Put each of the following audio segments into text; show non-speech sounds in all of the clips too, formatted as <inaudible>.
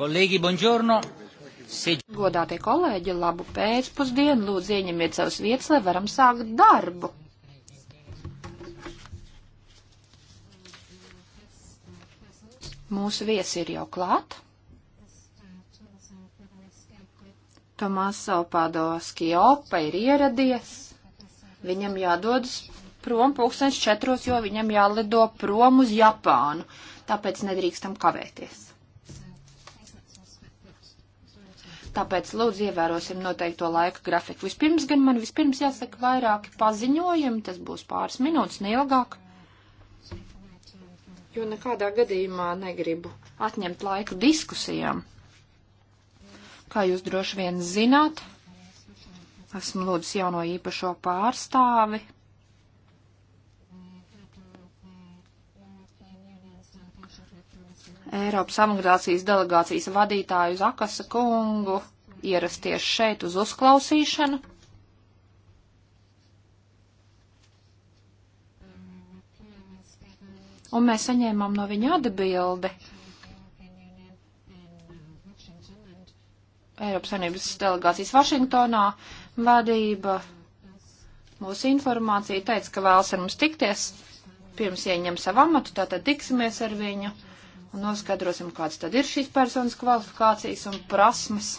Kolēģi, buongiorno! Godātie kolēģi, labu pēcpusdienu, lūdzu ieņemiet savas vietas, lai varam sākt darbu. Mūsu viesi ir jau klāt. Tomaso Padoski Opa ir ieradies. Viņam jādodas prom pulkstens četros, jo viņam jālido prom uz Japānu. Tāpēc nedrīkstam kavēties. tāpēc lūdzu ievērosim noteikto laika grafiku. Vispirms gan man vispirms jāsaka vairāki paziņojumi, tas būs pāris minūtes, neilgāk. Jo nekādā gadījumā negribu atņemt laiku diskusijām. Kā jūs droši vien zināt, esmu lūdzu jauno īpašo pārstāvi Eiropas emigrācijas delegācijas vadītāju Zakasa kungu ierasties šeit uz uzklausīšanu. Un mēs saņēmām no viņa atbildi. Eiropas Savienības delegācijas Vašingtonā vadība mūsu informāciju teica, ka vēlas ar mums tikties pirms ieņem savu amatu, tātad tiksimies ar viņu. Uh, un noskaidrosim, kāds tad ir šīs personas kvalifikācijas un prasmes,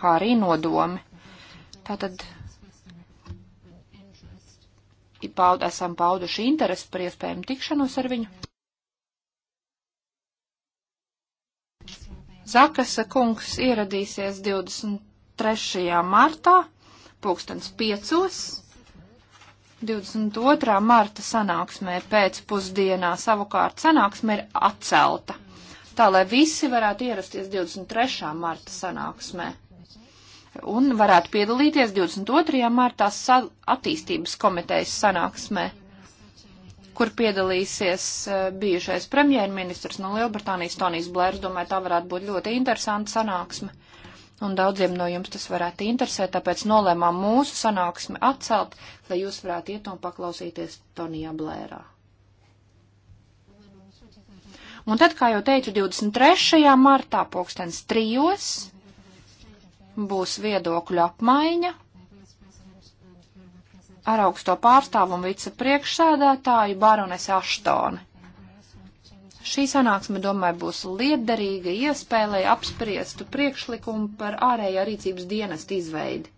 kā arī nodomi. Tātad paud, esam pauduši interesi par iespējumu tikšanos ar viņu. Zakasa kungs ieradīsies 23. martā, pulkstens piecos 22. marta sanāksmē pēcpusdienā savukārt sanāksme ir atcelta, tā lai visi varētu ierasties 23. marta sanāksmē un varētu piedalīties 22. martā attīstības komitejas sanāksmē, kur piedalīsies eh, bijušais premjerministrs no Lielbritānijas Tonijs Blērs. Domāju, tā varētu būt ļoti interesanta sanāksme un daudziem no jums tas varētu interesēt, tāpēc nolēmām mūsu sanāksmi atcelt, lai jūs varētu iet un paklausīties Tonijā Blērā. Un tad, kā jau teicu, 23. martā pulkstens trijos būs viedokļu apmaiņa ar augsto pārstāvu un vicepriekšsēdētāju Baronesi Aštoni. Šī sanāksme, domāju, būs liederīga iespēja, lai apspriestu priekšlikumu par ārējā rīcības dienesta izveidi.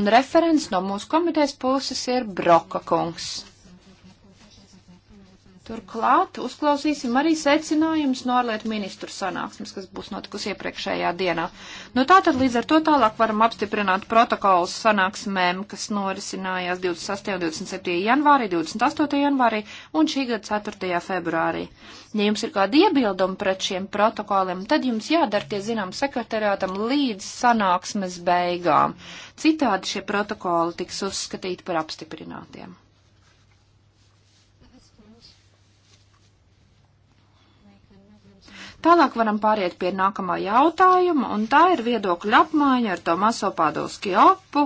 Un referents no mūsu komitejas puses ir Broka kungs. Turklāt uzklausīsim arī secinājumus no ārlietu ministru sanāksmes, kas būs notikusi iepriekšējā dienā. Nu tātad līdz ar to tālāk varam apstiprināt protokolus sanāksmēm, kas norisinājās 26. un 27. janvārī, 28. janvārī un šī gada 4. februārī. Ja jums ir kādi iebildumi pret šiem protokoliem, tad jums jādara tie zinām sekretariātam līdz sanāksmes beigām. Citādi šie protokoli tiks uzskatīti par apstiprinātiem. Tālāk varam pāriet pie nākamā jautājuma, un tā ir viedokļa apmaiņa ar Tomaso Padovski Opu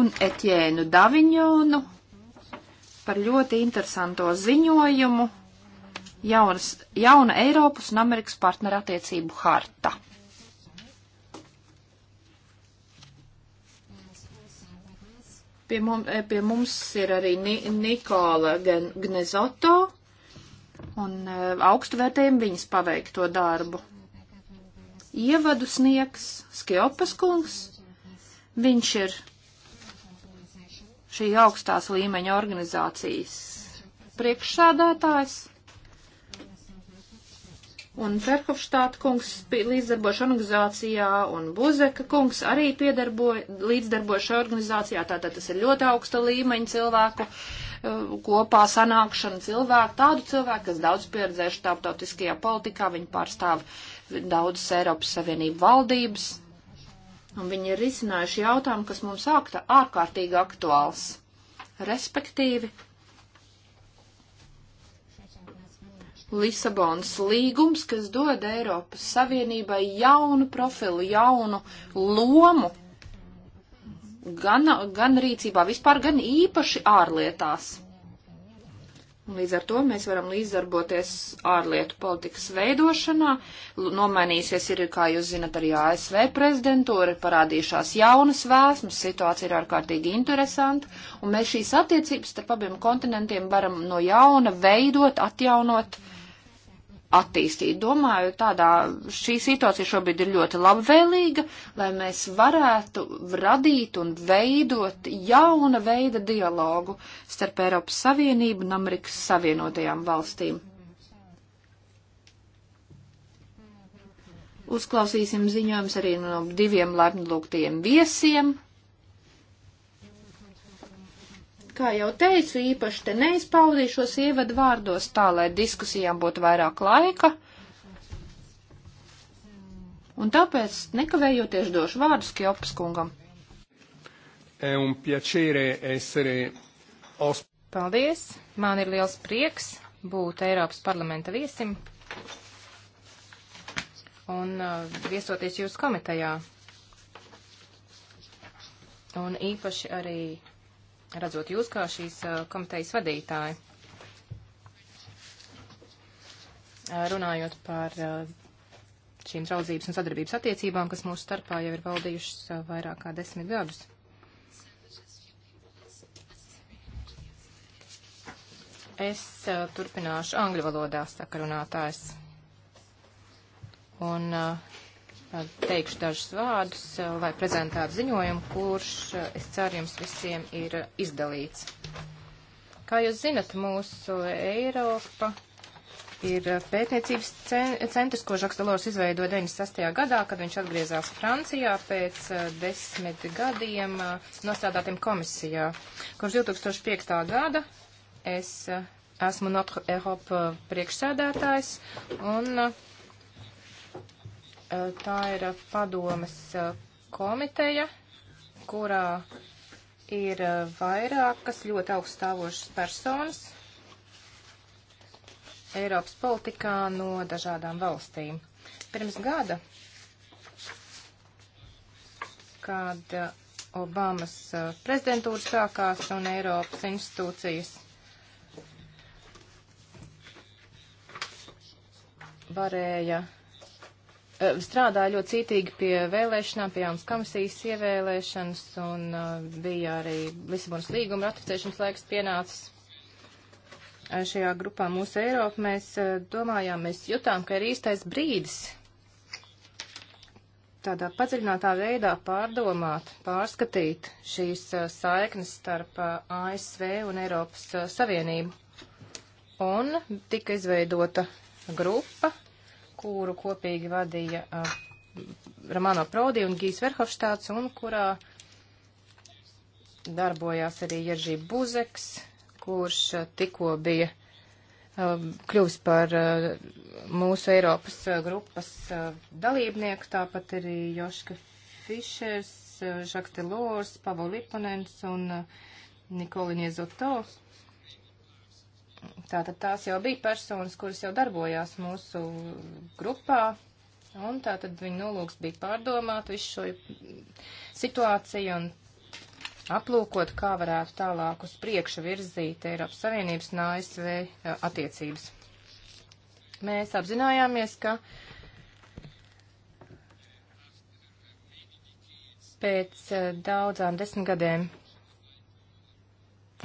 un Etjēnu Daviņonu par ļoti interesanto ziņojumu jaunas, jauna Eiropas un Amerikas partnerattiecību harta. Pie mums, eh, pie mums ir arī Nikola Gnezoto un e, augstu vērtējam viņas paveikto darbu. Ievadu sniegs Skiopas kungs, viņš ir šī augstās līmeņa organizācijas priekšsādātājs. Un Ferhofštāta kungs līdzdarbošu organizācijā un Buzeka kungs arī piedarboja līdzdarbošu organizācijā, tātad tas ir ļoti augsta līmeņa cilvēku uh, Uh, kopā sanākšana cilvēku, tādu cilvēku, kas daudz pieredzējuši starptautiskajā politikā, viņi pārstāv daudzas Eiropas Savienību valdības, un viņi ir izcinājuši jautājumu, kas mums ākta ārkārtīgi aktuāls. Respektīvi, Lisabonas līgums, kas dod Eiropas Savienībai jaunu profilu, jaunu lomu gan, gan rīcībā vispār, gan īpaši ārlietās. Un līdz ar to mēs varam līdzdarboties ārlietu politikas veidošanā. Nomainīsies ir, kā jūs zinat, arī ASV prezidentūra, parādījušās jaunas vēsmas, situācija ir ārkārtīgi interesanta, un mēs šīs attiecības starp abiem kontinentiem varam no jauna veidot, atjaunot. Uh, attīstīt. Domāju, tādā šī situācija šobrīd ir ļoti labvēlīga, lai mēs varētu radīt un veidot jauna veida dialogu starp Eiropas Savienību un Amerikas Savienotajām valstīm. Uzklausīsim ziņojums arī no diviem laipni lūgtajiem viesiem kā jau teicu, īpaši te neizpaudīšos ievadu vārdos tā, lai diskusijām būtu vairāk laika. Un tāpēc nekavējoties došu vārdu Skjopas kungam. E Paldies! Man ir liels prieks būt Eiropas parlamenta viesim un uh, viesoties jūsu komitejā. Un īpaši arī redzot jūs kā šīs komitejas vadītāji. Runājot par šīm draudzības un sadarbības attiecībām, kas mūsu starpā jau ir valdījušas vairāk kā desmit gadus. Es uh, turpināšu angļu valodā, saka runātājs. Un uh, teikšu dažus vārdus, eh, lai prezentētu ziņojumu, kurš, eh, es ceru, jums visiem ir eh, izdalīts. Kā jūs zinat, mūsu Eiropa ir pētniecības centrs, ko Žaks Delors izveidoja 96. gadā, kad viņš atgriezās Francijā pēc desmit gadiem nostādātiem komisijā. Kopš 2005. gada es esmu Notre Europe priekšsēdētājs un uh, Tā ir padomas komiteja, kurā ir vairākas ļoti augststāvošas personas Eiropas politikā no dažādām valstīm. Pirms gada, kad Obamas prezidentūra sākās un Eiropas institūcijas varēja Eh, strādāja ļoti cītīgi pie vēlēšanām, pie jaunas komisijas ievēlēšanas, un eh, bija arī Lisabonas līguma ratificēšanas laiks pienācis. Eh, šajā grupā mūsu Eiropa mēs domājām, mēs jutām, ka ir īstais brīdis tādā padziļinātā veidā pārdomāt, pārskatīt šīs saiknes starp ASV un Eiropas Savienību. Un tika izveidota grupa, kuru kopīgi vadīja uh, Romano Prodi un Gijs Verhofštāts, un kurā darbojās arī Jeržī Buzeks, kurš uh, tikko bija uh, kļuvis par uh, mūsu Eiropas uh, grupas uh, dalībnieku, tāpat arī Joška Fišers, Žaks uh, Delors, Pavo Liponens un Nikolini Zotovs. Tātad tās jau bija personas, kuras jau darbojās mūsu grupā, un tātad viņa nolūks bija pārdomāt visu šo situāciju un aplūkot, kā varētu tālāk uz priekšu virzīt Eiropas Savienības un ASV attiecības. Mēs apzinājāmies, ka pēc daudzām desmitgadēm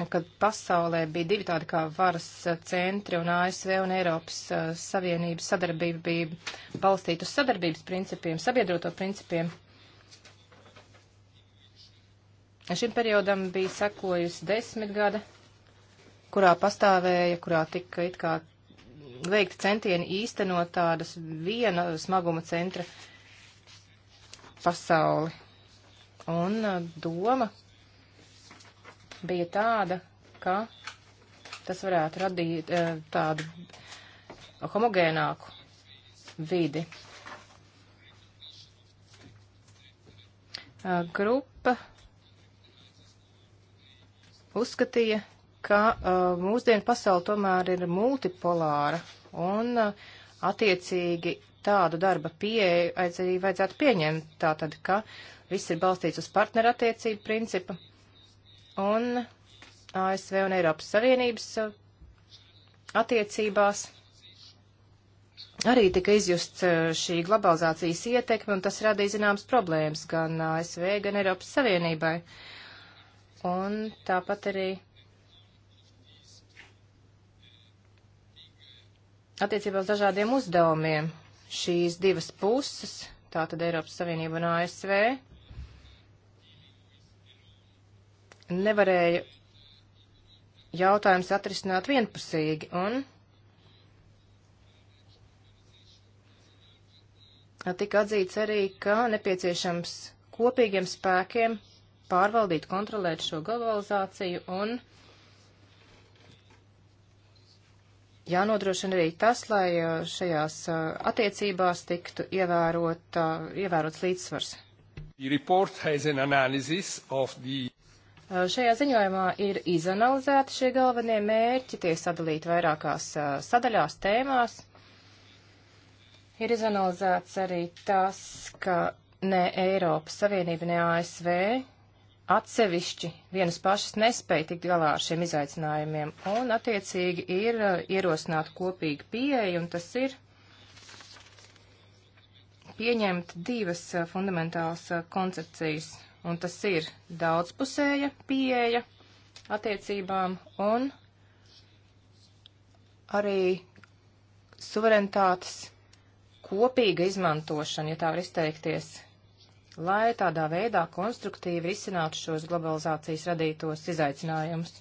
kad pasaulē bija divi tādi kā varas centri un ASV un Eiropas uh, Savienības sadarbība bija balstīta uz sadarbības principiem, sabiedroto principiem. Šim periodam bija sekojusi desmit gada, kurā pastāvēja, kurā tika it kā veikti centieni īstenot tādas viena smaguma centra pasauli. Un uh, doma, bija tāda, ka tas varētu radīt eh, tādu homogēnāku vidi. Eh, grupa uzskatīja, ka eh, mūsdienu pasauli tomēr ir multipolāra un attiecīgi tādu darba pieeju arī vajadzētu pieņemt tātad, ka viss ir balstīts uz partnerattiecību principu un ASV un Eiropas Savienības uh, attiecībās arī tika izjusts uh, šī globalizācijas ietekme, un tas radīja zināmas problēmas gan ASV, gan Eiropas Savienībai. Un tāpat arī attiecībā uz dažādiem uzdevumiem šīs divas puses, tātad Eiropas Savienība un ASV, nevarēja jautājums atrisināt vienpusīgi un tika atzīts arī, ka nepieciešams kopīgiem spēkiem pārvaldīt, kontrolēt šo globalizāciju un jānodrošina arī tas, lai uh, šajās uh, attiecībās tiktu ievērot, ievērots līdzsvars. The report has an analysis of the Uh, šajā ziņojumā ir izanalizēti šie galvenie mērķi, tie sadalīti vairākās uh, sadaļās tēmās. Ir izanalizēts arī tas, ka ne Eiropas Savienība, ne ASV atsevišķi vienas pašas nespēja tikt galā ar šiem izaicinājumiem, un attiecīgi ir uh, ierosināta kopīga pieeja, un tas ir pieņemt divas uh, fundamentālas uh, koncepcijas un tas ir daudzpusēja pieeja attiecībām un arī suverenitātes kopīga izmantošana, ja tā var izteikties, lai tādā veidā konstruktīvi izcinātu šos globalizācijas radītos izaicinājumus.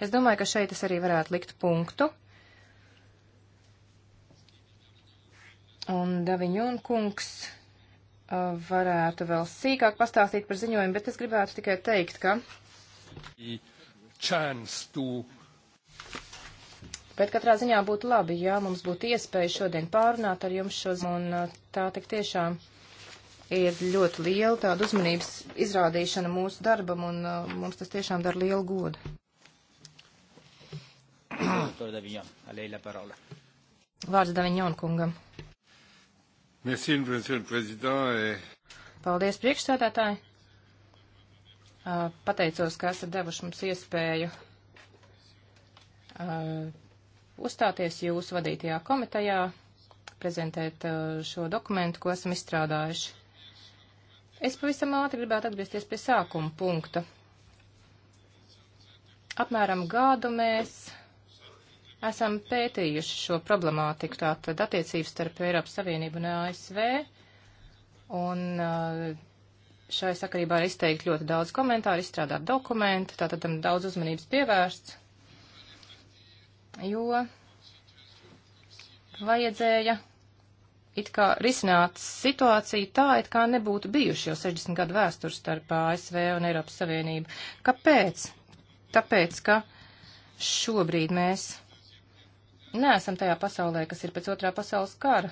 Es domāju, ka šeit es arī varētu likt punktu. Un Daviņon kungs varētu vēl sīkāk pastāstīt par ziņojumu, bet es gribētu tikai teikt, ka. Bet katrā ziņā būtu labi, ja mums būtu iespēja šodien pārunāt ar jums šo ziņu, un uh, tā tik tiešām ir ļoti liela tāda uzmanības izrādīšana mūsu darbam, un uh, mums tas tiešām dara lielu godu. Vārds Daviņon kungam. Merci, monsieur le président. Paldies, priekšsēdētāji. Pateicos, ka esat devuši mums iespēju uzstāties jūsu vadītajā komitejā, prezentēt šo dokumentu, ko esam izstrādājuši. Es pavisam ātri gribētu atgriezties pie sākuma punkta. Apmēram gādu mēs esam pētījuši šo problemātiku, tātad attiecības starp Eiropas Savienību un ASV, un uh, šai sakarībā ir izteikti ļoti daudz komentāru, izstrādāt dokumenti, tātad tam daudz uzmanības pievērsts, jo vajadzēja it kā risināt situāciju tā, it kā nebūtu bijuši jau 60 gadu vēsturi starp ASV un Eiropas Savienību. Kāpēc? Tāpēc, ka šobrīd mēs neesam tajā pasaulē, kas ir pēc otrā pasaules kara.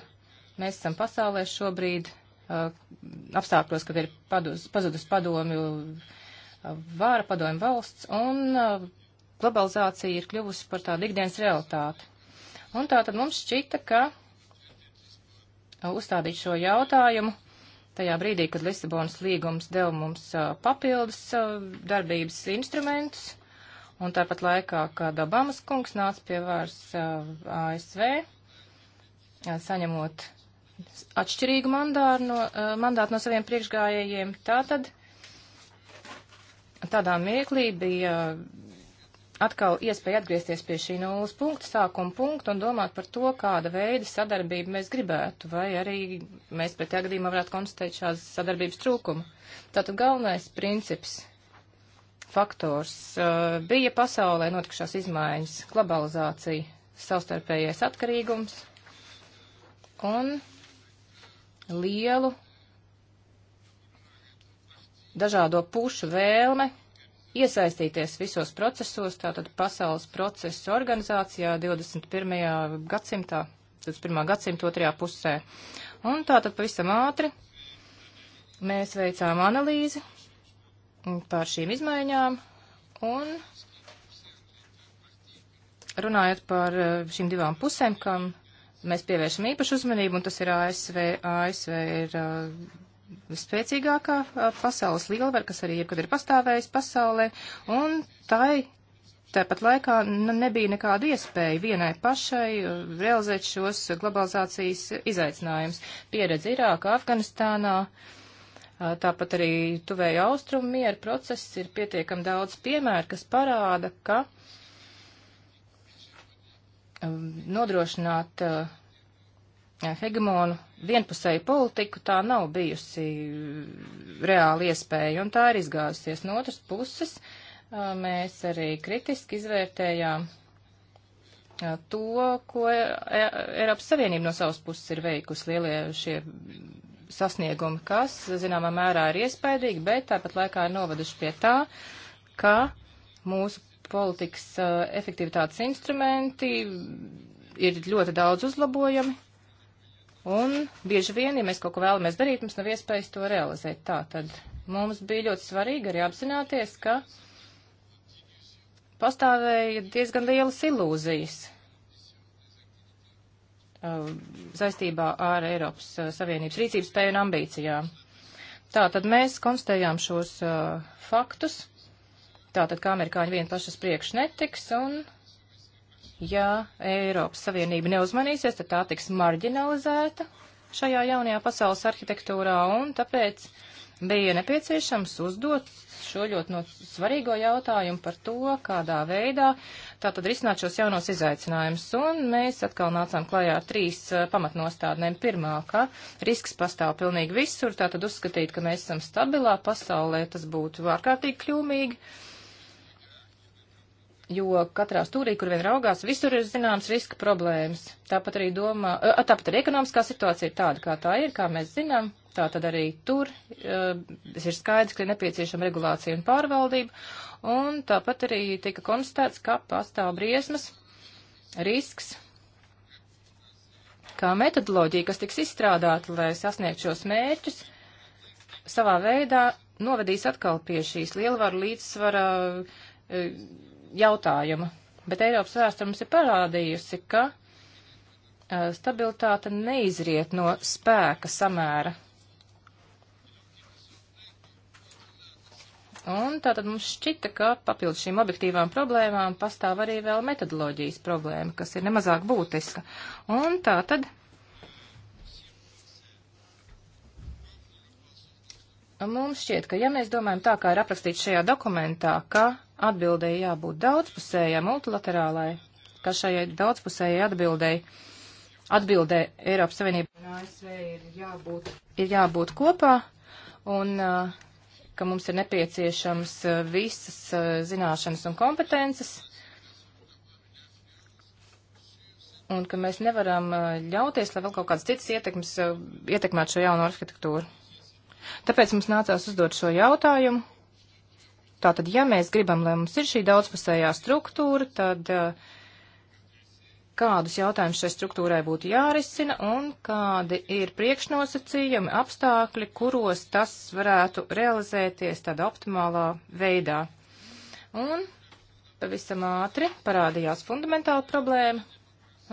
Mēs esam pasaulē šobrīd uh, apstākļos, kad ir padus, pazudus padomju uh, vāra, padomju valsts, un uh, globalizācija ir kļuvusi par tādu ikdienas realitāti. Un tā tad mums šķita, ka uh, uzstādīt šo jautājumu tajā brīdī, kad Lisabonas līgums deva mums uh, papildus uh, darbības instrumentus Un tāpat laikā, kad Obamas kungs nāca pie varas uh, ASV, uh, saņemot atšķirīgu mandātu no, uh, mandātu no saviem priekšgājējiem, tātad tādā mirklī bija atkal iespēja atgriezties pie šī nulles punkta, sākuma punkta un domāt par to, kāda veida sadarbību mēs gribētu, vai arī mēs pretējā gadījumā varētu konstatēt šādas sadarbības trūkumu. Tātad galvenais princips faktors uh, bija pasaulē notikušās izmaiņas, globalizācija, savstarpējais atkarīgums un lielu dažādo pušu vēlme iesaistīties visos procesos, tātad pasaules procesu organizācijā 21. gadsimtā, 21. gadsimta otrajā pusē. Un tātad pavisam ātri mēs veicām analīzi par šīm izmaiņām un runājot par eh, šīm divām pusēm, kam mēs pievēršam īpašu uzmanību, un tas ir ASV. ASV ir eh, spēcīgākā eh, pasaules lielvara, kas arī jebkad ir pastāvējis pasaulē, un tai tāpat laikā nebija nekāda iespēja vienai pašai realizēt šos globalizācijas izaicinājumus. Pieredze Irākā, Afganistānā. Uh, Tāpat arī tuvēja austrumu miera process ir pietiekami daudz piemēru, kas parāda, ka nodrošināt hegemonu vienpusēju politiku tā nav bijusi reāli iespēja, un tā ir izgāzusies. No otras puses, mēs arī kritiski izvērtējām to, ko Eiropas Savienība no savas puses ir veikusi lielie šie sasniegumi, kas, zināmā mērā, ir iespaidīgi, bet tāpat laikā ir novaduši pie tā, ka mūsu politikas uh, efektivitātes instrumenti ir ļoti daudz uzlabojami. Un bieži vien, ja mēs kaut ko vēlamies darīt, mums nav iespējas to realizēt. Tā tad mums bija ļoti svarīgi arī apzināties, ka pastāvēja diezgan lielas ilūzijas Um, saistībā ar Eiropas uh, Savienības rīcības spēju un ambīcijām. Tātad mēs konstatējām šos uh, faktus, tātad kā amerikāņi vien pašas priekš netiks, un ja Eiropas Savienība neuzmanīsies, tad tā tiks marginalizēta šajā jaunajā pasaules arhitektūrā, un tāpēc uh, bija nepieciešams uzdot šo ļoti no svarīgo jautājumu par to, kādā veidā tātad risināt šos jaunos izaicinājumus. Un mēs atkal nācām klajā ar trīs uh, pamatnostādnēm. Pirmā, ka risks pastāv pilnīgi visur, tātad uzskatīt, ka mēs esam stabilā pasaulē, tas būtu ārkārtīgi kļūmīgi. Uh, jo katrā stūrī, kur vien raugās, visur ir zināms riska problēmas. Tāpat arī domā, tāpat arī ekonomiskā situācija ir tāda, kā tā ir, kā mēs zinām, tā tad arī tur ir skaidrs, ka ir nepieciešama regulācija un pārvaldība, un tāpat arī tika konstatēts, ka pastāv briesmas, risks, kā metodoloģija, kas tiks izstrādāta, lai sasniegtu šos mērķus, savā veidā novedīs atkal pie šīs lielvaru līdzsvara jautājuma. Bet Eiropas vēsture mums ir parādījusi, ka stabilitāte neizriet no spēka samēra. Un tātad mums šķita, ka papildus šīm objektīvām problēmām pastāv arī vēl metodoloģijas problēma, kas ir nemazāk būtiska. Un tātad mums šķiet, ka ja mēs domājam tā, kā ir aprakstīts šajā dokumentā, ka atbildēji jābūt daudzpusējai, multilaterālai, ka šajai daudzpusējai atbildēji atbildē Eiropas Savienība un ASV ir jābūt, ir jābūt kopā un uh, ka mums ir nepieciešams uh, visas uh, zināšanas un kompetences un ka mēs nevaram ļauties, lai vēl kaut kāds cits ietekmes, ietekmētu šo jauno arhitektūru. Tāpēc mums nācās uzdot šo jautājumu Tātad, ja mēs gribam, lai mums ir šī daudzpusējā struktūra, tad eh, kādus jautājumus šai struktūrai būtu jārisina un kādi ir priekšnosacījumi, apstākļi, kuros tas varētu realizēties tādā optimālā veidā. Un pavisam ātri parādījās fundamentāla problēma,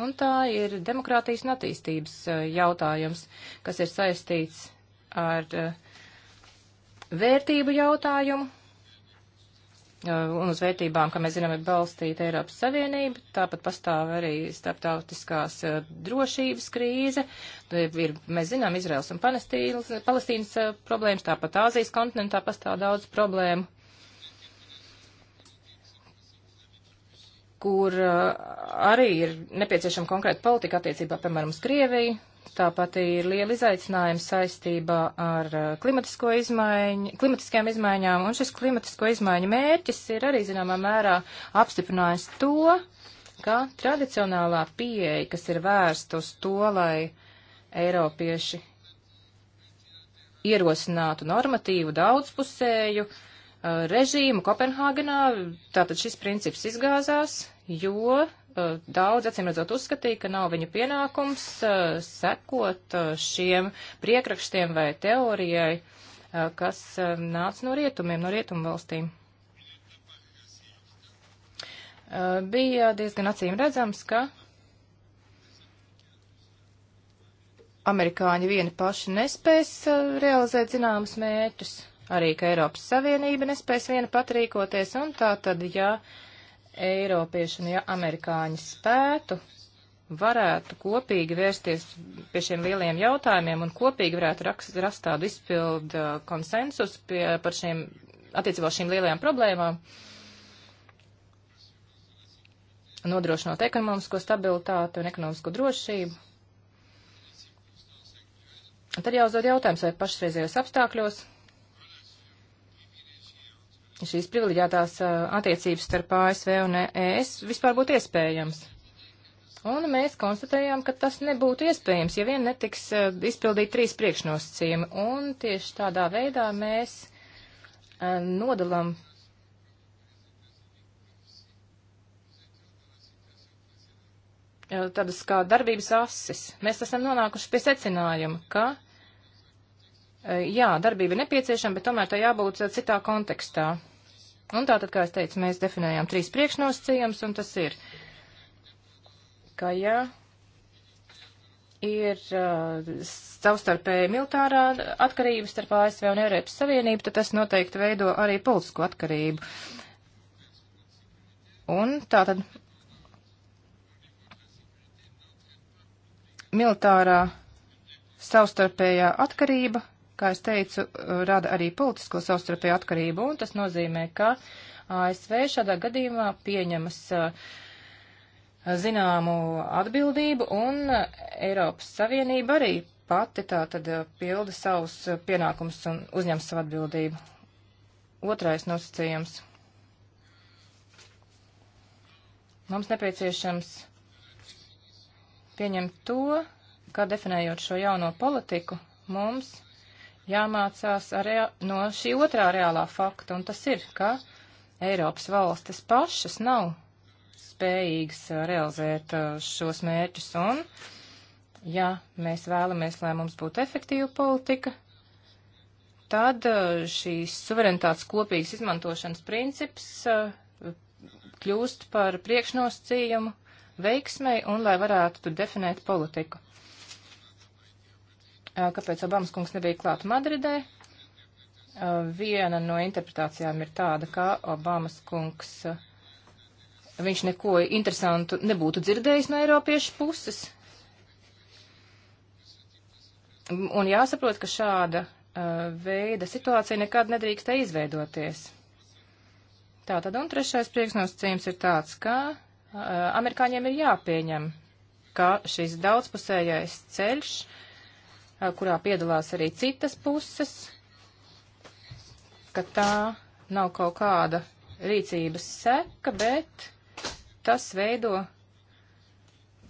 un tā ir demokrātijas un attīstības eh, jautājums, kas ir saistīts ar eh, vērtību jautājumu Uh, un uz vērtībām, kā mēs zinām, ir balstīta Eiropas Savienība. Tāpat pastāv arī starptautiskās uh, drošības krīze. Ir, mēs zinām Izraels un Palestīnas, Palestīnas uh, problēmas, tāpat Āzijas kontinentā pastāv daudz problēmu. kur arī ir nepieciešama konkrēta politika attiecībā, piemēram, uz Krieviju, Tāpat ir liela izaicinājuma saistībā ar uh, klimatisko izmaiņu, klimatiskajām izmaiņām, un šis klimatisko izmaiņu mērķis ir arī zināmā mērā apstiprinājis to, ka tradicionālā pieeja, kas ir vērsta uz to, lai Eiropieši ierosinātu normatīvu daudzpusēju uh, režīmu Kopenhāgenā, tātad šis princips izgāzās, jo daudz acīmredzot uzskatīja, ka nav viņa pienākums sekot šiem priekrakstiem vai teorijai, kas nāca no rietumiem, no rietumu valstīm. Bija diezgan acīm redzams, ka amerikāņi vieni paši nespēs realizēt zināmas mērķus, arī ka Eiropas Savienība nespēs viena pat rīkoties, un tā tad, ja uh, Eiropieši un ja amerikāņi spētu, varētu kopīgi vērsties pie šiem lieliem jautājumiem un kopīgi varētu rakst, rast tādu izpildu uh, konsensus pie, par šiem, attiecībā uz šīm lielajām problēmām, nodrošinot ekonomisko stabilitāti un ekonomisko drošību. Un tad jāuzdod jautājums, vai pašreizējos apstākļos šīs privileģētās attiecības starp ASV un ES vispār būtu iespējams. Un mēs konstatējām, ka tas nebūtu iespējams, ja vien netiks uh, izpildīt trīs priekšnosacījumi. Un tieši tādā veidā mēs uh, nodalam uh, tādas kā darbības asis. Mēs esam nonākuši pie secinājuma, ka, jā, darbība ir nepieciešama, bet tomēr tā jābūt citā kontekstā. Un tātad, kā es teicu, mēs definējām trīs priekšnosacījums, un tas ir, ka ja ir uh, savstarpēja militārā atkarība starp ASV un Eiropas Savienību, tad tas noteikti veido arī politisko atkarību. Un tātad militārā savstarpējā atkarība kā es teicu, uh, rada arī politisko savstarpēju atkarību, un tas nozīmē, ka ASV šādā gadījumā pieņemas uh, zināmu atbildību, un uh, Eiropas Savienība arī pati tā tad pilda savus pienākumus un uzņem savu atbildību. Otrais nosacījums. Mums nepieciešams pieņemt to, ka definējot šo jauno politiku, mums jāmācās rea, no šī otrā reālā fakta, un tas ir, ka Eiropas valstis pašas nav spējīgas uh, realizēt uh, šos mērķus, un ja mēs vēlamies, lai mums būtu efektīva politika, tad uh, šīs suverenitātes kopīgas izmantošanas princips kļūst par priekšnosacījumu veiksmei un lai varētu definēt politiku. Eh, kāpēc Obamas kungs nebija klāt Madridē. Eh, viena no interpretācijām ir tāda, ka Obamas kungs, eh, viņš neko interesantu nebūtu dzirdējis no Eiropiešu puses. Un jāsaprot, ka šāda veida situācija nekad nedrīkstē izveidoties. Tātad, un trešais priekšnosacījums ir tāds, ka uh, amerikāņiem ir jāpieņem, ka šis daudzpusējais ceļš uh, kurā piedalās arī citas puses, ka tā nav kaut kāda rīcības seka, bet tas veido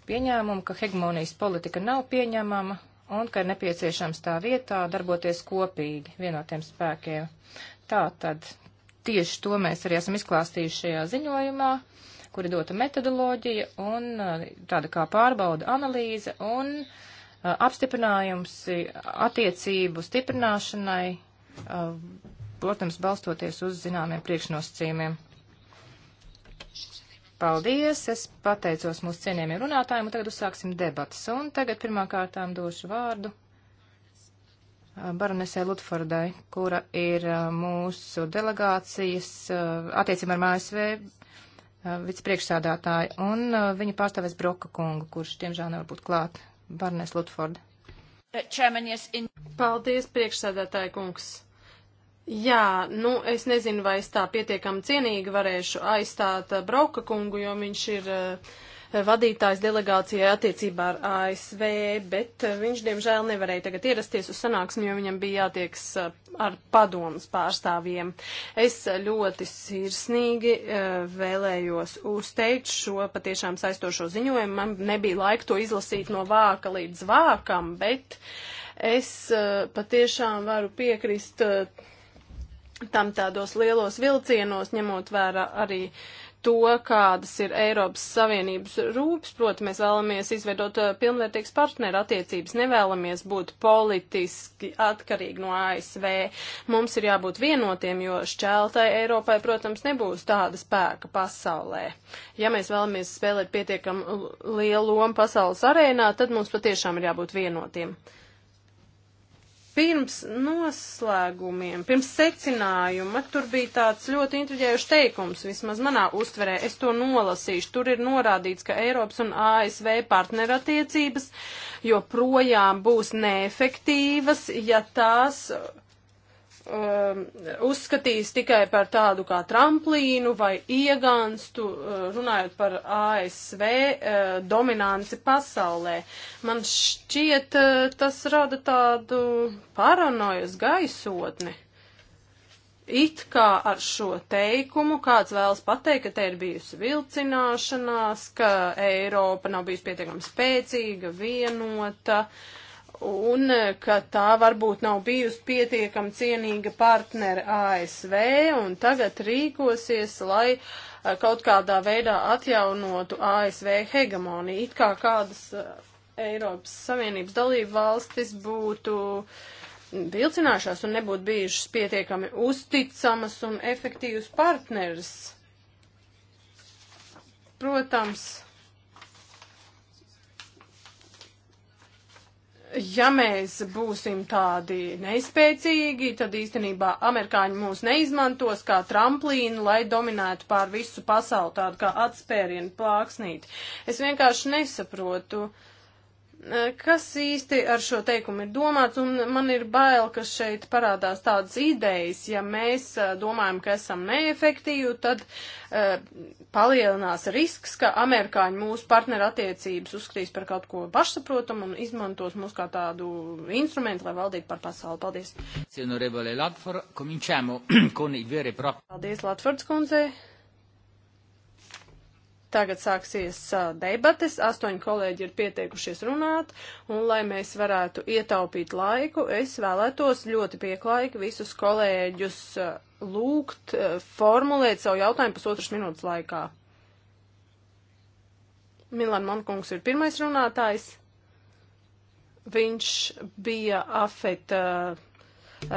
pieņēmumu, ka hegemonijas politika nav pieņemama un ka ir nepieciešams tā vietā darboties kopīgi vienotiem spēkiem. Tā tad tieši to mēs arī esam izklāstījuši šajā ziņojumā, kur ir dota metodoloģija un tāda kā pārbauda analīze un uh, Uh, apstiprinājums attiecību stiprināšanai, uh, protams, balstoties uz zināmiem priekšnosacījumiem. Paldies! Es pateicos mūsu cienījumiem runātājiem, un tagad uzsāksim debatas. Un tagad pirmkārtām došu vārdu uh, baronesē Lutfordai, kura ir mūsu delegācijas attiecībā ar MSV vicepriekšsādātāju, un viņa pārstāvēs Broka kungu, kurš, diemžēl, nevar būt klāt Barnes Lutford. Paldies, priekšsēdētāji kungs. Jā, nu es nezinu, vai es tā pietiekami cienīgi varēšu aizstāt eh, Brauka kungu, jo viņš ir uh, vadītājs delegācijai attiecībā ar ASV, bet eh, viņš, diemžēl, nevarēja tagad ierasties uz sanāksmi, jo viņam bija jātieks eh, ar padomus pārstāvjiem. Es ļoti sirsnīgi eh, vēlējos uzteikt šo patiešām saistošo ziņojumu. Man nebija laika to izlasīt no vāka līdz vākam, bet es patiešām varu piekrist tam tādos lielos vilcienos, ņemot vērā arī to, kādas ir Eiropas Savienības rūpes, proti mēs vēlamies izveidot eh, pilnvērtīgas partneru attiecības, nevēlamies būt politiski atkarīgi no ASV. Mums ir jābūt vienotiem, jo šķeltai Eiropai, protams, nebūs tāda spēka pasaulē. Ja mēs vēlamies spēlēt pietiekam lielu lomu pasaules arēnā, tad mums patiešām ir jābūt vienotiem. Pirms noslēgumiem, pirms secinājuma, tur bija tāds ļoti intriģējuši teikums, vismaz manā uztverē, es to nolasīšu. Tur ir norādīts, ka Eiropas un ASV partnerattiecības joprojām būs neefektīvas, ja tās uh, um, uzskatījis tikai par tādu kā tramplīnu vai iegānstu, uh, runājot par ASV uh, dominanci pasaulē. Man šķiet, uh, tas rada tādu paranojas gaisotni. It kā ar šo teikumu kāds vēlas pateikt, ka te ir bijusi vilcināšanās, ka Eiropa nav bijusi pietiekami spēcīga, vienota. Uh, un eh, ka tā varbūt nav bijusi pietiekami cienīga partnere ASV un tagad rīkosies, lai eh, kaut kādā veidā atjaunotu ASV hegemoniju, it kā kādas eh, Eiropas Savienības dalību valstis būtu uh, vilcinājušās un nebūtu bijušas pietiekami uzticamas un efektīvas partneris. Protams, ja mēs būsim tādi neizspēcīgi, tad īstenībā amerikāņi mūs neizmantos kā tramplīnu, lai dominētu pār visu pasauli, tādu kā atspērienu plāksnīti. Es vienkārši nesaprotu. Uh, kas īsti ar šo teikumu ir domāts, un man ir bail, ka šeit parādās tādas idejas, ja mēs domājam, ka esam neefektīvi, tad uh, palielinās risks, ka amerikāņi mūsu partneru attiecības uzskatīs par kaut ko pašsaprotamu un izmantos mūs kā tādu instrumentu, lai valdītu par pasauli. Paldies! <clears throat> E Paldies, Latfords kundze! Tagad sāksies debates, astoņi kolēģi ir pieteikušies runāt, un lai mēs varētu ietaupīt laiku, es vēlētos ļoti pieklājīgi visus kolēģus lūgt formulēt savu jautājumu pusotras minūtes laikā. Milan Monkungs ir pirmais runātājs. Viņš bija afeta. Uh,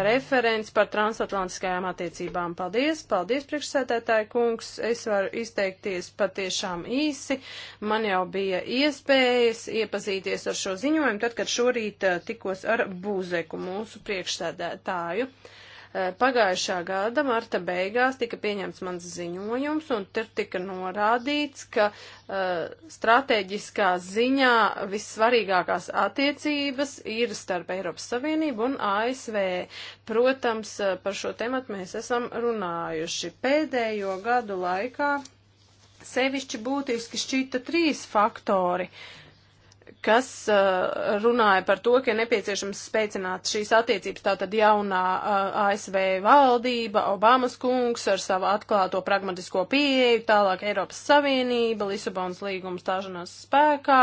referents par transatlantiskajām attiecībām. Paldies, paldies, priekšsēdētāji kungs. Es varu izteikties patiešām īsi. Man jau bija iespējas iepazīties ar šo ziņojumu, tad, kad šorīt eh, tikos ar Būzeku, mūsu priekšsēdētāju. Uh, Eh, pagājušā gada marta beigās tika pieņemts mans ziņojums, un tur tika norādīts, ka eh, stratēģiskā ziņā vissvarīgākās attiecības ir starp Eiropas Savienību un ASV. Protams, eh, par šo tematu mēs esam runājuši pēdējo gadu laikā. Sevišķi būtiski šķita trīs faktori. Uh, kas uh, runāja par to, ka nepieciešams spēcināt šīs attiecības. Tātad jaunā uh, ASV valdība, Obamas kungs ar savu atklāto pragmatisko pieeju, tālāk Eiropas Savienība, Lisabonas līguma stāšanās spēkā.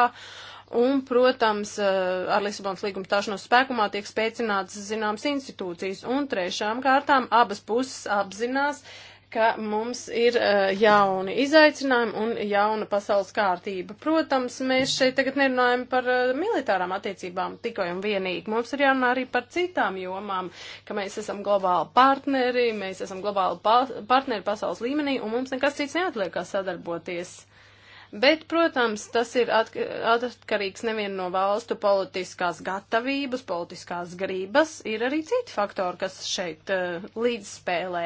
Un, protams, uh, ar Lisabonas līguma stāšanos spēkumā tiek spēcināts zināmas institūcijas. Un trešām kārtām abas puses apzinās, uh, ka mums ir uh, jauni izaicinājumi un jauna pasaules kārtība. Protams, mēs šeit tagad nerunājam par uh, militārām attiecībām tikai un vienīgi. Mums ir jārunā arī par citām jomām, ka mēs esam globāli partneri, mēs esam globāli pa partneri pasaules līmenī un mums nekas cits neatliek kā sadarboties. Bet, protams, tas ir atkarīgs nevien no valstu politiskās gatavības, politiskās gribas. Ir arī citi faktori, kas šeit uh, līdzspēlē.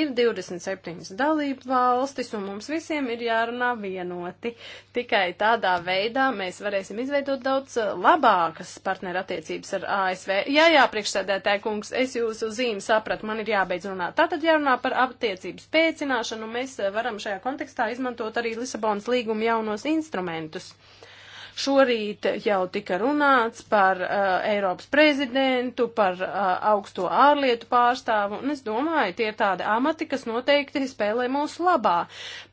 Ir 27 dalību valstis, un mums visiem ir jārunā vienoti. Tikai tādā veidā mēs varēsim izveidot daudz eh, labākas partnerattiecības ar ASV. Jā, jā, priekšsēdētāji kungs, es jūsu zīmi sapratu, man ir jābeidz runāt. Tātad jārunā par attiecības pēcināšanu, un mēs eh, varam šajā kontekstā izmantot arī Lisabonas līgumu līguma jaunos instrumentus. Šorīt jau tika runāts par uh, Eiropas prezidentu, par uh, augsto ārlietu pārstāvu, un es domāju, tie ir tādi amati, kas noteikti spēlē mūsu labā.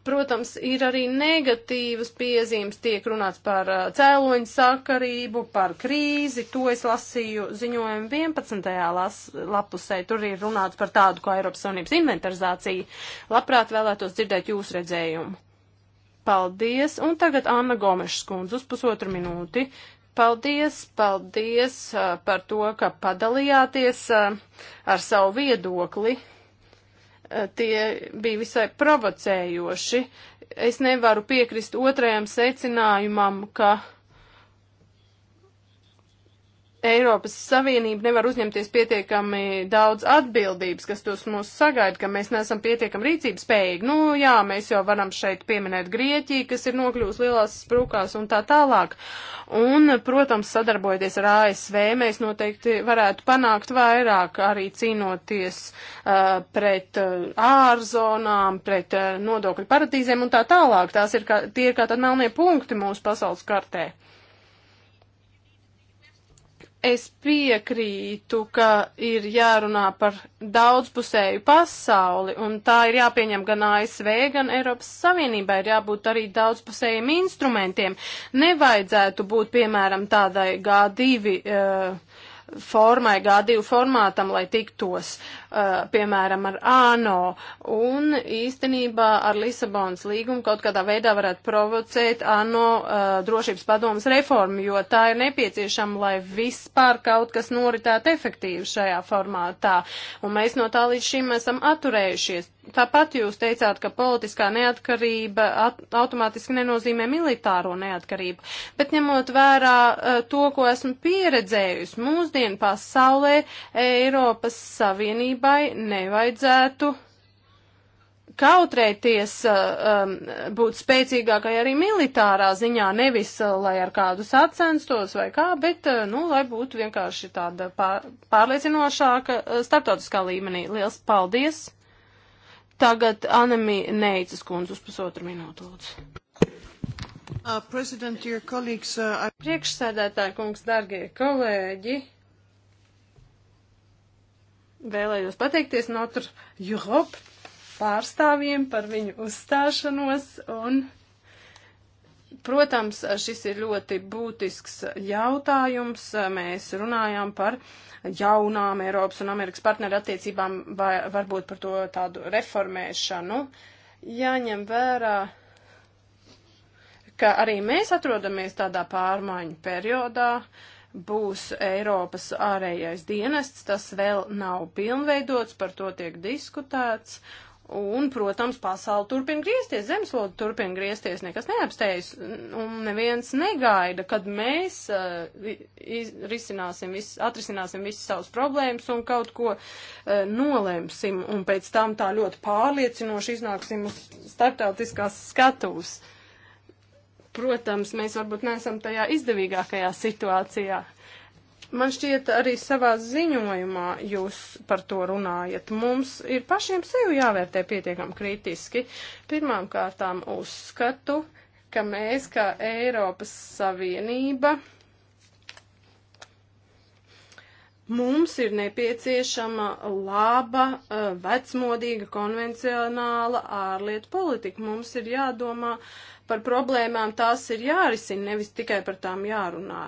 Protams, ir arī negatīvas piezīmes, tiek runāts par uh, cēloņu sakarību, par krīzi, to es lasīju ziņojumu 11. Las, lapusē, tur ir runāts par tādu kā Eiropas Savienības inventarizācija. Labprāt vēlētos dzirdēt jūsu redzējumu. Paldies, un tagad Anna Gomeša skundze uz pusotru minūti. Paldies, paldies uh, par to, ka padalījāties uh, ar savu viedokli. Uh, tie bija visai provocējoši. Es nevaru piekrist otrajam secinājumam, ka uh, Eiropas Savienība nevar uzņemties pietiekami daudz atbildības, kas tos mūs sagaida, ka mēs neesam pietiekami rīcības spējīgi. Nu, jā, mēs jau varam šeit pieminēt Grieķiju, kas ir nokļūst lielās sprūkās un tā tālāk. Un, protams, sadarbojoties ar ASV, mēs noteikti varētu panākt vairāk arī cīnoties uh, pret uh, ārzonām, pret uh, nodokļu paradīzēm un tā tālāk. Tās ir kā, tie ir kā tad melnie punkti mūsu pasaules kartē. Es piekrītu, ka ir jārunā par daudzpusēju pasauli, un tā ir jāpieņem gan ASV, gan Eiropas Savienībai, ir jābūt arī daudzpusējiem instrumentiem. Nevajadzētu būt, piemēram, tādai G2 uh, eh, formai, G2 formātam, lai tiktos. Uh, Eh, piemēram, ar ANO, un īstenībā ar Lisabonas līgumu kaut kādā veidā varētu provocēt ANO eh, drošības padomas reformu, jo tā ir nepieciešama, lai vispār kaut kas noritētu efektīvi šajā formātā, un mēs no tā līdz šim esam atturējušies. Tāpat jūs teicāt, ka politiskā neatkarība at automātiski nenozīmē militāro neatkarību, bet ņemot vērā uh, to, ko esmu pieredzējusi, mūsdienu pasaulē Eiropas Savienība Savienībai nevajadzētu kautrēties uh, um, būt spēcīgākai arī militārā ziņā, nevis uh, lai ar kādu sacenstos vai kā, bet, uh, nu, lai būtu vienkārši tāda pār, pārliecinošāka starptautiskā līmenī. Liels paldies! Tagad Anemī Neicas kundze uz pusotru minūtu lūdzu. Uh, uh, I... Priekšsēdētāji kungs, dargie kolēģi! Vēlējos pateikties Notre Europe pārstāvjiem par viņu uzstāšanos un, protams, šis ir ļoti būtisks jautājums. Mēs runājām par jaunām Eiropas un Amerikas partneru attiecībām vai varbūt par to tādu reformēšanu. Jāņem vērā ka arī mēs atrodamies tādā pārmaiņu periodā, uh, būs Eiropas ārējais dienests, tas vēl nav pilnveidots, par to tiek diskutēts. Un, protams, pasauli turpina griezties, zemeslode turpina griezties, nekas neapstējas, un neviens negaida, kad mēs uh, iz, risināsim vis, atrisināsim visas savas problēmas un kaut ko uh, nolēmsim, un pēc tam tā ļoti pārliecinoši iznāksim uz starptautiskās skatūs. Uh, protams, mēs varbūt neesam tajā izdevīgākajā situācijā. Man šķiet, arī savā ziņojumā jūs par to runājat. Mums ir pašiem sev jāvērtē pietiekam kritiski. Pirmām kārtām uzskatu, ka mēs kā Eiropas Savienība mums ir nepieciešama laba, eh, vecmodīga, konvencionāla ārlietu politika. Mums ir jādomā uh, par problēmām tās ir jārisina, nevis tikai par tām jārunā.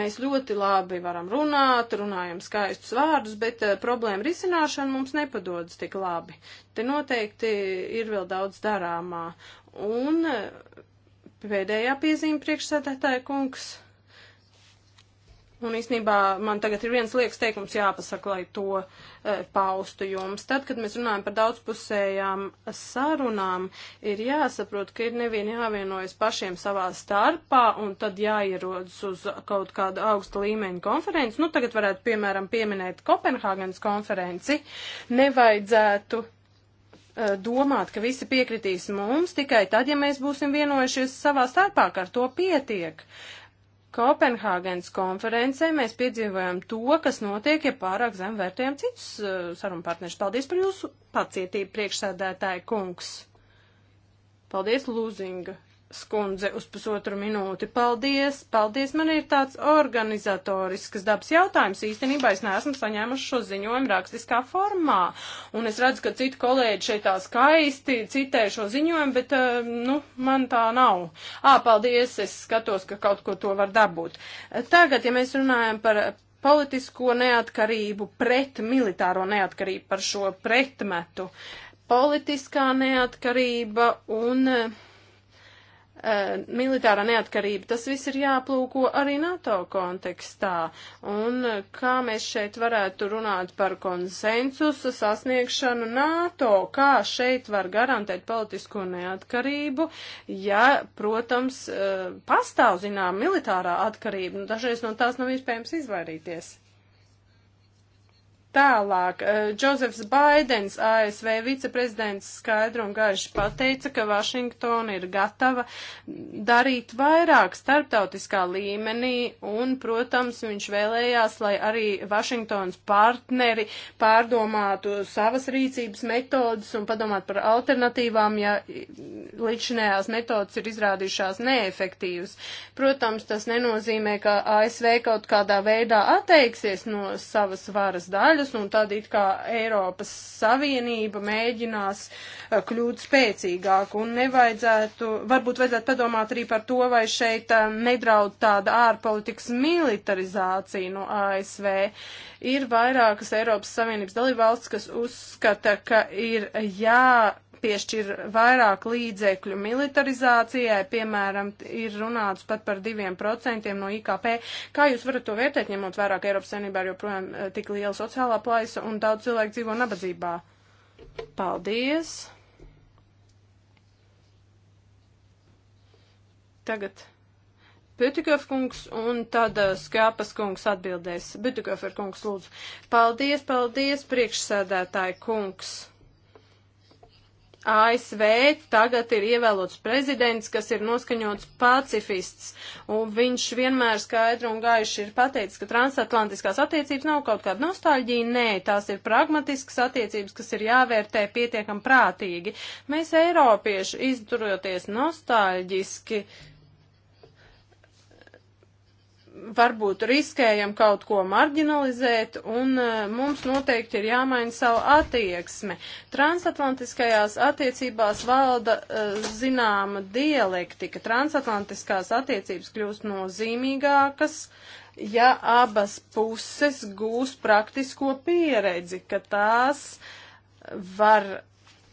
Mēs ļoti labi varam runāt, runājam skaistus vārdus, bet uh, problēma risināšana mums nepadodas tik labi. Te noteikti ir vēl daudz darāmā. Un uh, pēdējā piezīme priekšsēdētāja kungs. Uh, Un īstenībā man tagad ir viens liekas teikums jāpasaka, lai to e, paustu jums. Tad, kad mēs runājam par daudzpusējām sarunām, ir jāsaprot, ka ir nevien jāvienojas pašiem savā starpā un tad jāierodas uz kaut kādu augsta līmeņa konferenci. Nu, tagad varētu, piemēram, pieminēt Kopenhāgenes konferenci. Nevajadzētu eh, domāt, ka visi piekritīs mums tikai tad, ja mēs būsim vienojušies savā starpā, ka ar to pietiek. Kopenhāgenes konferencē mēs piedzīvojam to, kas notiek, ja pārāk zem vērtējam citus uh, eh, sarunpartnerus. Paldies par jūsu pacietību, priekšsēdētāja kungs. Paldies, Lūzinga skundze uz pusotru minūti. Paldies, paldies, man ir tāds organizatorisks dabas jautājums. Īstenībā es neesmu saņēmuši šo ziņojumu rakstiskā formā. Un es redzu, ka citi kolēģi šeit tā skaisti citē šo ziņojumu, bet, eh, nu, man tā nav. Ā, paldies, es skatos, ka kaut ko to var dabūt. Tagad, ja mēs runājam par politisko neatkarību pret militāro neatkarību par šo pretmetu, politiskā neatkarība un uh, Eh, militārā neatkarība, tas viss ir jāplūko arī NATO kontekstā. Un eh, kā mēs šeit varētu runāt par konsensusu sasniegšanu NATO, kā šeit var garantēt politisko neatkarību, ja, protams, eh, pastāv zinām militārā atkarība, nu, dažreiz no tās nav iespējams izvairīties. Tālāk, Džozefs eh, Baidens, ASV viceprezidents, skaidru un gaiši pateica, ka Vašingtona ir gatava darīt vairāk starptautiskā līmenī, un, protams, viņš vēlējās, lai arī Vašingtonas partneri pārdomātu savas rīcības metodas un padomātu par alternatīvām, ja līdzinējās metodas ir izrādījušās neefektīvas. Protams, tas nenozīmē, ka ASV kaut kādā veidā atteiksies no savas varas daļas sadaļas, un tad it kā Eiropas Savienība mēģinās eh, kļūt spēcīgāk, un nevajadzētu, varbūt vajadzētu padomāt arī par to, vai šeit eh, nedraud tāda ārpolitikas militarizācija no ASV ir vairākas Eiropas Savienības dalībvalsts, kas uzskata, ka ir jā jāpiešķir vairāk līdzekļu militarizācijai, piemēram, ir runāts pat par diviem procentiem no IKP. Kā jūs varat to vērtēt, ņemot vairāk Eiropas Savienībā ir joprojām eh, tik liela sociālā plaisa un daudz cilvēku dzīvo nabadzībā? Paldies! Tagad Bitikov kungs un tad uh, Skāpas kungs atbildēs. Bitikov ir kungs lūdzu. Paldies, paldies, priekšsēdētāji kungs. ASV tagad ir ievēlots prezidents, kas ir noskaņots pacifists, un viņš vienmēr skaidri un gaiši ir pateicis, ka transatlantiskās attiecības nav kaut kāda nostalģija, nē, tās ir pragmatiskas attiecības, kas ir jāvērtē pietiekam prātīgi. Mēs, Eiropieši, izturoties nostalģiski, uh, varbūt riskējam kaut ko marginalizēt, un e, mums noteikti ir jāmaina savu attieksmi. Transatlantiskajās attiecībās valda e, zināma dialektika. Transatlantiskās attiecības kļūst nozīmīgākas, ja abas puses gūs praktisko pieredzi, ka tās var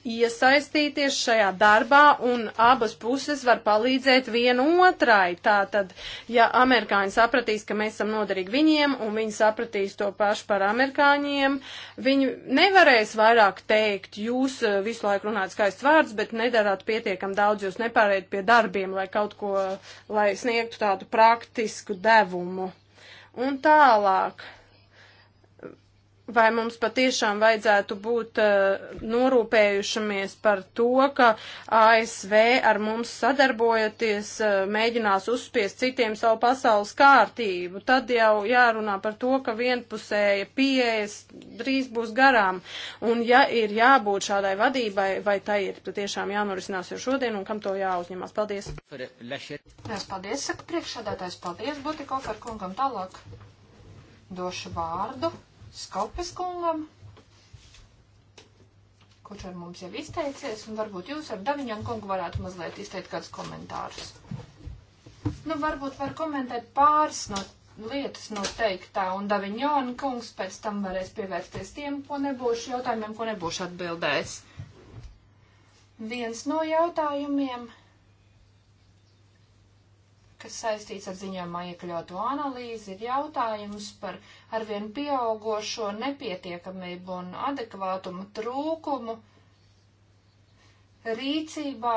iesaistīties šajā darbā un abas puses var palīdzēt vienu otrai. Tātad, ja amerikāņi sapratīs, ka mēs esam noderīgi viņiem un viņi sapratīs to pašu par amerikāņiem, viņi nevarēs vairāk teikt, jūs eh, visu laiku runājat skaists vārds, bet nedarāt pietiekam daudz, jūs nepārējat pie darbiem, lai kaut ko, lai sniegtu tādu praktisku devumu. Un tālāk vai mums patiešām vajadzētu būt uh, norūpējušamies par to, ka ASV ar mums sadarbojoties uh, mēģinās uzspiest citiem savu pasaules kārtību. Tad jau jārunā par to, ka vienpusēja pieejas drīz būs garām. Un ja ir jābūt šādai vadībai, vai tai ir patiešām jānorisinās jau šodien un kam to jāuzņemās. Paldies! Mēs paldies, saka priekšsādātājs, paldies, Butikofer kungam tālāk. Došu vārdu Skalpes kungam, kurš ar mums jau izteicies, un varbūt jūs ar Daviņam kungu varētu mazliet izteikt kādus komentārus. Nu, varbūt var komentēt pāris no lietas noteiktā, un Daviņona kungs pēc tam varēs pievērsties tiem, ko nebūšu jautājumiem, ko nebūšu atbildējis. Viens no jautājumiem kas saistīts ar ziņojumā iekļautu analīzi, ir jautājums par arvien pieaugošo nepietiekamību un adekvātumu trūkumu rīcībā,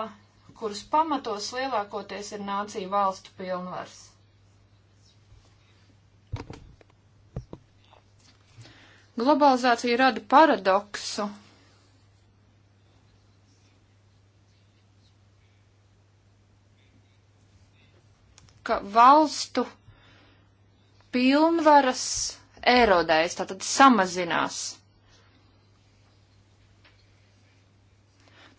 kuras pamatos lielākoties ir nācija valstu pilnvars. Globalizācija rada paradoksu, ka valstu pilnvaras erodēs, tātad samazinās.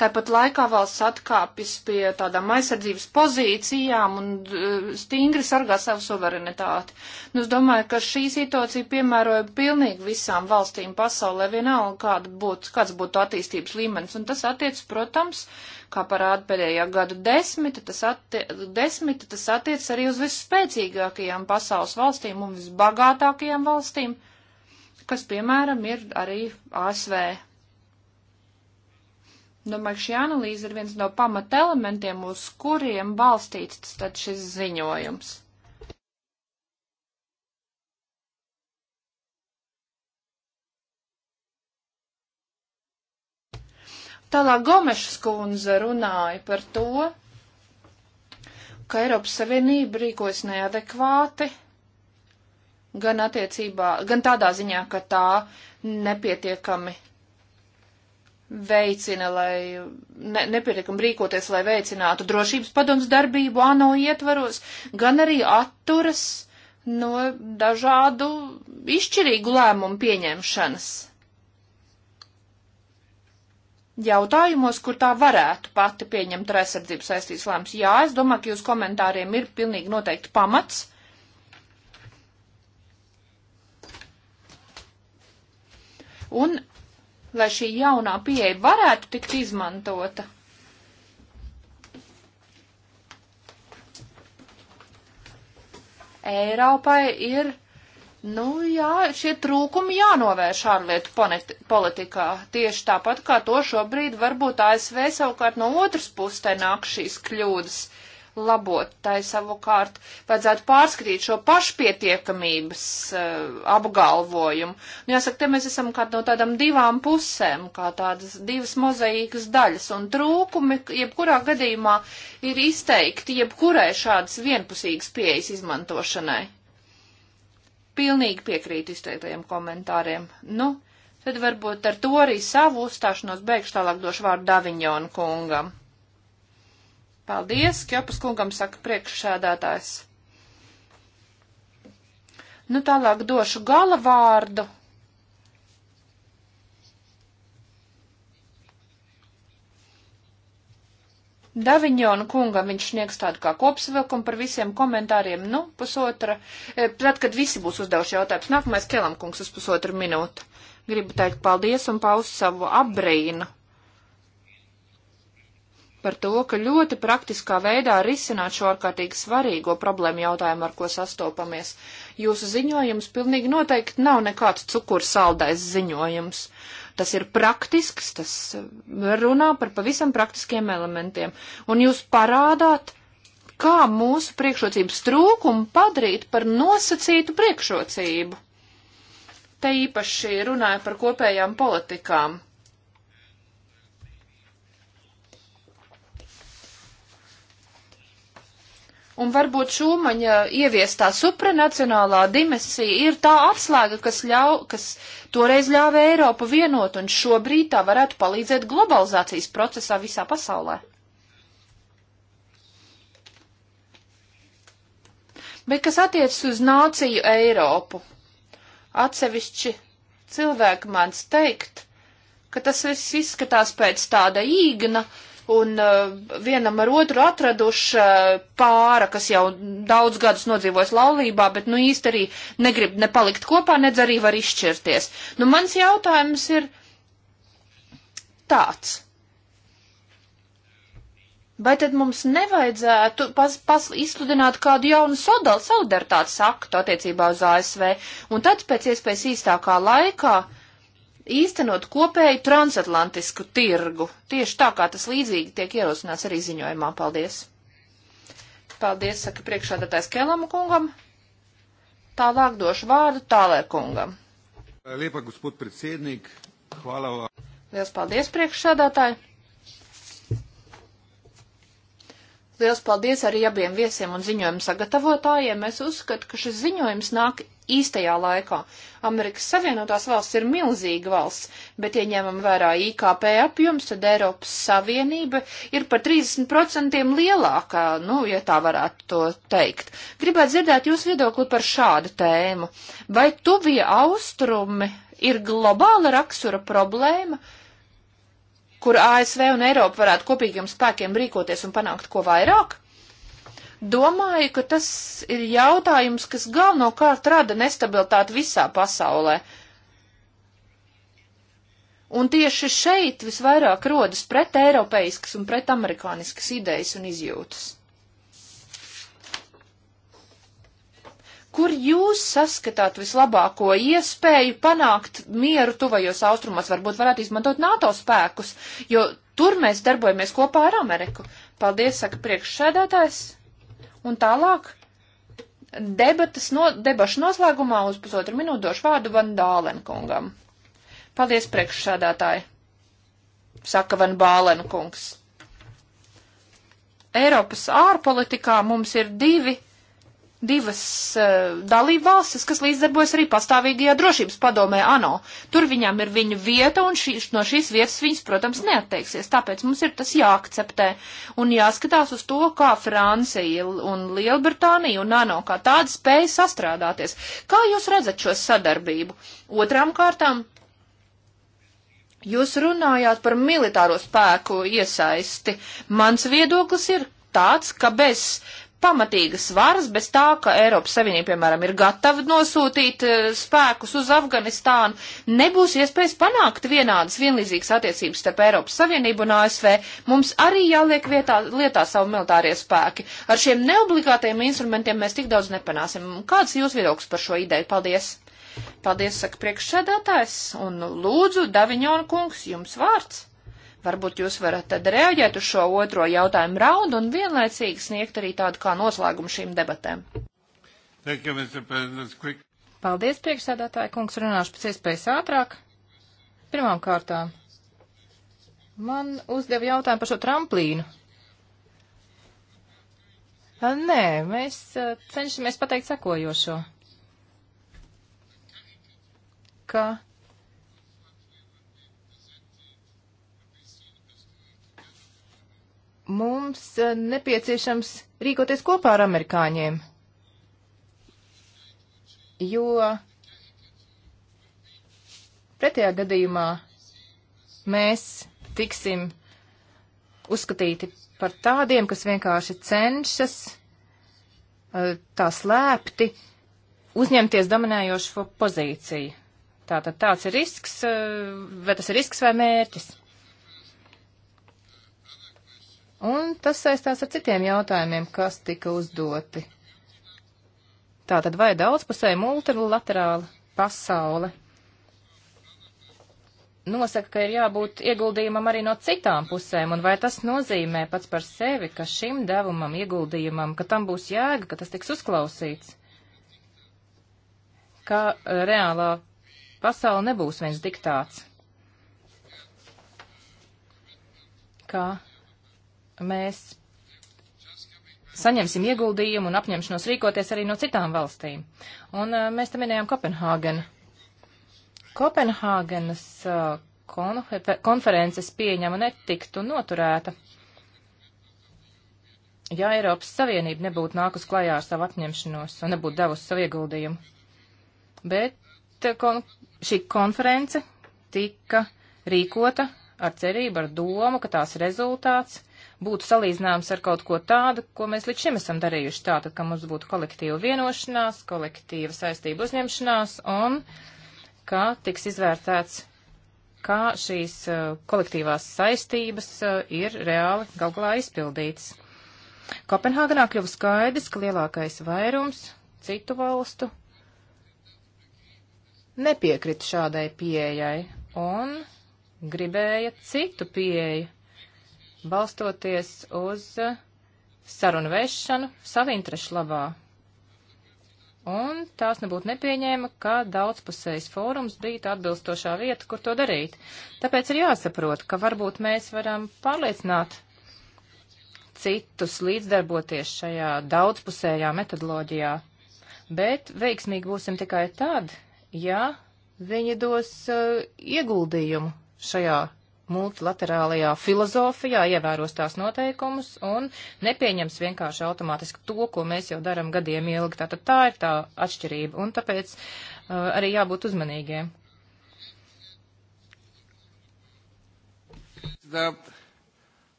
Tāpat laikā valsts atkāpjas pie tādām aizsardzības pozīcijām un e, stingri sargā savu suverenitāti. Nu, es domāju, ka šī situācija piemēroja pilnīgi visām valstīm pasaulē, vienalga, kāda būtu, kāds būtu attīstības līmenis. Un tas attiec, protams, kā parāda pēdējā gada desmita, tas, attie, desmita, tas attiec arī uz visspēcīgākajām pasaules valstīm un visbagātākajām valstīm, kas, piemēram, ir arī ASV. Domāju, ka šī analīze ir viens no pamatelementiem, uz kuriem balstīts tad šis ziņojums. Tālāk Gomešas kundze runāja par to, ka Eiropas Savienība rīkojas neadekvāti, gan attiecībā, gan tādā ziņā, ka tā nepietiekami veicina, lai ne, nepietiekam rīkoties, lai veicinātu drošības padoms darbību ANO ietvaros, gan arī atturas no dažādu izšķirīgu lēmumu pieņemšanas. Jautājumos, kur tā varētu pati pieņemt ar aizsardzību saistīts lēmums. Jā, es domāju, ka jūs komentāriem ir pilnīgi noteikti pamats. Un lai šī jaunā pieeja varētu tikt izmantota. Eiropai ir, nu jā, šie trūkumi jānovērš ārlietu politikā. Tieši tāpat kā to šobrīd varbūt ASV savukārt no otras pusē nāk šīs kļūdas. Uh, labot. Tai savukārt vajadzētu pārskatīt šo pašpietiekamības uh, apgalvojumu. Nu, jāsaka, te mēs esam kā no tādām divām pusēm, kā tādas divas mozaīkas daļas, un trūkumi jebkurā gadījumā ir izteikti jebkurai šādas vienpusīgas pieejas izmantošanai. Pilnīgi piekrītu izteiktajiem komentāriem. Nu, tad varbūt ar to arī savu uzstāšanos beigšu tālāk došu vārdu Daviņonu kungam. Paldies, Kjopas kungam saka priekšsēdētājs. Nu tālāk došu gala vārdu. Daviņona kungam viņš sniegs tādu kā kopsavilkumu par visiem komentāriem, nu, pusotra, e, tad, kad visi būs uzdevuši jautājumus. Nākamais Kelam kungs uz pusotru minūtu. Gribu teikt paldies un paust savu apbrīnu par to, ka ļoti praktiskā veidā risināt šo ārkārtīgi svarīgo problēmu jautājumu, ar ko sastopamies. Jūsu ziņojums pilnīgi noteikti nav nekāds cukursaldais ziņojums. Tas ir praktisks, tas runā par pavisam praktiskiem elementiem. Un jūs parādāt, kā mūsu priekšrocības trūkumu padarīt par nosacītu priekšrocību. Te īpaši runāja par kopējām politikām Un varbūt šūmaņa ieviestā supranacionālā dimensija ir tā atslēga, kas, ļau, kas toreiz ļāva Eiropu vienot, un šobrīd tā varētu palīdzēt globalizācijas procesā visā pasaulē. Bet kas attiecas uz nāciju Eiropu? Atsevišķi cilvēki mēdz teikt, ka tas viss izskatās pēc tāda īgna, uh, un uh, vienam ar otru atraduši uh, pāra, kas jau daudz gadus nodzīvojas laulībā, bet nu īsti arī negrib nepalikt kopā, nedz arī var izšķirties. Nu, mans jautājums ir tāds. Vai tad mums nevajadzētu pas, pas, izsludināt kādu jaunu sodalu solidaritātes aktu attiecībā uz ASV un tad pēc iespējas īstākā laikā uh, īstenot kopēju transatlantisku tirgu, tieši tā kā tas līdzīgi tiek ierosināts arī ziņojumā. Paldies! Paldies, saka priekšādātājs Kelam kungam. Tālāk došu vārdu tālē kungam. Liepa, gospod predsēdnīgi, hvala. Liels paldies, priekšsādātāji! Liels paldies arī abiem viesiem un ziņojumu sagatavotājiem. Es uzskatu, ka šis ziņojums nāk īstajā laikā. Amerikas Savienotās valsts ir milzīga valsts, bet ieņemam vērā IKP apjoms, tad Eiropas Savienība ir par 30% lielākā, nu, ja tā varētu to teikt. Gribētu dzirdēt jūs viedokli par šādu tēmu. Vai tuvie austrumi ir globāla rakstura problēma? kur ASV un Eiropa varētu kopīgiem spēkiem rīkoties un panākt ko vairāk? Domāju, ka tas ir jautājums, kas galvenokārt rada nestabilitāti visā pasaulē. Un tieši šeit visvairāk rodas pret eiropeiskas un pret amerikāniskas idejas un izjūtas. Kur jūs saskatāt vislabāko iespēju panākt mieru tuvajos austrumos? Varbūt varētu izmantot NATO spēkus, jo tur mēs darbojamies kopā ar Ameriku. Paldies, saka priekšsēdētājs. Un tālāk debatas no, debašu noslēgumā uz pusotru minūtu došu vārdu Van Dālenkungam. Paldies, priekšsādātāji, saka Van Bālenkungs. Eiropas ārpolitikā mums ir divi divas uh, dalībvalstis, kas līdzdarbojas arī pastāvīgajā drošības padomē ANO. Tur viņām ir viņu vieta, un šī, no šīs vietas viņas, protams, neatteiksies. Tāpēc mums ir tas jāakceptē un jāskatās uz to, kā Francija un Lielbritānija un ANO kā tāda spēja sastrādāties. Kā jūs redzat šo sadarbību? Otrām kārtām. Jūs runājāt par militāro spēku iesaisti. Mans viedoklis ir tāds, ka bez uh, pamatīgas varas bez tā, ka Eiropas Savienība, piemēram, ir gatava nosūtīt eh, spēkus uz Afganistānu, nebūs iespējas panākt vienādas vienlīdzīgas attiecības starp Eiropas Savienību un ASV. Mums arī jāliek vietā, lietā savu militārie spēki. Ar šiem neobligātajiem instrumentiem mēs tik daudz nepanāsim. Kāds jūs viedoklis par šo ideju? Paldies! Paldies, saka priekšsēdētājs, un lūdzu, Daviņona kungs, jums vārds! Varbūt jūs varat tad reaģēt uz šo otro jautājumu raundu un vienlaicīgi sniegt arī tādu kā noslēgumu šīm debatēm. You, Paldies, priekšsēdētāji kungs, runāšu pēc iespējas ātrāk. Pirmām kārtām, man uzdeva jautājumu par šo tramplīnu. Nē, mēs cenšamies pateikt sekojošo. Ka Mums eh, nepieciešams rīkoties kopā ar amerikāņiem, jo pretējā gadījumā mēs tiksim uzskatīti par tādiem, kas vienkārši cenšas eh, tā slēpti uzņemties dominējošo pozīciju. Tātad tāds ir risks, eh, vai tas ir risks vai mērķis? Un tas saistās ar citiem jautājumiem, kas tika uzdoti. Tātad vai daudzpusēja multilaterāla pasaule nosaka, ka ir jābūt ieguldījumam arī no citām pusēm, un vai tas nozīmē pats par sevi, ka šim devumam, ieguldījumam, ka tam būs jēga, ka tas tiks uzklausīts, ka e, reālā pasaule nebūs viens diktāts, ka mēs saņemsim ieguldījumu un apņemšanos rīkoties arī no citām valstīm. Un uh, mēs te minējām Kopenhāgenu. Kopenhāgenas uh, konferences pieņema netiktu noturēta, ja Eiropas Savienība nebūtu nākus klajā ar savu apņemšanos un nebūtu devusi savu ieguldījumu. Bet uh, kon šī konference tika rīkota ar cerību, ar domu, ka tās rezultāts būtu salīdzināms ar kaut ko tādu, ko mēs līdz šim esam darījuši. Tātad, ka mums būtu kolektīva vienošanās, kolektīva saistība uzņemšanās un ka tiks izvērtēts, kā šīs uh, kolektīvās saistības uh, ir reāli galvā izpildītas. Kopenhāgenā kļuva skaidrs, ka lielākais vairums citu valstu nepiekrita šādai pieejai un gribēja citu pieeju balstoties uz sarunu vešanu savu interešu labā. Un tās nebūtu nepieņēma, ka daudzpusējs fórums bija tā atbilstošā vieta, kur to darīt. Tāpēc ir jāsaprot, ka varbūt mēs varam pārliecināt citus līdzdarboties šajā daudzpusējā metodoloģijā, bet veiksmīgi būsim tikai tad, ja viņi dos uh, ieguldījumu šajā multilaterālajā filozofijā, ievēros tās noteikumus un nepieņems vienkārši automātiski to, ko mēs jau daram gadiem ilgi. Tātad tā ir tā atšķirība un tāpēc uh, arī jābūt uzmanīgiem.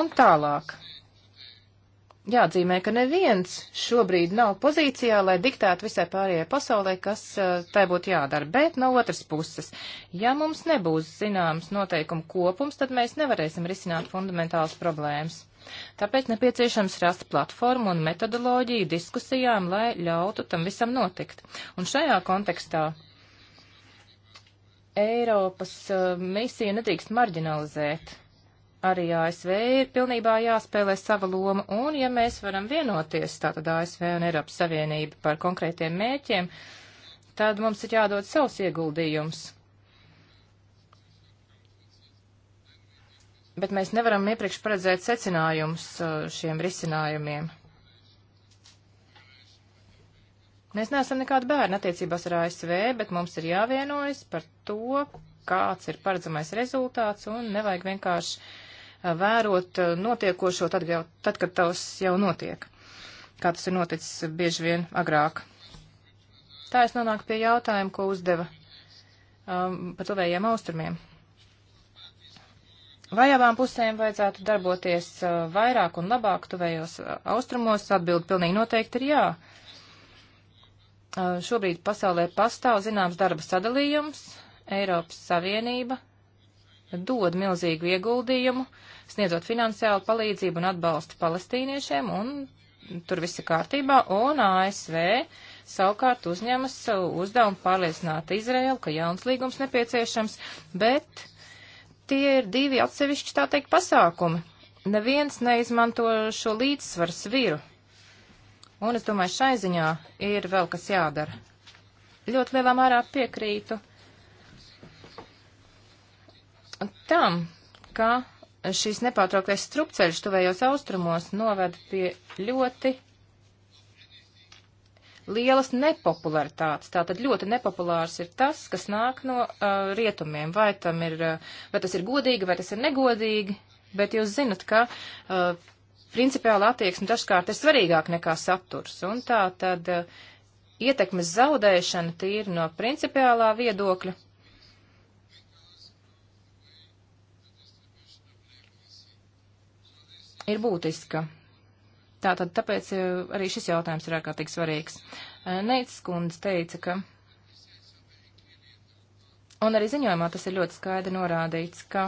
Un tālāk jāatzīmē, ka neviens šobrīd nav pozīcijā, lai diktētu visai pārējai pasaulē, kas eh, tai būtu jādara. Bet no otras puses, ja mums nebūs zināms noteikumu kopums, tad mēs nevarēsim risināt fundamentālas problēmas. Tāpēc nepieciešams rast platformu un metodoloģiju diskusijām, lai ļautu tam visam notikt. Un šajā kontekstā Eiropas uh, misija nedrīkst marginalizēt arī ASV ir pilnībā jāspēlē sava loma, un ja mēs varam vienoties, tātad ASV un Eiropas Savienība par konkrētiem mēķiem, tad mums ir jādod savs ieguldījums. Bet mēs nevaram iepriekš paredzēt secinājumus uh, šiem risinājumiem. Mēs neesam nekādi bērni attiecībās ar ASV, bet mums ir jāvienojas par to, kāds ir paredzamais rezultāts, un nevajag vienkārši vērot eh, notiekošo tad, jau, tad kad tavs jau notiek, kā tas ir noticis bieži vien agrāk. Tā es nonāku pie jautājuma, ko uzdeva um, par tuvējiem austrumiem. Vai abām pusēm vajadzētu darboties uh, vairāk un labāk tuvējos eh, austrumos? Atbildi pilnīgi noteikti ir jā. Uh, šobrīd pasaulē pastāv zināms darba sadalījums, Eiropas Savienība dod milzīgu ieguldījumu uh, sniedzot finansiālu palīdzību un atbalstu palestīniešiem, un tur viss ir kārtībā, un ASV savukārt uzņemas uzdevumu pārliecināt Izraelu, ka jauns līgums nepieciešams, bet tie ir divi atsevišķi, tā teikt, pasākumi. Neviens neizmanto šo līdzsvaru sviru. Un es domāju, šai ziņā ir vēl kas jādara. Ļoti lielā mērā piekrītu tam, ka šīs nepārtrauktais strupceļš tuvējos austrumos noveda pie ļoti lielas nepopularitātes. Tātad ļoti nepopulārs ir tas, kas nāk no uh, rietumiem. Vai, ir, uh, vai tas ir godīgi, vai tas ir negodīgi, bet jūs zinat, ka uh, principiāla attieksme dažkārt ir svarīgāk nekā saturs. Un tā tad uh, ietekmes zaudēšana tīri no principiālā viedokļa ir būtiska. Tātad tāpēc eh, arī šis jautājums ir ārkārtīgi svarīgs. Eh, Neits kundze teica, ka. Un arī ziņojumā tas ir ļoti skaidri norādīts, ka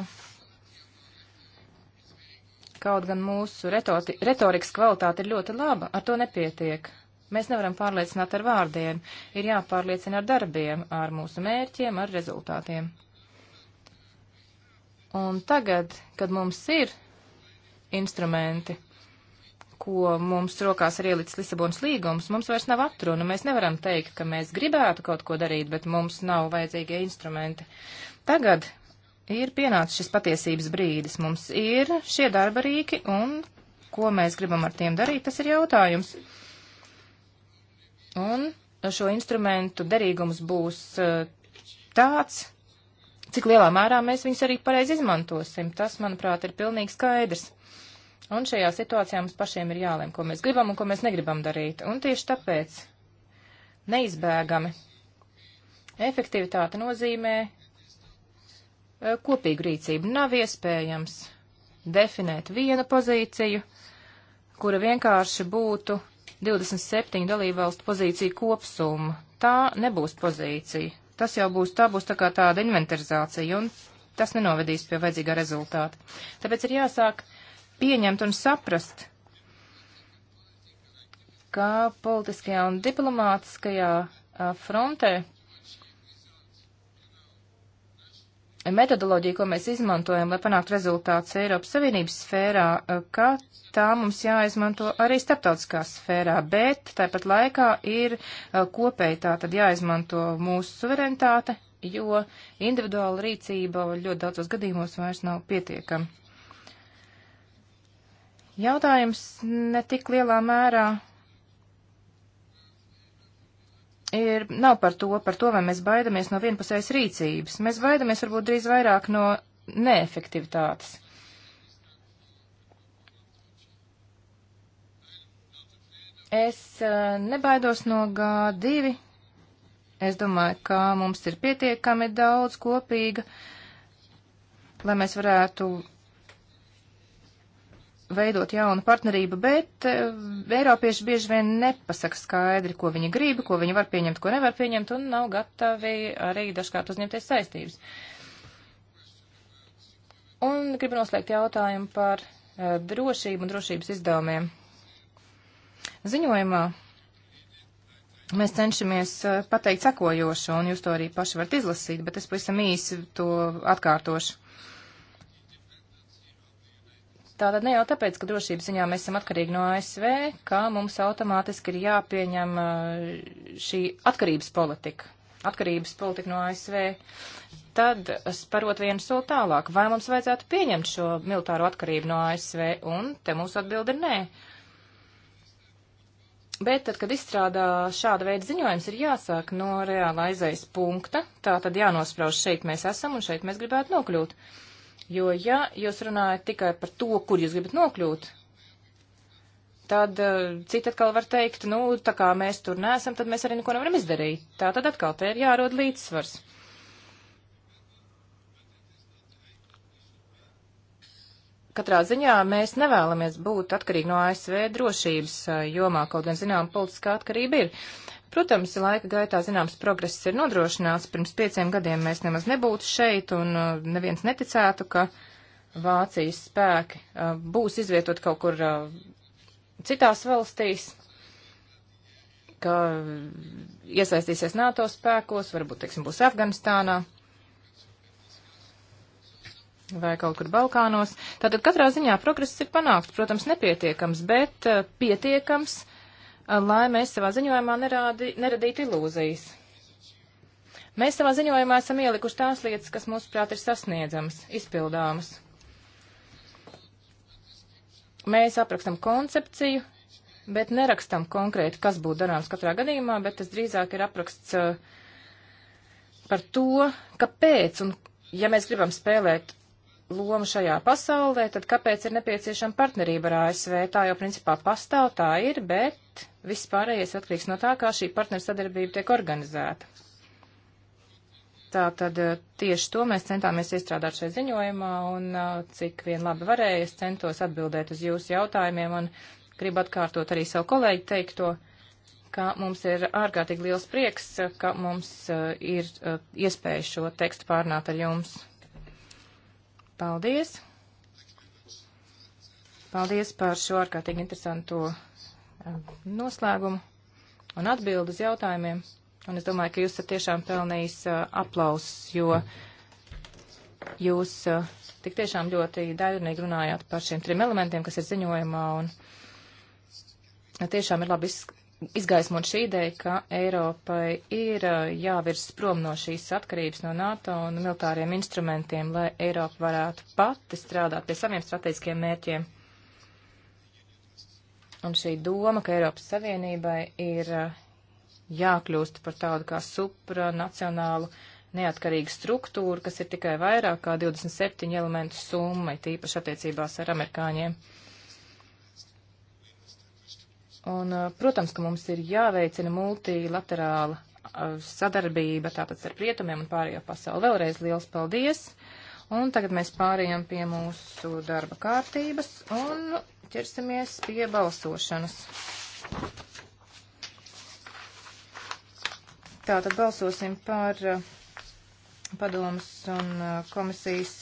kaut gan mūsu retori, retorikas kvalitāte ir ļoti laba, ar to nepietiek. Mēs nevaram pārliecināt ar vārdiem, ir jāpārliecina ar darbiem, ar mūsu mērķiem, ar rezultātiem. Un tagad, kad mums ir instrumenti, ko mums rokās ir ielicis Lisabonas līgums, mums vairs nav atrunu. Mēs nevaram teikt, ka mēs gribētu kaut ko darīt, bet mums nav vajadzīgie instrumenti. Tagad ir pienācis šis patiesības brīdis. Mums ir šie darba rīki, un ko mēs gribam ar tiem darīt, tas ir jautājums. Un šo instrumentu derīgums būs eh, tāds, cik lielā mērā mēs viņus arī pareizi izmantosim. Tas, manuprāt, ir pilnīgi skaidrs. Un šajā situācijā mums pašiem ir jālem, ko mēs gribam un ko mēs negribam darīt. Un tieši tāpēc neizbēgami efektivitāte nozīmē e, kopīgu rīcību. Nav iespējams definēt vienu pozīciju, kura vienkārši būtu 27 dalībvalstu pozīciju kopsumma. Tā nebūs pozīcija. Tas jau būs, tā būs tā kā tāda inventarizācija, un tas nenovedīs pie vajadzīgā rezultāta. Tāpēc ir jāsāk uh, pieņemt un saprast, ka politiskajā un diplomātiskajā frontē metodoloģija, ko mēs izmantojam, lai panāktu rezultātus Eiropas Savienības sfērā, ka tā mums jāizmanto arī starptautiskā sfērā, bet tāpat laikā ir kopēji tā tad jāizmanto mūsu suverenitāte, jo individuāla rīcība ļoti daudzos gadījumos vairs nav pietiekama. Jautājums netik lielā mērā ir, nav par to, par to, vai mēs baidamies no vienpusējas rīcības. Mēs baidamies varbūt drīz vairāk no neefektivitātes. Es eh, nebaidos no G2. Es domāju, ka mums ir pietiekami daudz kopīga, lai mēs varētu veidot jaunu partnerību, bet eh, Eiropieši bieži vien nepasaka skaidri, ko viņi grib, ko viņi var pieņemt, ko nevar pieņemt, un nav gatavi arī dažkārt uzņemties saistības. Un gribu noslēgt jautājumu par eh, drošību un drošības izdevumiem. Ziņojumā mēs cenšamies eh, pateikt sekojošo, un jūs to arī paši varat izlasīt, bet es pavisam īsi to atkārtošu. Tātad ne jau tāpēc, ka drošības ziņā mēs esam atkarīgi no ASV, kā mums automātiski ir jāpieņem uh, šī atkarības politika. Atkarības politika no ASV. Tad sparot vienu soli tālāk, vai mums vajadzētu pieņemt šo militāro atkarību no ASV, un te mūsu atbildi ir nē. Bet tad, kad izstrādā šāda veida ziņojums, ir jāsāk no reāla aizejas punkta, tā tad jānosprauž šeit mēs esam un šeit mēs gribētu nokļūt. Uh, Jo, ja jūs runājat tikai par to, kur jūs gribat nokļūt, tad uh, citi atkal var teikt, nu, tā kā mēs tur neesam, tad mēs arī neko nevaram izdarīt. Tā tad atkal te ir jārod līdzsvars. Katrā ziņā mēs nevēlamies būt atkarīgi no ASV drošības eh, jomā, kaut gan, zinām, politiskā atkarība ir. Protams, laika gaitā zināms progress ir nodrošināts. Pirms pieciem gadiem mēs nemaz nebūtu šeit un uh, neviens neticētu, ka Vācijas spēki uh, būs izvietot kaut kur uh, citās valstīs, ka iesaistīsies NATO spēkos, varbūt, teiksim, būs Afganistānā vai kaut kur Balkānos. Tātad katrā ziņā progress ir panākts, protams, nepietiekams, bet pietiekams. Uh, lai mēs savā ziņojumā nerādi, neradītu ilūzijas. Mēs savā ziņojumā esam ielikuši tās lietas, kas mūsuprāt ir sasniedzamas, izpildāmas. Mēs aprakstam koncepciju, bet nerakstam konkrēti, kas būtu darāms katrā gadījumā, bet tas drīzāk ir apraksts uh, par to, kāpēc un ja mēs gribam spēlēt loma šajā pasaulē, tad kāpēc ir nepieciešama partnerība ar ASV? Tā jau principā pastāv, tā ir, bet viss pārējais atkarīgs no tā, kā šī partneru sadarbība tiek organizēta. Tā tad eh, tieši to mēs centāmies iestrādāt šajā ziņojumā, un eh, cik vien labi varēju, es centos atbildēt uz jūsu jautājumiem, un gribu atkārtot arī savu kolēģi teikto, ka mums ir ārkārtīgi liels prieks, ka mums eh, ir iespēja šo tekstu pārnāt ar jums. Paldies! Paldies par šo ārkārtīgi interesanto eh, noslēgumu un atbildu uz jautājumiem. Un es domāju, ka jūs esat tiešām pelnījis eh, aplausus, jo jūs eh, tik tiešām ļoti daļrunīgi runājāt par šiem trim elementiem, kas ir ziņojumā. Un tiešām ir labi izgaismot šī ideja, ka Eiropai ir jāvirs prom no šīs atkarības no NATO un militāriem instrumentiem, lai Eiropa varētu pati strādāt pie saviem strateģiskiem mērķiem. Un šī doma, ka Eiropas Savienībai ir jākļūst par tādu kā supranacionālu neatkarīgu struktūru, kas ir tikai vairāk kā 27 elementu summa, tīpaši attiecībās ar amerikāņiem. Uh, Un, uh, protams, ka mums ir jāveicina multilaterāla uh, sadarbība tātad starp rietumiem un pārējo pasauli. Vēlreiz liels paldies! Un tagad mēs pārējām pie mūsu darba kārtības un ķersimies pie balsošanas. Tātad balsosim par uh, padomus un komisijas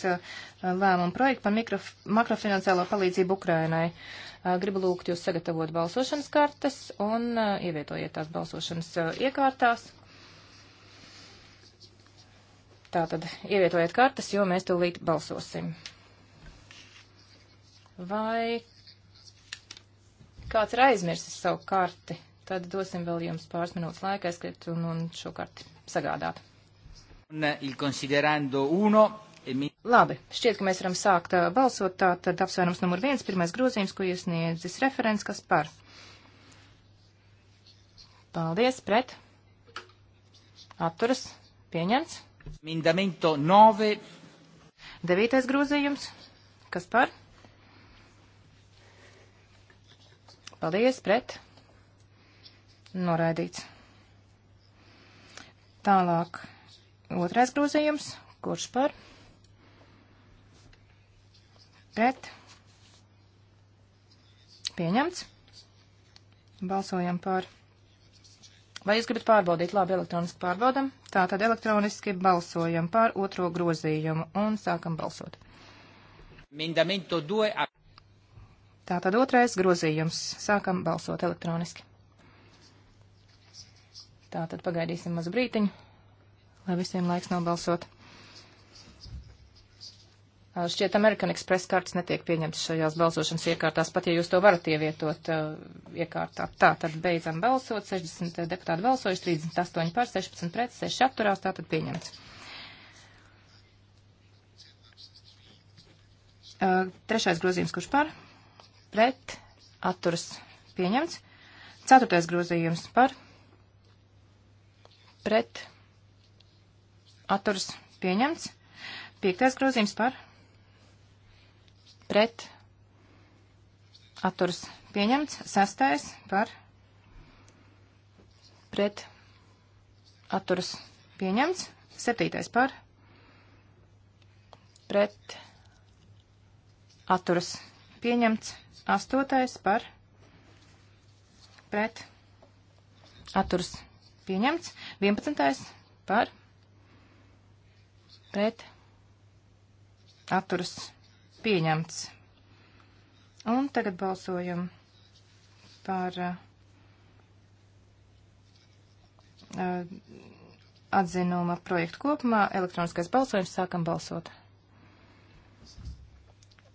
lēmumu projektu par makrofinansiālo palīdzību Ukrainai. Uh, Gribu lūgt jūs sagatavot balsošanas kartes un ievietojiet tās balsošanas iekārtās. Tātad ievietojiet kartes, jo mēs tūlīt balsosim. Vai kāds ir aizmirsis savu karti, tad dosim vēl jums pāris minūtes laika aizskriet un, un šo karti sagādāt. Un il considerando uno Labi, šķiet, ka mēs varam sākt uh, balsot. Tātad apsvērums numur viens, pirmais grozījums, ko iesniedzis referents, kas par. Paldies, pret. Atturas. Pieņemts. Mindamento 9. Devītais grozījums. Kas par? Paldies, pret. Noraidīts. Tālāk. Otrais grozījums. Kurš par? pret. Pieņemts. Balsojam par. Vai jūs gribat pārbaudīt? Labi, elektroniski pārbaudam. Tā tad elektroniski balsojam par otro grozījumu un sākam balsot. Mindamento 2. Tā tad otrais grozījums. Sākam balsot elektroniski. Tā tad pagaidīsim maz brītiņu, lai visiem laiks nobalsot. Šķiet, American Express kartes netiek pieņemtas šajās balsošanas iekārtās, pat ja jūs to varat ievietot uh, iekārtā. Tā, tad beidzam balsot. 60 deputāti balsojuši, 38 par, 16 pret, 6 atturās, tā tad pieņemts. Uh, trešais grozījums, kurš par, pret, atturas, pieņemts. Ceturtais grozījums par, pret, atturas, pieņemts. Piektais grozījums par, pret atturs pieņemts. Sastais par pret atturs pieņemts. Septītais par pret atturs pieņemts. Astotais par pret atturs pieņemts. Vienpadsmitais par pret atturs pieņemts pieņemts. Un tagad balsojam par uh, atzinuma projektu kopumā. Elektroniskais balsojums sākam balsot.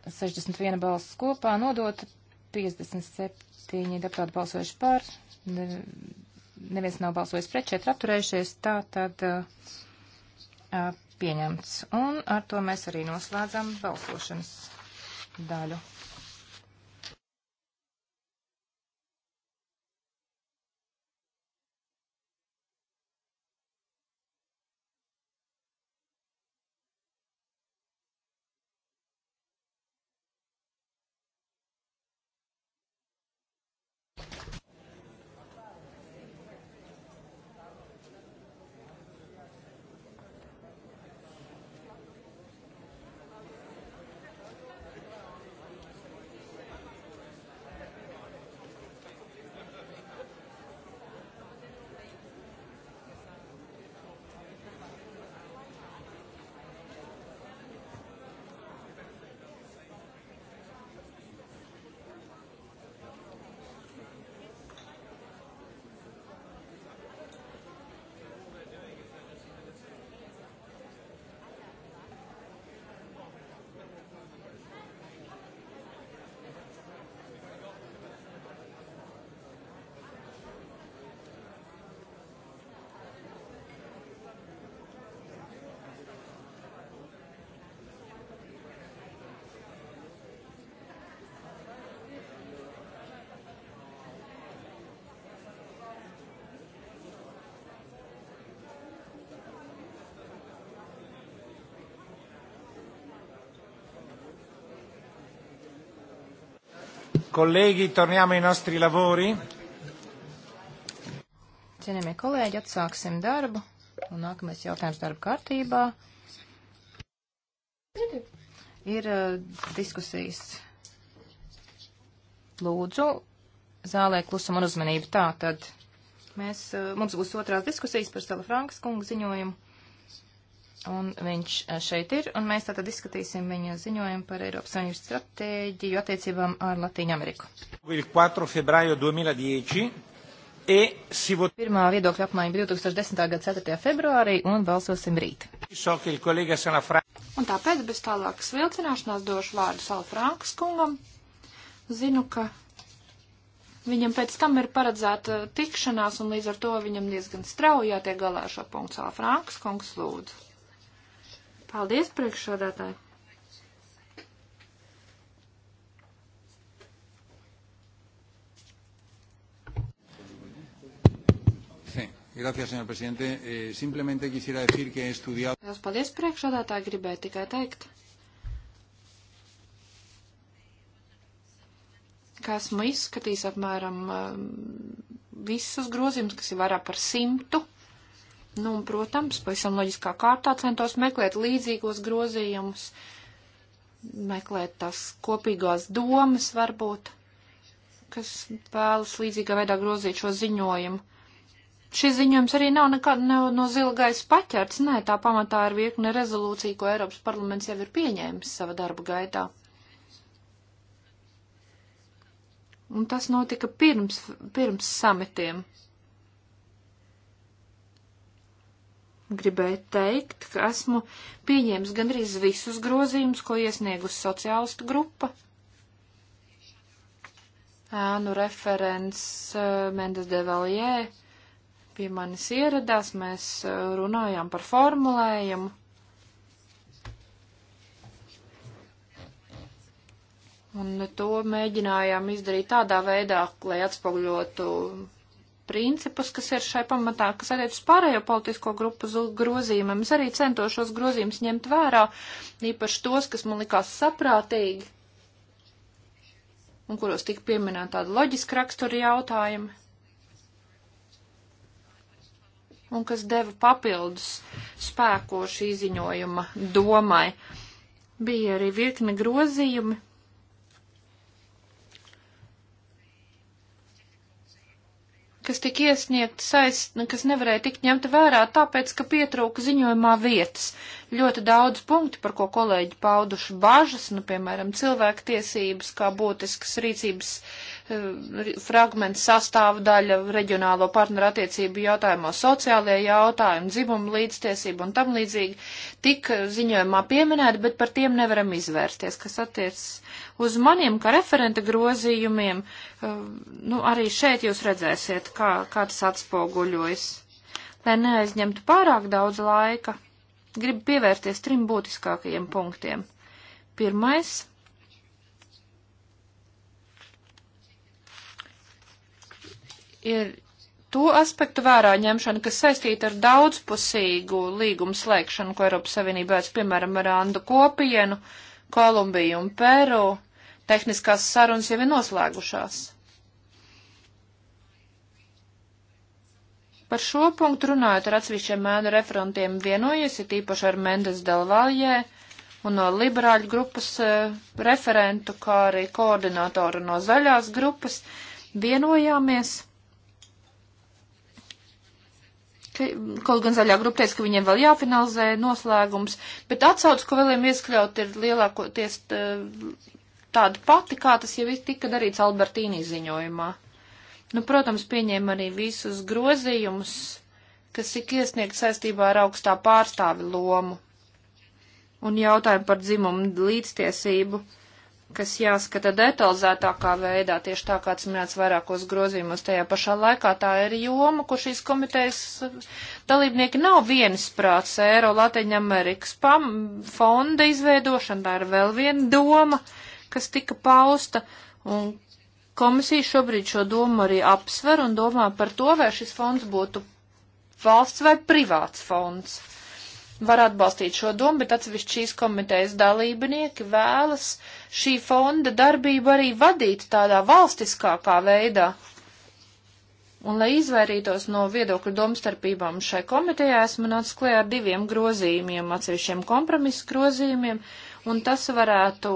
61 balss kopā nodota, 57 deputāti balsojuši par, neviens nav balsojis pret, 4 apturējušies. Tā tad uh, uh pieņemts. Un ar to mēs arī noslēdzam balsošanas daļu. Kolēģi, torniamo ai nostri lavori. Cienījamie kolēģi, atsāksim darbu. Un nākamais jautājums darba kārtībā ir uh, diskusijas. Lūdzu, zālē klusam un uzmanību. Tā tad mēs, uh, mums būs otrās diskusijas par Stela Frankas kungu ziņojumu. Un viņš eh, šeit ir, un mēs tātad izskatīsim viņa ziņojumu par Eiropas Savienības stratēģiju attiecībām ar Latīņu Ameriku. 2010, e si vot... Pirmā viedokļa apmaiņa 2010. gada 4. februārī, un balsosim rīt. Un tāpēc bez tālākas vilcināšanās došu vārdu Salfrānkas kungam. Zinu, ka Viņam pēc tam ir paredzēta tikšanās, un līdz ar to viņam diezgan strauji jātiek galā ar šo punktu. Franks, kungs, lūdzu. Paldies, priekšsādātāji! Gracias, señor presidente. Eh, simplemente quisiera decir que he estudiado. Lielas paldies, priekšsādātāji, gribēju tikai teikt, ka esmu izskatījis apmēram um, visus grozījumus, kas ir vairāk par simtu. Nu, un, protams, pavisam loģiskā kārtā centos meklēt līdzīgos grozījumus, meklēt tās kopīgās domas, varbūt, kas vēlas līdzīgā veidā grozīt šo ziņojumu. Šis ziņojums arī nav nekad ne, no zila gaisa paķerts, nē, tā pamatā ir virkne rezolūcija, ko Eiropas parlaments jau ir pieņēmis sava darba gaitā. Un tas notika pirms, pirms sametiem. gribēju teikt, ka esmu pieņēmis gandrīz visus grozījumus, ko iesniegusi sociālistu grupa. Ēnu referents Mendes de Valjē pie manis ieradās, mēs runājām par formulējumu. Un to mēģinājām izdarīt tādā veidā, lai atspoguļotu principus, kas ir šai pamatā, kas attiec uz pārējo politisko grupu grozījumiem. Es arī centošos grozījumus ņemt vērā, īpaši tos, kas man likās saprātīgi un kuros tika pieminēta tāda loģiska rakstura jautājuma un kas deva papildus spēko šī ziņojuma domai. Bija arī virkne grozījumi, kas tika iesniegta saist, kas nevarēja tikt ņemta vērā, tāpēc, ka pietrūka ziņojumā vietas. Ļoti daudz punkti, par ko kolēģi pauduši bažas, nu, piemēram, cilvēktiesības kā būtiskas rīcības uh, Eh, fragments sastāvdaļa reģionālo partneru attiecību jautājumos, sociālajie jautājumi, dzimumu līdztiesību un tam līdzīgi tik ziņojumā pieminēti, bet par tiem nevaram izvērsties, kas attiec uz maniem kā referenta grozījumiem. Eh, nu, arī šeit jūs redzēsiet, kā, kā tas atspoguļojas. Lai neaizņemtu pārāk daudz laika, gribu pievērties trim būtiskākajiem punktiem. Pirmais ir to aspektu vērā ņemšana, kas saistīta ar daudzpusīgu līgumu slēgšanu, ko Eiropas Savienībā vērts, piemēram, ar Andu kopienu, Kolumbiju un Peru. Tehniskās sarunas jau ir noslēgušās. Par šo punktu runājot ar atsevišķiem mēnu referentiem vienojies, ir tīpaši ar Mendes Delvaljē un no liberāļu grupas uh, referentu, kā arī koordinātoru no zaļās grupas vienojāmies ka, kaut gan zaļā grupa teica, ka viņiem vēl jāfinalizē noslēgums, bet atsauc, ko vēliem ieskļaut, ir lielākoties tāda pati, kā tas jau tika darīts Albertīnī ziņojumā. Nu, protams, pieņēma arī visus grozījumus, kas tika iesniegt saistībā ar augstā pārstāvi lomu un jautājumu par dzimumu līdztiesību kas jāskata detalizētākā veidā, tieši tā kāds minēts vairākos grozījumos. Tajā pašā laikā tā ir joma, kur šīs komitejas dalībnieki nav viensprāts. Eiro Latviju Amerikas fonda izveidošana, tā ir vēl viena doma, kas tika pausta. Un komisija šobrīd šo domu arī apsver un domā par to, vai šis fonds būtu valsts vai privāts fonds var atbalstīt šo domu, bet atsevišķi šīs komitejas dalībnieki vēlas šī fonda darbību arī vadīt tādā valstiskākā veidā. Un, lai izvairītos no viedokļu domstarpībām šai komitejā, esmu nācis klajā ar diviem grozījumiem, atsevišķiem kompromisu grozījumiem, uh, un tas varētu,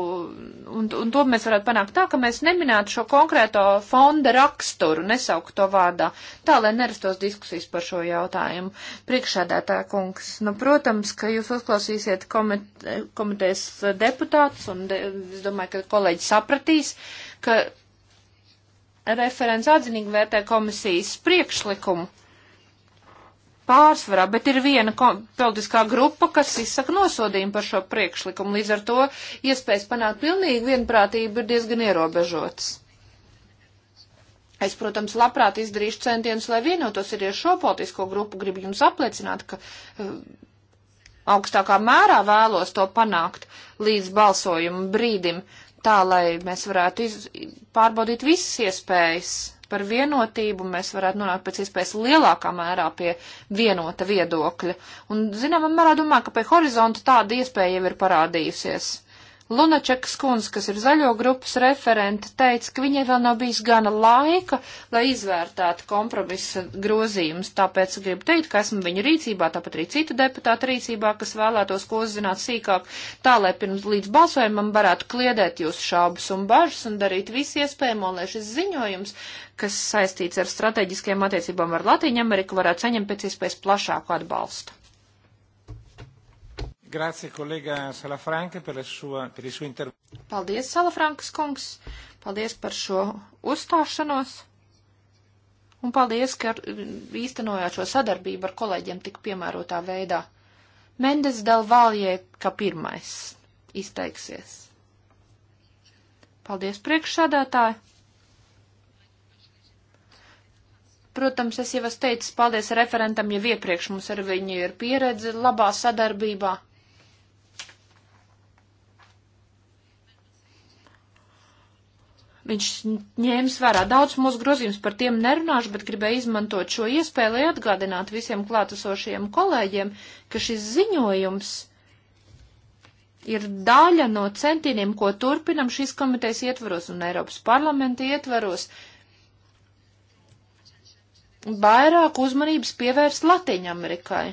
un, un to mēs varētu panākt tā, ka mēs neminētu šo konkrēto fonda raksturu, nesauktu to vārdā, tā, lai nerastos diskusijas par šo jautājumu. Priekšādētā kungs, nu, protams, ka jūs uzklausīsiet komit komitejas deputātus, un de, es domāju, ka kolēģi sapratīs, ka referents atzinīgi vērtē komisijas priekšlikumu pārsvarā, bet ir viena politiskā grupa, kas izsaka nosodījumu par šo priekšlikumu. Līdz ar to iespējas panākt pilnīgi vienprātību ir diezgan ierobežotas. Es, protams, labprāt izdarīšu centienus, lai vienotos arī ar šo politisko grupu. Gribu jums apliecināt, ka eh, augstākā mērā vēlos to panākt līdz balsojuma brīdim, tā lai mēs varētu iz, pārbaudīt visas iespējas par vienotību, mēs varētu nonākt pēc iespējas lielākā mērā pie vienota viedokļa. Un, zināmā mērā, domāju, ka pie horizonta tāda iespēja jau ir parādījusies. Lunačakas kundze, kas ir zaļo grupas referente, teica, ka viņai vēl nav bijis gana laika, lai izvērtētu kompromisa grozījumus, tāpēc gribu teikt, ka esmu viņa rīcībā, tāpat arī citu deputātu rīcībā, kas vēlētos ko uzzināt sīkāk, tā lai pirms līdz balsojumam varētu kliedēt jūsu šaubas un bažas un darīt visu iespējamo, lai šis ziņojums, kas saistīts ar strateģiskajām attiecībām ar Latīņu Ameriku, varētu saņemt pēc iespējas plašāku atbalstu. Grazie, kolēģa Salafranka, par, šo, par šo interviju. Paldies, Salafrankas kungs. Paldies par šo uzstāšanos. Un paldies, ka īstenojāt šo sadarbību ar kolēģiem tik piemērotā veidā. Mendes Delvaljē, ka pirmais izteiksies. Paldies, priekšsādātāji! Protams, es jau esmu teicis paldies referentam, jau iepriekš mums ar viņu ir pieredze labā sadarbībā. Viņš ņēmis vērā daudz mūsu grozījums, par tiem nerunāšu, bet gribēju izmantot šo iespēju, lai atgādinātu visiem klātesošajiem kolēģiem, ka šis ziņojums ir daļa no centieniem, ko turpinam šīs komitejas ietvaros un Eiropas parlamenta ietvaros vairāk uzmanības pievērst Latīņamerikai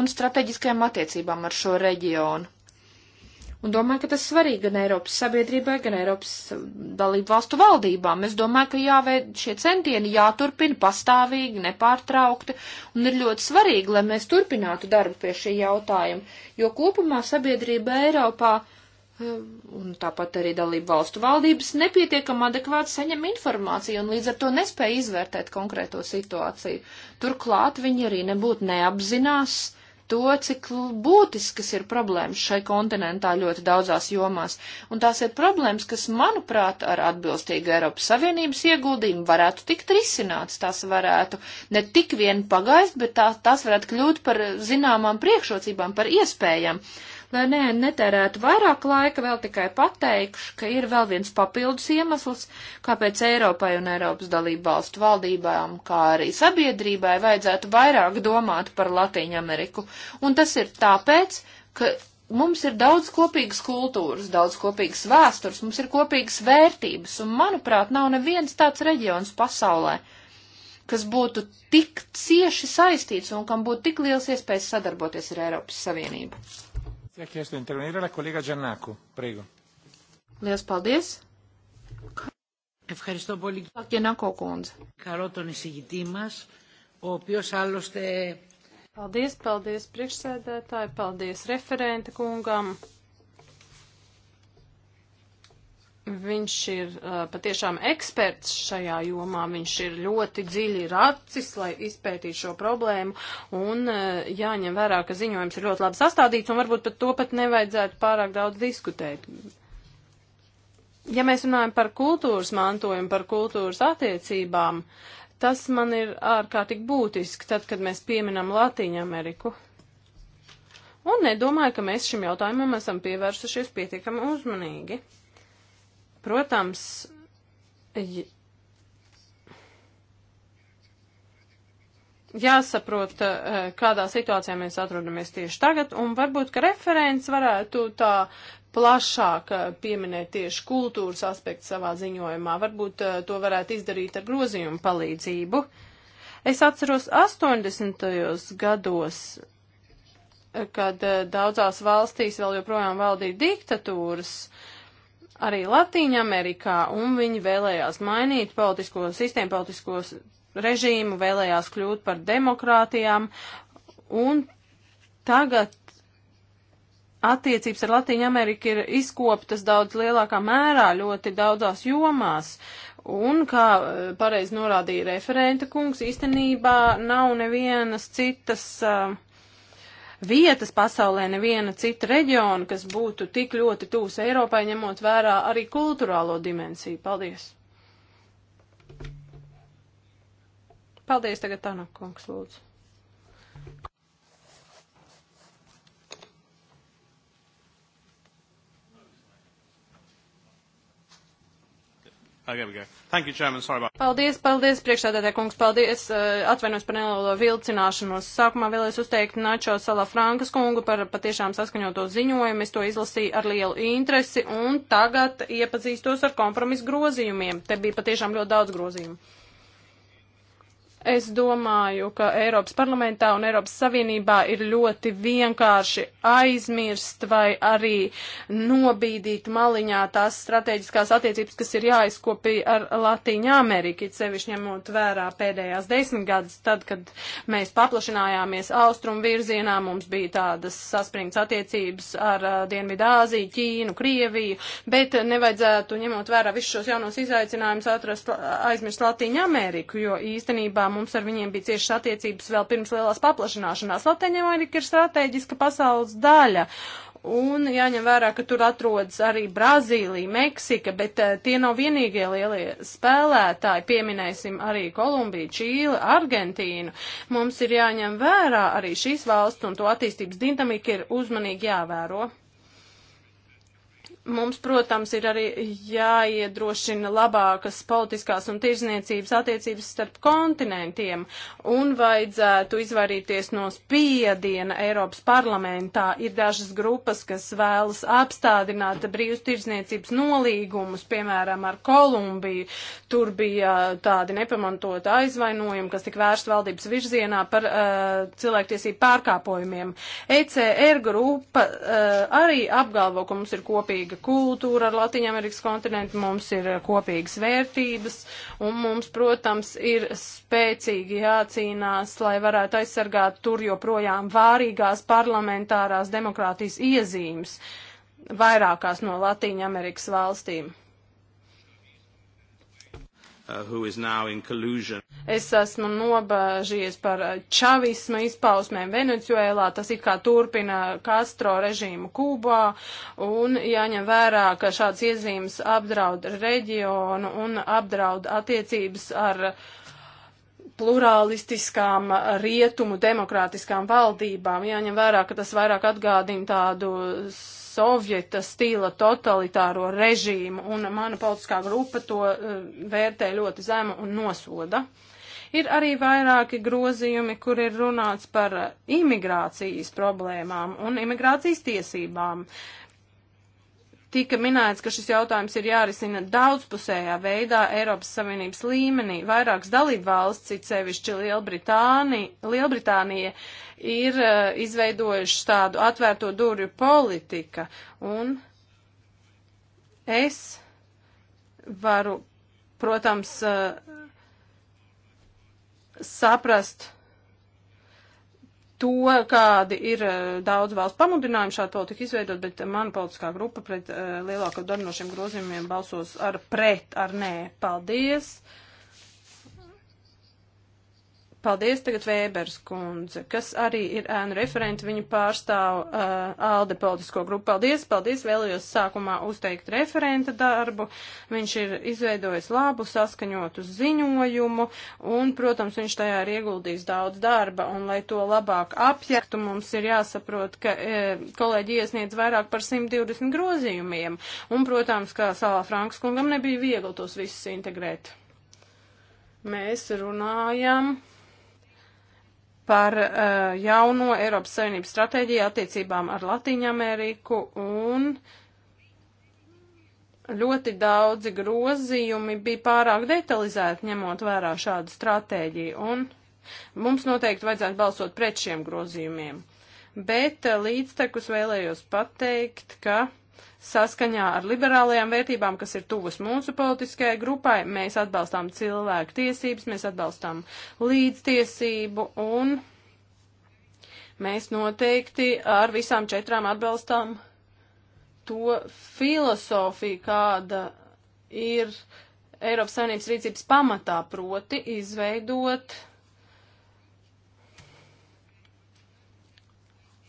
un strateģiskajām attiecībām ar šo reģionu. Un domāju, ka tas svarīgi gan Eiropas sabiedrībai, gan Eiropas uh, dalību valstu valdībām. Es domāju, ka jāveid šie centieni jāturpina pastāvīgi, nepārtraukti, un ir ļoti svarīgi, lai mēs turpinātu darbu pie šī jautājuma, jo kopumā sabiedrība Eiropā uh, un tāpat arī dalību valstu valdības nepietiekam adekvāti saņem informāciju un līdz ar to nespēja izvērtēt konkrēto situāciju. Turklāt viņi arī nebūtu neapzinās to, cik būtiskas ir problēmas šai kontinentā ļoti daudzās jomās. Un tās ir problēmas, kas, manuprāt, ar atbilstīgu Eiropas Savienības ieguldījumu varētu tikt risināts. Tās varētu ne tik vien pagaist, bet tā, tās varētu kļūt par zināmām priekšrocībām, par iespējām. Lai ne, netērētu vairāk laika, vēl tikai pateikšu, ka ir vēl viens papildus iemesls, kāpēc Eiropai un Eiropas dalību valstu valdībām, kā arī sabiedrībai vajadzētu vairāk domāt par Latīņu Ameriku. Un tas ir tāpēc, ka mums ir daudz kopīgas kultūras, daudz kopīgas vēstures, mums ir kopīgas vērtības, un, manuprāt, nav neviens tāds reģions pasaulē, kas būtu tik cieši saistīts un kam būtu tik liels iespējas sadarboties ar Eiropas Savienību. Lielas paldies! Ευχαριστώ πολύ. Γεννάκο κόντζ. Καλό τον εισηγητή μας, ο οποίος άλλωστε... Paldies, paldies priekšsēdētāji, paldies referenta kungam. Viņš ir uh, patiešām eksperts šajā jomā, viņš ir ļoti dziļi racis, lai izpētītu šo problēmu, un uh, jāņem vērā, ka ziņojums ir ļoti labi sastādīts, un varbūt par to pat nevajadzētu pārāk daudz diskutēt. Ja mēs runājam par kultūras mantojumu, par kultūras attiecībām, tas man ir ārkārtīgi būtiski, tad, kad mēs pieminam Latīņu Ameriku. Un nedomāju, ka mēs šim jautājumam esam pievērsušies pietiekami uzmanīgi. Protams, jāsaprot, eh, kādā situācijā mēs atrodamies tieši tagad, un varbūt, ka referents varētu tā plašāk eh, pieminēt tieši kultūras aspektu savā ziņojumā. Varbūt eh, to varētu izdarīt ar grozījumu palīdzību. Es atceros 80. gados, kad daudzās valstīs vēl joprojām valdīja diktatūras, uh, arī Latīņamerikā, un viņi vēlējās mainīt politisko sistēmu, politiskos režīmu, vēlējās kļūt par demokrātijām, un tagad attiecības ar Latīņu Ameriku ir izkoptas daudz lielākā mērā, ļoti daudzās jomās. Un, kā eh, pareizi norādīja referenta kungs, īstenībā nav nevienas citas uh, vietas pasaulē, neviena cita reģiona, kas būtu tik ļoti tūs Eiropai, ņemot vērā arī kulturālo dimensiju. Paldies! Paldies tagad, Tana kungs, lūdzu. Okay, ah, we go. Thank you, Chairman. Sorry about paldies, paldies, priekšsēdētāj kungs, paldies. Eh, atvainojos par nelielo vilcināšanos. Sākumā vēlēs uzteikt Načo Salafrankas kungu par patiešām saskaņoto ziņojumu. Es to izlasīju ar lielu interesi un tagad iepazīstos ar kompromisu grozījumiem. Te bija patiešām ļoti daudz grozījumu. Es domāju, ka Eiropas parlamentā un Eiropas Savienībā ir ļoti vienkārši aizmirst vai arī nobīdīt maliņā tās strateģiskās attiecības, kas ir jāizkopīja ar Latīņu Ameriku, sevišķi ņemot vērā pēdējās desmitgades, tad, kad mēs paplašinājāmies austrumu virzienā, mums bija tādas saspringts attiecības ar uh, Dienvidāziju, Ķīnu, Krieviju, bet nevajadzētu ņemot vērā visus šos jaunos izaicinājumus atrast, aizmirst Latīņu Ameriku, jo īstenībā mums ar viņiem bija ciešas attiecības vēl pirms lielās paplašanāšanās. Latēņamerika ir strateģiska pasaules daļa. Un jāņem vērā, ka tur atrodas arī Brazīlija, Meksika, bet uh, tie nav vienīgie lielie spēlētāji. Pieminēsim arī Kolumbiju, Čīli, Argentīnu. Mums ir jāņem vērā arī šīs valsts un to attīstības dinamika ir uzmanīgi jāvēro. Mums, protams, ir arī jāiedrošina labākas politiskās un tirzniecības attiecības starp kontinentiem un vajadzētu izvairīties no spiediena Eiropas parlamentā. Ir dažas grupas, kas vēlas apstādināt brīvus tirzniecības nolīgumus, piemēram, ar Kolumbiju. Tur bija tādi nepamantot aizvainojumi, kas tik vērst valdības virzienā par uh, cilvēktiesību pārkāpojumiem. ECR grupa uh, arī apgalvo, ka mums ir kopīgi kopīga kultūra ar Latviju-Amerikas kontinentu, mums ir eh, kopīgas vērtības, un mums, protams, ir spēcīgi jācīnās, lai varētu aizsargāt tur joprojām vārīgās parlamentārās demokrātijas iezīmes vairākās no Latviju-Amerikas valstīm. Uh, es esmu nobažījies par uh, čavisma izpausmēm Venecuēlā, tas it kā turpina Castro režīmu Kūbā, un jāņem vērā, ka šāds iezīmes apdraud reģionu un apdraud attiecības ar plurālistiskām uh, rietumu demokrātiskām valdībām. Jāņem vērā, ka tas vairāk atgādina tādus sovieta stila totalitāro režīmu, un mana politiskā grupa to eh, vērtē ļoti zemu un nosoda. Ir arī vairāki grozījumi, kur ir runāts par eh, imigrācijas problēmām un imigrācijas tiesībām. Uh, Tika minēts, ka šis jautājums ir jārisina daudzpusējā veidā Eiropas Savienības līmenī. Vairākas dalību valsts, it sevišķi Lielbritānija, Lielbritānija ir uh, eh, izveidojuši tādu atvērto durvju politika. Un es varu, protams, uh, saprast, to, kādi ir eh, daudz valsts pamudinājumi šādu politiku izveidot, bet mana politiskā grupa pret eh, lielāko daļu no šiem grozījumiem balsos ar pret, ar nē. Paldies! Paldies tagad Vēbers kundze, kas arī ir ēnu referenti, viņa pārstāv uh, ALDE politisko grupu. Paldies, paldies, vēlējos sākumā uzteikt referenta darbu. Viņš ir izveidojis labu, saskaņotu ziņojumu un, protams, viņš tajā ir ieguldījis daudz darba. Un, lai to labāk apjaktu, mums ir jāsaprot, ka uh, kolēģi iesniedz vairāk par 120 grozījumiem. Un, protams, kā Sālā Franks kungam nebija viegli tos visus integrēt. Mēs runājam par uh, jauno Eiropas Savienības stratēģiju attiecībām ar Latīņu Ameriku un ļoti daudzi grozījumi bija pārāk detalizēti ņemot vērā šādu stratēģiju un mums noteikti vajadzētu balsot pret šiem grozījumiem. Bet uh, līdztekus vēlējos pateikt, ka saskaņā ar liberālajām vērtībām, kas ir tuvas mūsu politiskajai grupai. Mēs atbalstām cilvēku tiesības, mēs atbalstām līdztiesību un mēs noteikti ar visām četrām atbalstām to filozofiju, kāda ir Eiropas Savienības rīcības pamatā, proti izveidot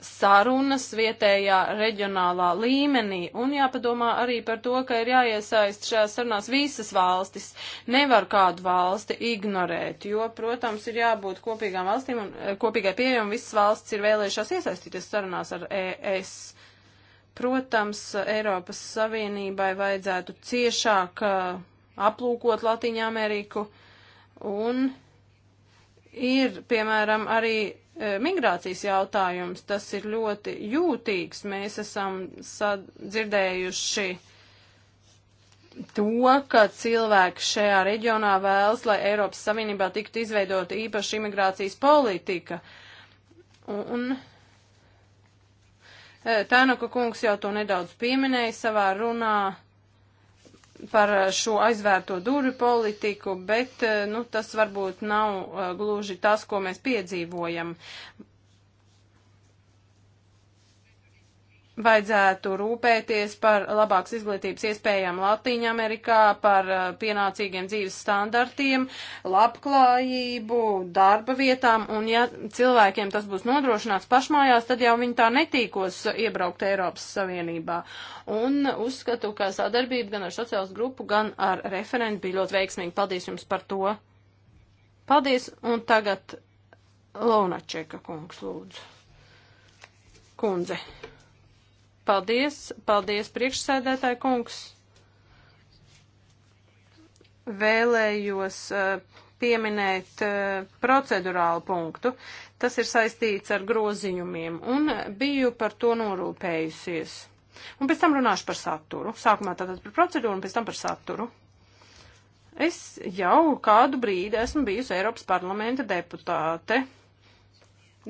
sarunas vietējā reģionālā līmenī un jāpadomā arī par to, ka ir jāiesaist šajās sarunās visas valstis. Nevar kādu valsti ignorēt, jo, protams, ir jābūt kopīgām valstīm un eh, kopīgai pieejam visas valstis ir vēlējušās iesaistīties sarunās ar ES. Protams, Eiropas Savienībai vajadzētu ciešāk eh, aplūkot Latīņu Ameriku un ir, piemēram, arī E, migrācijas jautājums, tas ir ļoti jūtīgs. Mēs esam dzirdējuši to, ka cilvēki šajā reģionā vēlas, lai Eiropas Savienībā tiktu izveidota īpaša imigrācijas politika. Un e, Tēnuka kungs jau to nedaudz pieminēja savā runā par eh, šo aizvērto durvju politiku, bet eh, nu, tas varbūt nav eh, gluži tas, ko mēs piedzīvojam. vajadzētu rūpēties par labākas izglītības iespējām Latīņa Amerikā, par uh, pienācīgiem dzīves standartiem, labklājību, darba vietām, un ja cilvēkiem tas būs nodrošināts pašmājās, tad jau viņi tā netīkos iebraukt Eiropas Savienībā. Un uzskatu, ka sadarbība gan ar sociālas grupu, gan ar referentu bija ļoti veiksmīga. Paldies jums par to. Paldies, un tagad Launačeka kungs lūdzu. Kundze. Paldies, paldies priekšsēdētāji kungs. Vēlējos eh, pieminēt eh, procedurālu punktu. Tas ir saistīts ar groziņumiem un biju par to norūpējusies. Un pēc tam runāšu par saturu. Sākumā tātad par procedūru un pēc tam par saturu. Es jau kādu brīdi esmu bijusi Eiropas parlamenta deputāte.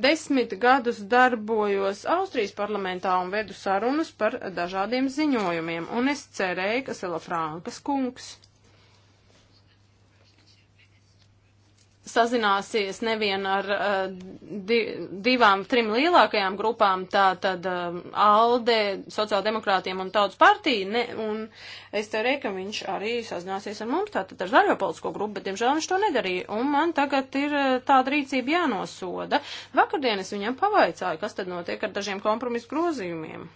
Desmit gadus darbojos Austrijas parlamentā un vedu sarunas par dažādiem ziņojumiem, un es cerēju, ka Sela Frankas kungs sazināsies nevien ar uh, di divām, trim lielākajām grupām, tā tad uh, ALDE, sociāldemokrātiem un tautas partija, ne, un es cerēju, ka viņš arī sazināsies ar mums, tātad ar zaļo politisko grupu, bet, diemžēl, viņš to nedarīja, un man tagad ir uh, tāda rīcība jānosoda. Vakardien es viņam pavaicāju, kas tad notiek ar dažiem kompromisu grozījumiem.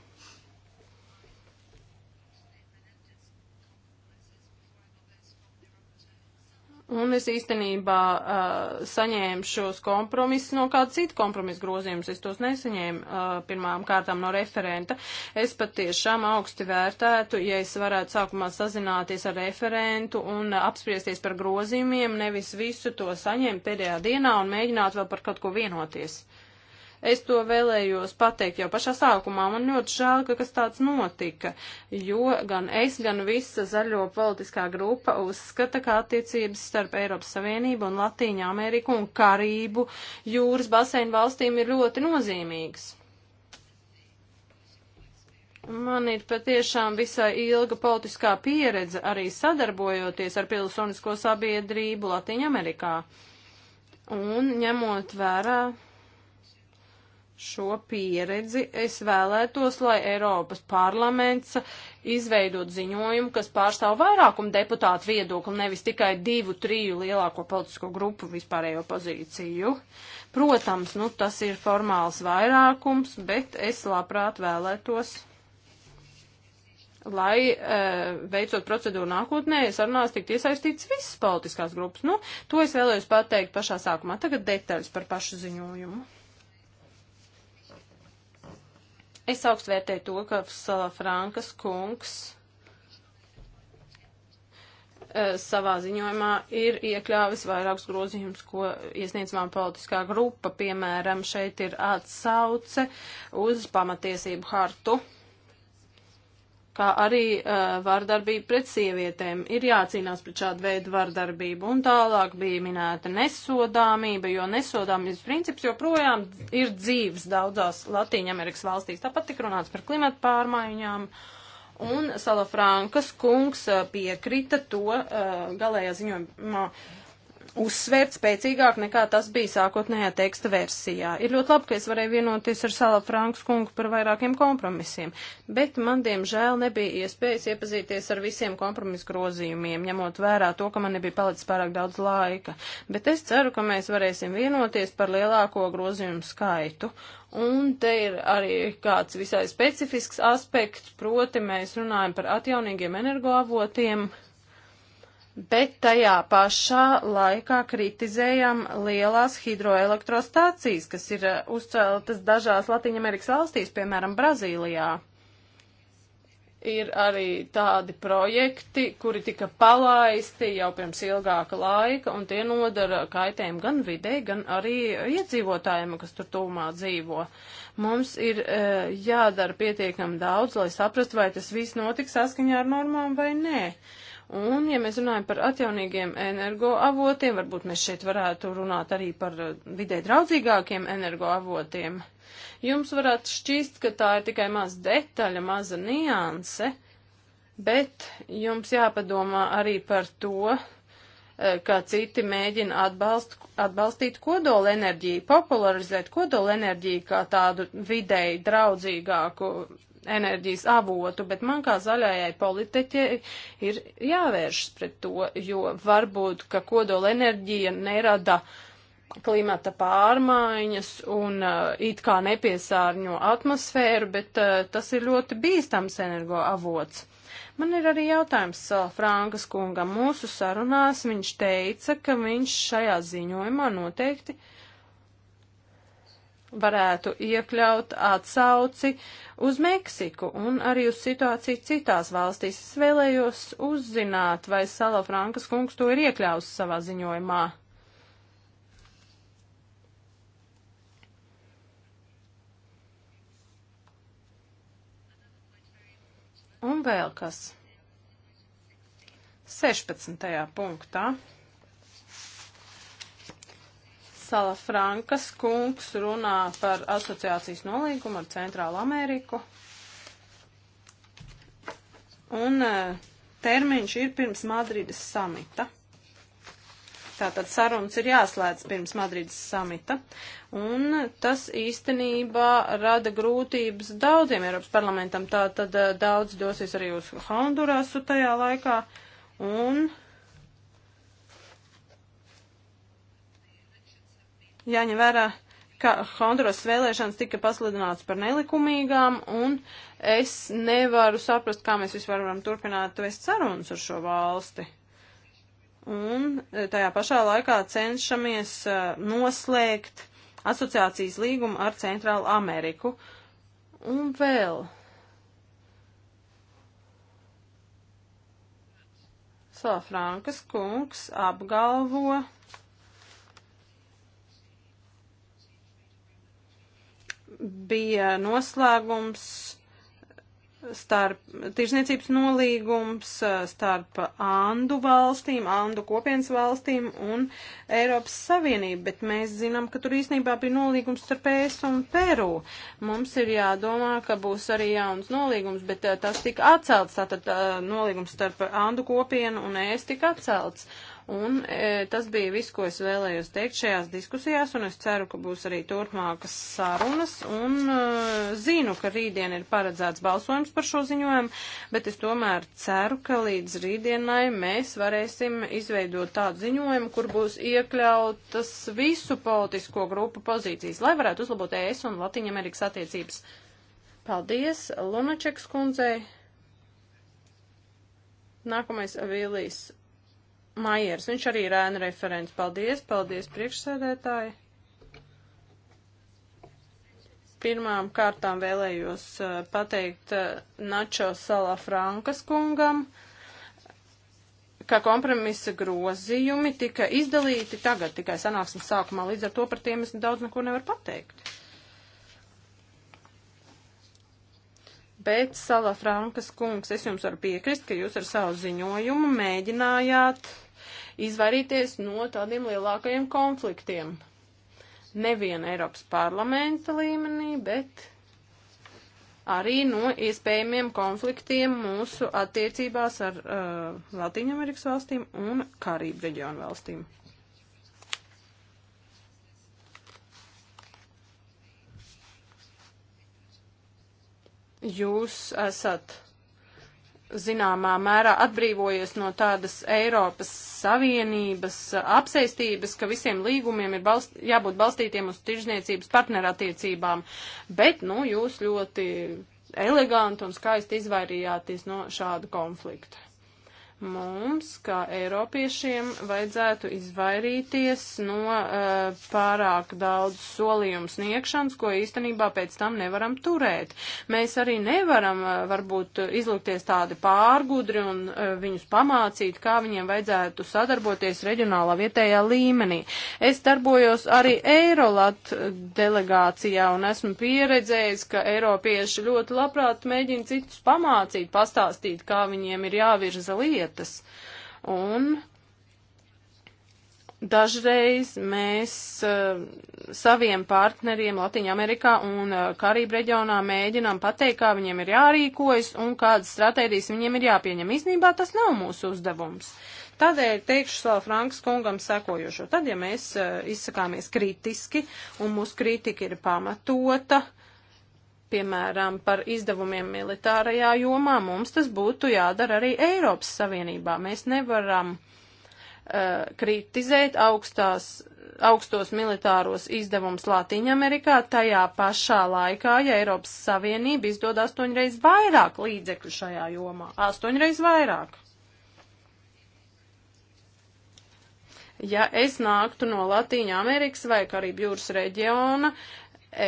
Un es īstenībā uh, saņēmu šos kompromisus no kāda cita kompromisa grozījumus. Es tos nesaņēmu uh, pirmām kārtām no referenta. Es pat tiešām augsti vērtētu, ja es varētu sākumā sazināties ar referentu un uh, apspriesties par grozījumiem, nevis visu to saņemt pēdējā dienā un mēģināt vēl par kaut ko vienoties. Uh, Es to vēlējos pateikt jau pašā sākumā. Man ļoti žēl, ka kas tāds notika, jo gan es, gan visa zaļo politiskā grupa uzskata, ka attiecības starp Eiropas Savienību un Latīņu Ameriku un Karību jūras baseinu valstīm ir ļoti nozīmīgas. Man ir patiešām visai ilga politiskā pieredze arī sadarbojoties ar pilsonisko sabiedrību Latīņamerikā. Un ņemot vērā šo pieredzi, es vēlētos, lai Eiropas parlaments izveidot ziņojumu, kas pārstāv vairākumu deputātu viedokli, nevis tikai divu, triju lielāko politisko grupu vispārējo pozīciju. Protams, nu, tas ir formāls vairākums, bet es labprāt vēlētos, lai e, veicot procedūru nākotnē, sarunās tikt iesaistīts visas politiskās grupas. Nu, to es vēlējos pateikt pašā sākumā. Tagad detaļas par pašu ziņojumu. Es augstvērtēju to, ka uh, Frankas kungs uh, savā ziņojumā ir iekļāvis vairākus grozījumus, ko iesniedz man politiskā grupa. Piemēram, šeit ir atsauce uz pamatiesību hartu kā arī uh, vardarbība pret sievietēm. Ir jācīnās pret šādu veidu vardarbību. Un tālāk bija minēta nesodāmība, jo nesodāmības princips joprojām ir dzīves daudzās Latīņamerikas valstīs. Tāpat tik runāts par klimatu pārmaiņām. Un Salafrankas kungs eh, piekrita to uh, galējā ziņojumā. Uh, uzsvērt spēcīgāk nekā tas bija sākotnējā teksta versijā. Ir ļoti labi, ka es varēju vienoties ar Sala Franks kungu par vairākiem kompromisiem, bet man diemžēl nebija iespējas iepazīties ar visiem kompromisu grozījumiem, ņemot vērā to, ka man nebija palicis pārāk daudz laika. Bet es ceru, ka mēs varēsim vienoties par lielāko grozījumu skaitu. Un te ir arī kāds visai specifisks aspekts, proti mēs runājam par atjaunīgiem energoavotiem, bet tajā pašā laikā kritizējam lielās hidroelektrostācijas, kas ir uh, uzceltas dažās Latvijas-Amerikas valstīs, piemēram, Brazīlijā. Ir arī tādi projekti, kuri tika palaisti jau pirms ilgāka laika, un tie nodara kaitējumu gan videi, gan arī iedzīvotājiem, kas tur tūmā dzīvo. Mums ir e, jādara pietiekam daudz, lai saprastu, vai tas viss notiks saskaņā ar normām vai nē. E, Un, ja mēs runājam par atjaunīgiem energoavotiem, varbūt mēs šeit varētu runāt arī par eh, vidē draudzīgākiem energoavotiem. Jums varētu šķist, ka tā ir tikai maza detaļa, maza nianse, bet jums jāpadomā arī par to, eh, kā citi mēģina atbalst, atbalstīt kodolenerģiju, popularizēt kodolenerģiju kā tādu vidēji draudzīgāku enerģijas avotu, bet man kā zaļajai politiķei ir jāvēršas pret to, jo varbūt, ka kodola enerģija nerada klimata pārmaiņas un uh, it kā nepiesārņo atmosfēru, bet uh, tas ir ļoti bīstams energoavots. Man ir arī jautājums uh, Frankas kungam. Mūsu sarunās viņš teica, ka viņš šajā ziņojumā noteikti uh, varētu iekļaut atsauci uz Meksiku un arī uz situāciju citās valstīs. Es vēlējos uzzināt, vai Sala Frankas kungs to ir iekļaus savā ziņojumā. Un vēl kas. 16. punktā. Sala Frankas kungs runā par asociācijas nolīgumu ar Centrālu Ameriku. Un e, termiņš ir pirms Madrides samita. Tātad sarunas ir jāslēdz pirms Madrides samita, un tas īstenībā rada grūtības daudziem Eiropas parlamentam. Tātad e, daudz dosies arī uz Hondurasu tajā laikā, un uh, jāņem vērā, ka Honduras vēlēšanas tika pasludināts par nelikumīgām, un es nevaru saprast, kā mēs vispār varam turpināt vest sarunas ar šo valsti. Un e, tajā pašā laikā cenšamies e, noslēgt asociācijas līgumu ar Centrālu Ameriku. Un vēl. Salafrankas kungs apgalvo, bija noslēgums starp tirzniecības nolīgums eh, starp Andu valstīm, Andu kopienas valstīm un Eiropas Savienību, bet mēs zinām, ka tur īstenībā bija nolīgums starp ES un Peru. Mums ir jādomā, ka būs arī jauns nolīgums, bet eh, tas tika atcelts, tātad eh, nolīgums starp Andu kopienu un ES tika atcelts. Uh, Un e, tas bija viss, ko es vēlējos teikt šajās diskusijās, un es ceru, ka būs arī turpmākas sarunas, un e, zinu, ka rītdien ir paredzēts balsojums par šo ziņojumu, bet es tomēr ceru, ka līdz rītdienai mēs varēsim izveidot tādu ziņojumu, kur būs iekļautas visu politisko grupu pozīcijas, lai varētu uzlabot ES un Latīņamerikas attiecības. Paldies Lunačeks kundzei. Nākamais Avīlijas Maiers, viņš arī ir ēna referents. Paldies, paldies priekšsēdētāji. Pirmām kārtām vēlējos uh, pateikt uh, Načo Salā Frankas kungam, ka kompromisa grozījumi tika izdalīti tagad, tikai sanāksmes sākumā, līdz ar to par tiem es daudz neko nevaru pateikt. bet Sala Frankas kungs, es jums varu piekrist, ka jūs ar savu ziņojumu mēģinājāt izvairīties no tādiem lielākajiem konfliktiem. Nevien Eiropas parlamenta līmenī, bet arī no iespējamiem konfliktiem mūsu attiecībās ar uh, Latīņamerikas valstīm un Karību reģionu valstīm. Jūs esat zināmā mērā atbrīvojies no tādas Eiropas Savienības apseistības, ka visiem līgumiem ir balst, jābūt balstītiem uz tirzniecības partnerattiecībām. Bet, nu, jūs ļoti eleganti un skaisti izvairījāties no šāda konflikta. Mums, kā Eiropiešiem, vajadzētu izvairīties no uh, pārāk daudz solījumu sniegšanas, ko īstenībā pēc tam nevaram turēt. Mēs arī nevaram uh, varbūt izlūkties tādi pārgudri un uh, viņus pamācīt, kā viņiem vajadzētu sadarboties reģionālā vietējā līmenī. Es darbojos arī Eirolat delegācijā un esmu pieredzējis, ka Eiropieši ļoti labprāt mēģina citus pamācīt, pastāstīt, kā viņiem ir jāvirza lietas lietas. Un dažreiz mēs uh, saviem partneriem Latvijā-Amerikā un uh, Karību reģionā mēģinām pateikt, kā viņiem ir jārīkojas un kādas stratēģijas viņiem ir jāpieņem. Īsnībā tas nav mūsu uzdevums. Tādēļ teikšu savu Franks kungam sekojošo. Tad, ja mēs uh, izsakāmies kritiski un mūsu kritika ir pamatota, piemēram, par izdevumiem militārajā jomā, mums tas būtu jādara arī Eiropas Savienībā. Mēs nevaram uh, kritizēt augstās, augstos militāros izdevumus Latīņamerikā tajā pašā laikā, ja Eiropas Savienība izdod astoņreiz vairāk līdzekļu šajā jomā. Astoņreiz vairāk. Ja es nāktu no Latīņa Amerikas vai Karību jūras reģiona,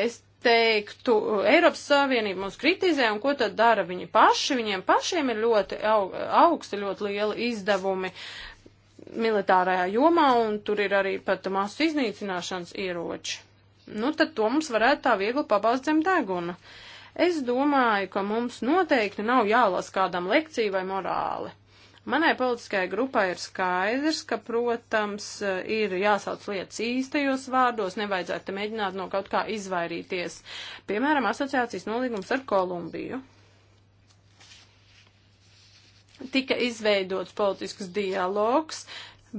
es teiktu, Eiropas Savienība mums kritizē, un ko tad dara viņi paši? Viņiem pašiem ir ļoti aug, augsti, ļoti lieli izdevumi militārajā jomā, un tur ir arī pat masu iznīcināšanas ieroči. Nu, tad to mums varētu tā viegli pabāzt zem deguna. Es domāju, ka mums noteikti nav jālas kādam lekcija vai morāli. Manai politiskajai grupai ir skaidrs, ka, protams, ir jāsauc lietas īstajos vārdos, nevajadzētu mēģināt no kaut kā izvairīties. Piemēram, asociācijas nolīgums ar Kolumbiju. Tika izveidots politisks dialogs,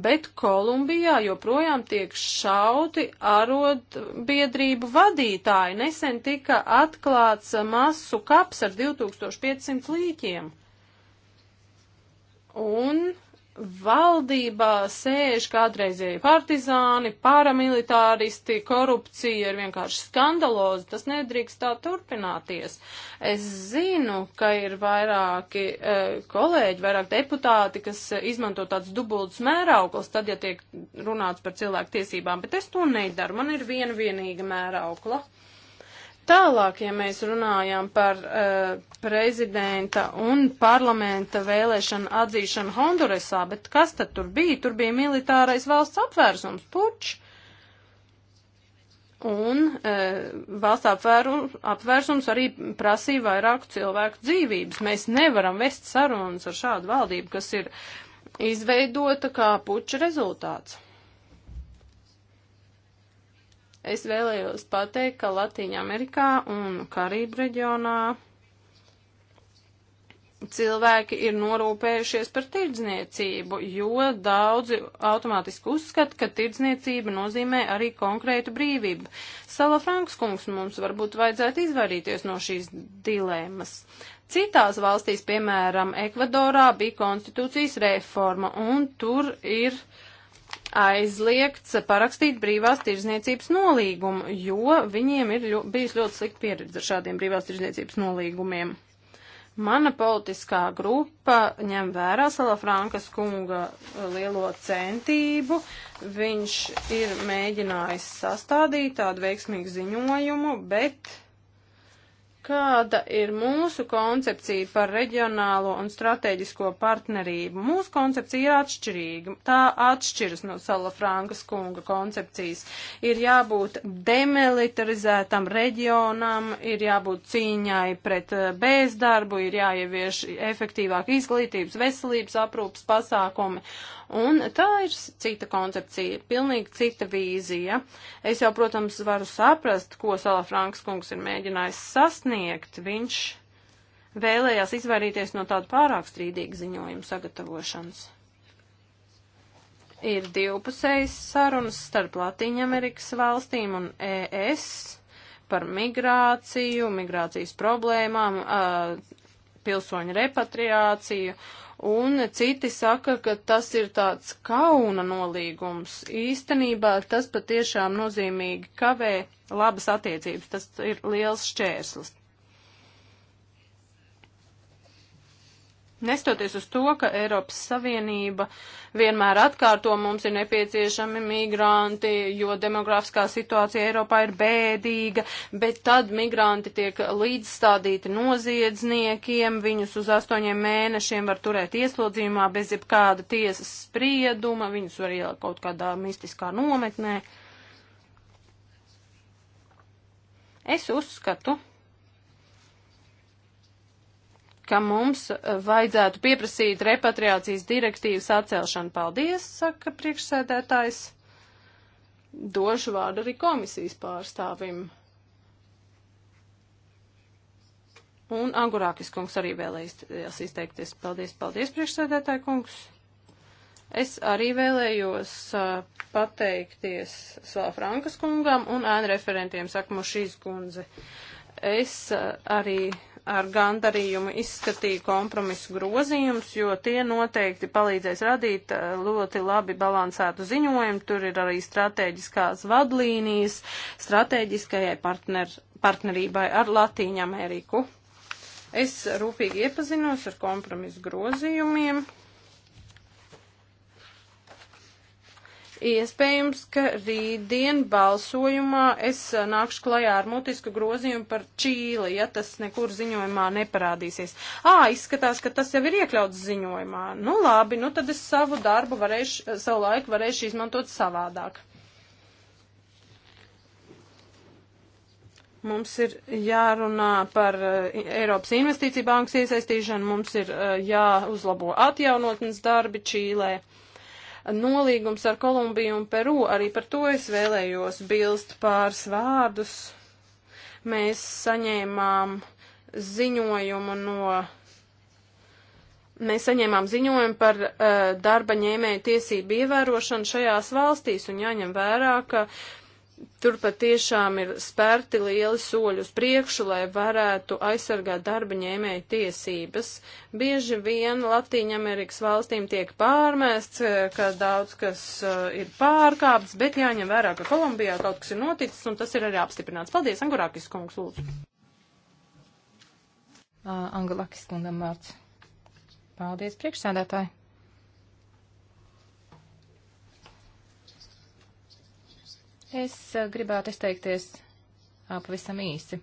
bet Kolumbijā joprojām tiek šauti arotbiedrību vadītāji. Nesen tika atklāts masu kaps ar 2500 līķiem. Un valdībā sēž kādreizēji partizāni, paramilitāristi, korupcija ir vienkārši skandaloza, tas nedrīkst tā turpināties. Es zinu, ka ir vairāki e, kolēģi, vairāk deputāti, kas izmanto tāds dubultus mērauklis, tad, ja tiek runāts par cilvēku tiesībām, bet es to nedaru, man ir viena vienīga mēraukla. Tālāk, ja mēs runājam par uh, prezidenta un parlamenta vēlēšanu atzīšanu Hondurasā, bet kas tad tur bija? Tur bija militārais valsts apvērsums, puč. Un e, uh, valsts apvēru, apvērsums arī prasīja vairāku cilvēku dzīvības. Mēs nevaram vest sarunas ar šādu valdību, kas ir izveidota kā puča rezultāts. Es vēlējos pateikt, ka Latīņa Amerikā un Karību reģionā cilvēki ir norūpējušies par tirdzniecību, jo daudzi automātiski uzskata, ka tirdzniecība nozīmē arī konkrētu brīvību. Sala Frankskungs mums varbūt vajadzētu izvairīties no šīs dilēmas. Citās valstīs, piemēram, Ekvadorā bija konstitūcijas reforma, un tur ir aizliegts parakstīt brīvās tirzniecības nolīgumu, jo viņiem ir ļo, bijis ļoti slikta pieredze ar šādiem brīvās tirzniecības nolīgumiem. Mana politiskā grupa ņem vērā Salafrankas kunga uh, lielo centību. Viņš ir mēģinājis sastādīt tādu veiksmīgu ziņojumu, bet kāda ir mūsu koncepcija par reģionālo un strateģisko partnerību. Mūsu koncepcija ir atšķirīga. Tā atšķiras no Salafrankas kunga koncepcijas. Ir jābūt demilitarizētam reģionam, ir jābūt cīņai pret eh, bezdarbu, ir jāievieš efektīvāk izglītības, veselības aprūpas pasākumi. Un tā ir cita koncepcija, pilnīgi cita vīzija. Es jau, protams, varu saprast, ko Sala Franks kungs ir mēģinājis sasniegt. Viņš vēlējās izvairīties no tāda pārāk strīdīga ziņojuma sagatavošanas. Ir divpusējas sarunas starp Latīņamerikas valstīm un ES par migrāciju, migrācijas problēmām, pilsoņu repatriāciju un citi saka, ka tas ir tāds kauna nolīgums. Īstenībā tas patiešām nozīmīgi kavē labas attiecības, tas ir liels šķērslis. Nestoties uz to, ka Eiropas Savienība vienmēr atkārto mums ir nepieciešami migranti, jo demografiskā situācija Eiropā ir bēdīga, bet tad migranti tiek līdzstādīti noziedzniekiem, viņus uz astoņiem mēnešiem var turēt ieslodzījumā bez jebkāda tiesas sprieduma, viņus var ielikt kaut kādā mistiskā nometnē. Es uzskatu, ka mums eh, vajadzētu pieprasīt repatriācijas direktīvas atcelšanu. Paldies, saka priekšsēdētājs. Došu vārdu arī komisijas pārstāvim. Un Angurākis kungs arī vēlējās izteikties. Paldies, paldies, priekšsēdētāji kungs. Es arī vēlējos uh, pateikties Svā Frankas kungam un ēnu referentiem, saka Mošīs kundze. Es uh, arī ar gandarījumu izskatīju kompromisu grozījumus, jo tie noteikti palīdzēs radīt eh, ļoti labi balansētu ziņojumu. Tur ir arī strateģiskās vadlīnijas strateģiskajai partner, partnerībai ar Latīņu Ameriku. Es rūpīgi iepazinos ar kompromisu grozījumiem. Iespējams, ka rītdien balsojumā es nākšu klajā ar mutisku grozījumu par Čīli, ja tas nekur ziņojumā neparādīsies. Ā, izskatās, ka tas jau ir iekļauts ziņojumā. Nu labi, nu tad es savu darbu varēšu, savu laiku varēšu izmantot savādāk. Mums ir jārunā par uh, Eiropas investīciju bankas iesaistīšanu, mums ir uh, jāuzlabo atjaunotnes darbi Čīlē nolīgums ar Kolumbiju un Peru, arī par to es vēlējos bilst pāris vārdus. Mēs saņēmām ziņojumu no. Mēs saņēmām ziņojumu par uh, darba ņēmēju tiesību ievērošanu šajās valstīs un jāņem vērā, ka uh, tur patiešām ir spērti lieli soļi uz priekšu, lai varētu aizsargāt darba ņēmēju tiesības. Bieži vien Latīņamerikas valstīm tiek pārmests, eh, ka daudz kas eh, ir pārkāpts, bet jāņem vērā, ka Kolumbijā kaut kas ir noticis, un tas ir arī apstiprināts. Paldies, Angurākis kungs, lūdzu. Uh, Angulakis kungam vārds. Paldies, priekšsēdētāji. Es eh, gribētu izteikties eh, pavisam īsi.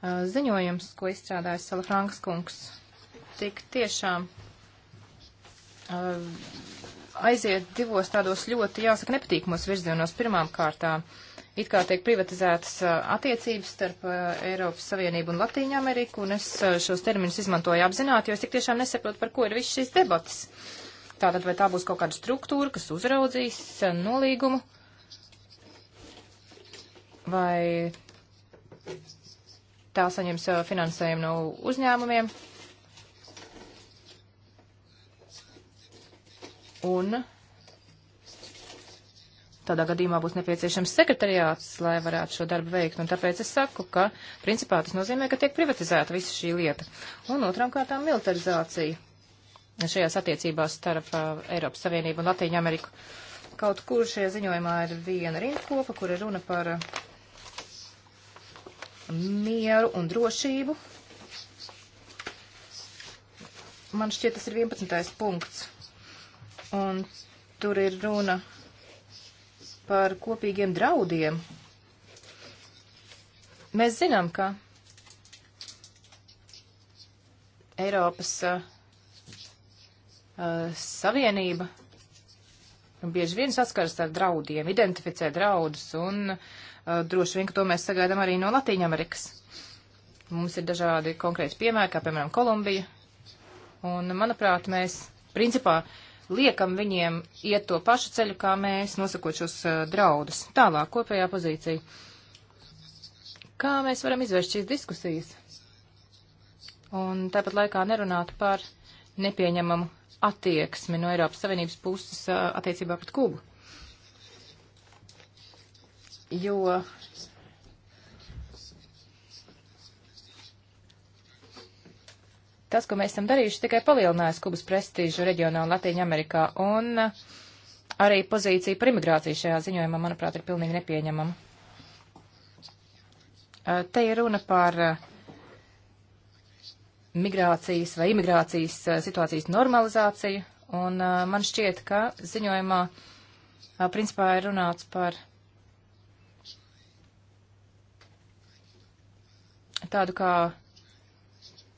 Eh, ziņojums, ko izstrādājas Salafrankas kungs, tik tiešām aiziet divos tādos ļoti, jāsaka, nepatīkamos virzienos pirmām kārtām. Uh, it kā tiek privatizētas attiecības starp Eiropas Savienību un Latīņu Ameriku, un es šos terminus izmantoju apzināti, jo es tik tiešām nesaprotu, par ko ir viss šis debats. Tātad, vai tā būs kaut kāda struktūra, kas uzraudzīs nolīgumu, vai tā saņems finansējumu no uzņēmumiem, un Tādā gadījumā būs nepieciešams sekretariāts, lai varētu šo darbu veikt, un tāpēc es saku, ka principā tas nozīmē, ka tiek privatizēta visa šī lieta. Un otram kārtām militarizācija šajās attiecībās starp uh, Eiropas Savienību un Latīņu Ameriku. Kaut kur šajā ziņojumā ir viena rindkopa, kur ir runa par uh, mieru un drošību. Man šķiet, tas ir 11. punkts. Un tur ir runa par kopīgiem draudiem. Mēs zinām, ka Eiropas uh, uh, Savienība bieži vien saskaras ar draudiem, identificē draudus, un uh, droši vien, ka to mēs sagaidām arī no Latīņamerikas. Mums ir dažādi konkrēti piemēri, kā piemēram Kolumbija, un manuprāt, mēs principā uh, liekam viņiem iet to pašu ceļu, kā mēs, nosakot šos uh, draudus. Tālāk, kopējā pozīcija. Kā mēs varam izvērst šīs diskusijas? Un tāpat laikā nerunāt par nepieņemamu attieksmi no Eiropas Savienības puses uh, attiecībā pret Kubu. Jo Tas, ko mēs esam darījuši, tikai palielinājis Kubas prestīžu reģionā un Latīņa Amerikā, un uh, arī pozīcija par imigrāciju šajā ziņojumā, manuprāt, ir pilnīgi nepieņemama. Uh, te ir runa par uh, migrācijas vai imigrācijas situācijas normalizāciju, un man šķiet, ka ziņojumā principā ir runāts par tādu kā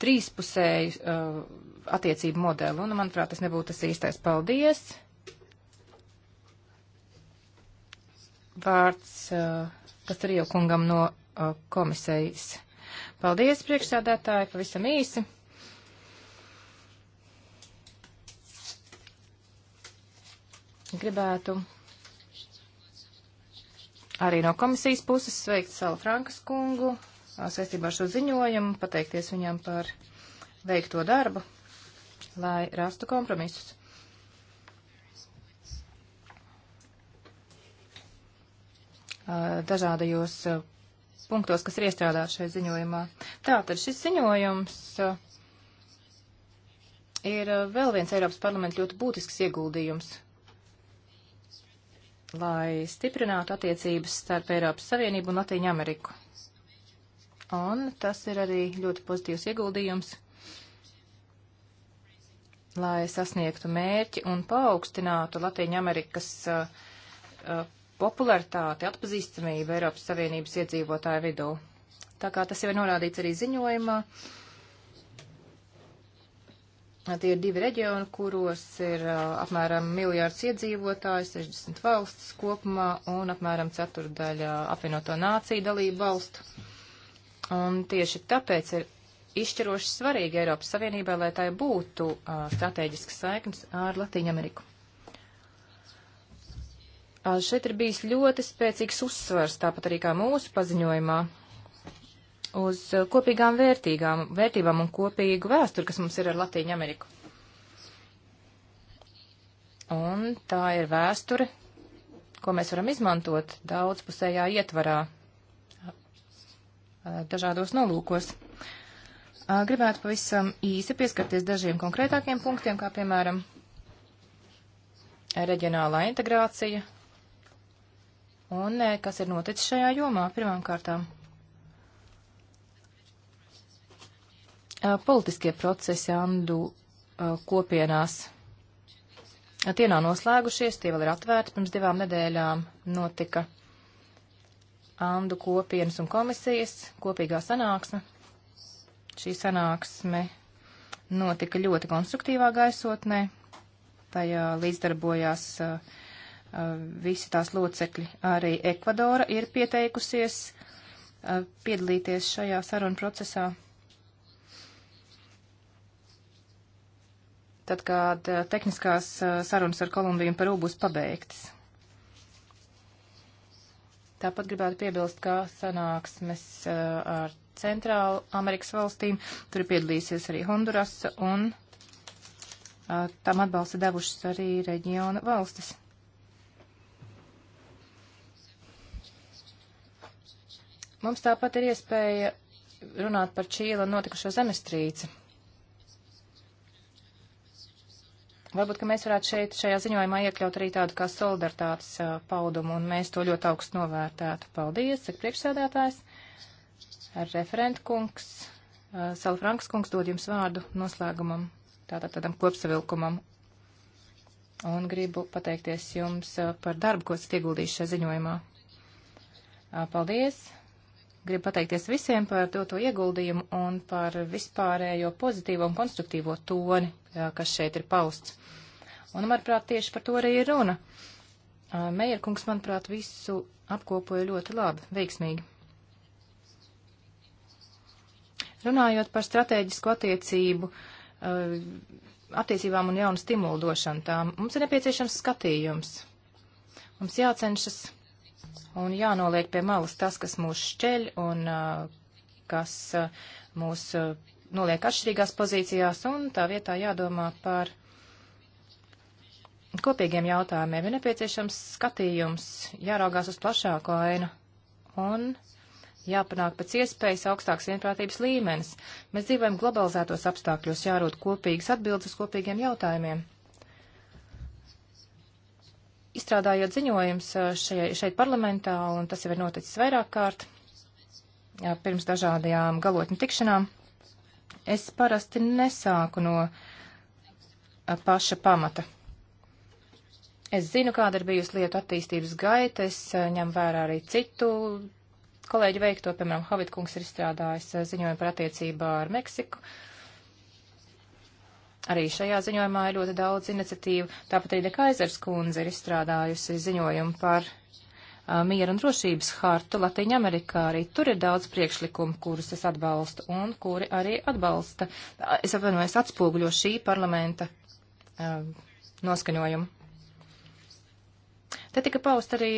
trīspusēju uh, attiecību modeli, un, manuprāt, tas nebūtu tas īstais. Paldies! Vārds uh, Kastarīju kungam no uh, komisijas. Paldies, priekšsādātāji, pavisam īsi. Gribētu arī no komisijas puses sveikt Sala Frankas kungu, saistībā ar šo ziņojumu, pateikties viņam par veikto darbu, lai rastu kompromisus. dažādajos punktos, kas ir iestrādāti šajā ziņojumā. Tātad šis ziņojums ir vēl viens Eiropas parlamenta ļoti būtisks ieguldījums, lai stiprinātu attiecības starp Eiropas Savienību un Latīņu Ameriku un tas ir arī ļoti pozitīvs ieguldījums, lai sasniegtu mērķi un paaugstinātu Latviju Amerikas uh, uh, popularitāti, atpazīstamību Eiropas Savienības iedzīvotāju vidū. Tā kā tas jau ir norādīts arī ziņojumā, tie ir divi reģioni, kuros ir uh, apmēram miljārds iedzīvotāju, 60 valsts kopumā un apmēram ceturdaļa apvienoto nāciju dalību valstu. Un tieši tāpēc ir izšķiroši svarīgi Eiropas Savienībai, lai tai būtu uh, strateģisks saiknes ar Latīņu Ameriku. Uh, šeit ir bijis ļoti spēcīgs uzsvars, tāpat arī kā mūsu paziņojumā, uz uh, kopīgām vērtīgām, vērtībām un kopīgu vēsturi, kas mums ir ar Latīņu Ameriku. Un tā ir vēsture, ko mēs varam izmantot daudzpusējā ietvarā dažādos nolūkos. Gribētu pavisam īsi pieskarties dažiem konkrētākiem punktiem, kā piemēram reģionālā integrācija un kas ir noticis šajā jomā pirmām kārtām. Politiskie procesi Andu kopienās. Tie nav noslēgušies, tie vēl ir atvērti. Pirms divām nedēļām notika uh, Andu kopienas un komisijas kopīgā sanāksme. Šī sanāksme notika ļoti konstruktīvā gaisotnē. Tajā līdzdarbojās uh, uh, visi tās locekļi. Arī Ekvadora ir pieteikusies uh, piedalīties šajā sarunu procesā. Tad, kad uh, tehniskās uh, sarunas ar Kolumbiju par Ubu būs pabeigtas. Tāpat gribētu piebilst, ka sanāksmes uh, ar Centrālu Amerikas valstīm, tur piedalīsies arī Honduras, un uh, tam atbalsta devušas arī reģiona valstis. Mums tāpat ir iespēja runāt par Čīla notikušo zemestrīci. Varbūt, ka mēs varētu šeit šajā ziņojumā iekļaut arī tādu kā solidaritātes uh, paudumu, un mēs to ļoti augstu novērtētu. Paldies, saka priekšsēdētājs. Referenta kungs, uh, Salfrankas kungs dod jums vārdu noslēgumam, tātad tādam kopsavilkumam. Un gribu pateikties jums uh, par darbu, ko esat ieguldījuši šajā ziņojumā. Paldies! Gribu pateikties visiem par doto ieguldījumu un par vispārējo pozitīvo un konstruktīvo toni kas šeit ir pausts. Un, manuprāt, tieši par to arī ir runa. Meierkungs, manuprāt, visu apkopoja ļoti labi, veiksmīgi. Runājot par strateģisku attiecību, attiecībām un jaunu stimulu došanu tām, mums ir nepieciešams skatījums. Mums jācenšas un jānoliek pie malas tas, kas mūs šķeļ un kas mūs noliek atšķirīgās pozīcijās un tā vietā jādomā par kopīgiem jautājumiem. Ir nepieciešams skatījums, jāraugās uz plašāko ainu un jāpanāk pēc iespējas augstāks vienprātības līmenis. Mēs dzīvojam globalizētos apstākļos, jārūt kopīgas atbildes uz kopīgiem jautājumiem. Izstrādājot ziņojums uh, šeit, šeit parlamentā, un tas jau ir noticis vairāk kārt, pirms dažādajām galotņu tikšanām es parasti nesāku no a, paša pamata. Es zinu, kāda ir bijusi lietu attīstības gaita, es a, ņem vērā arī citu kolēģi veikto, piemēram, Havitkungs ir izstrādājis ziņojumu par attiecībā ar Meksiku. Arī šajā ziņojumā ir ļoti daudz iniciatīvu, tāpat arī Dekaizers kundze ir izstrādājusi ziņojumu par Uh, miera un drošības hartu Latīņa Amerikā. Arī tur ir daudz priekšlikumu, kurus es atbalstu un kuri arī atbalsta. Uh, es atvainojos atspoguļo šī parlamenta uh, noskaņojumu. Te tika paust arī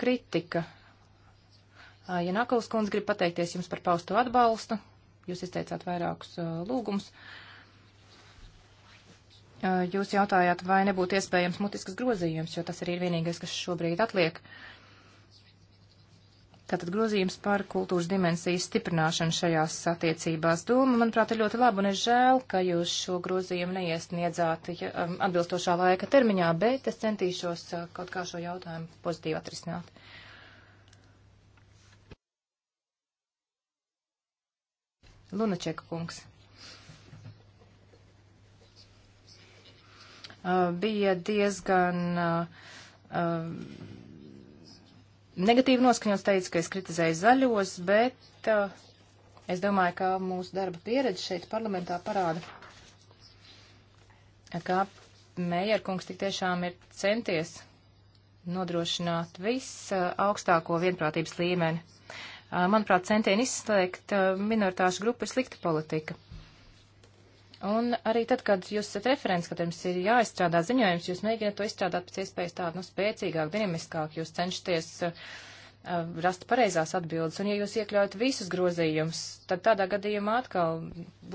kritika. Uh, ja Nakals kundze grib pateikties jums par pausto atbalstu, jūs izteicāt vairākus uh, lūgumus. Uh, jūs jautājāt, vai nebūtu iespējams mutiskas grozījums, jo tas arī ir vienīgais, kas šobrīd atliek. Uh, Tātad grozījums par kultūras dimensijas stiprināšanu šajās attiecībās. Doma, manuprāt, ir ļoti laba un es žēl, ka jūs šo grozījumu neiesniedzāt um, atbilstošā laika termiņā, bet es centīšos uh, kaut kā šo jautājumu pozitīvi atrisināt. Lunačeka kungs. Uh, bija diezgan uh, uh, negatīvi noskaņots, teica, ka es kritizēju zaļos, bet uh, es domāju, ka mūsu darba pieredze šeit parlamentā parāda, ka Mējerkungs tik tiešām ir centies nodrošināt visaugstāko uh, vienprātības līmeni. Uh, manuprāt, centieni izslēgt uh, minoritāšu grupu ir slikta politika. Un arī tad, kad jūs esat referents, kad jums ir jāizstrādā ziņojums, jūs mēģināt to izstrādāt pēc iespējas tādu nu, spēcīgāk, dinamiskāk, jūs cenšaties uh, uh rast pareizās atbildes, un ja jūs iekļaujat visus grozījumus, tad tādā gadījumā atkal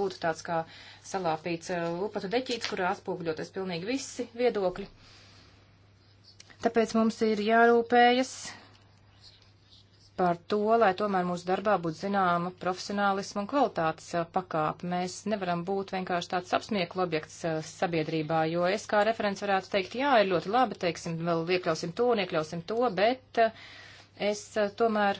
būtu tāds kā salāpīts uh, upatu deķīts, kurā atspūgļoties pilnīgi visi viedokļi. Tāpēc mums ir jārūpējas par to, lai tomēr mūsu darbā būtu zināma profesionālisma un kvalitātes a, eh, pakāpe. Mēs nevaram būt vienkārši tāds apsmieklu objekts a, eh, sabiedrībā, jo es kā referents varētu teikt, jā, ir ļoti labi, teiksim, vēl iekļausim to un iekļausim to, bet a, eh, es tomēr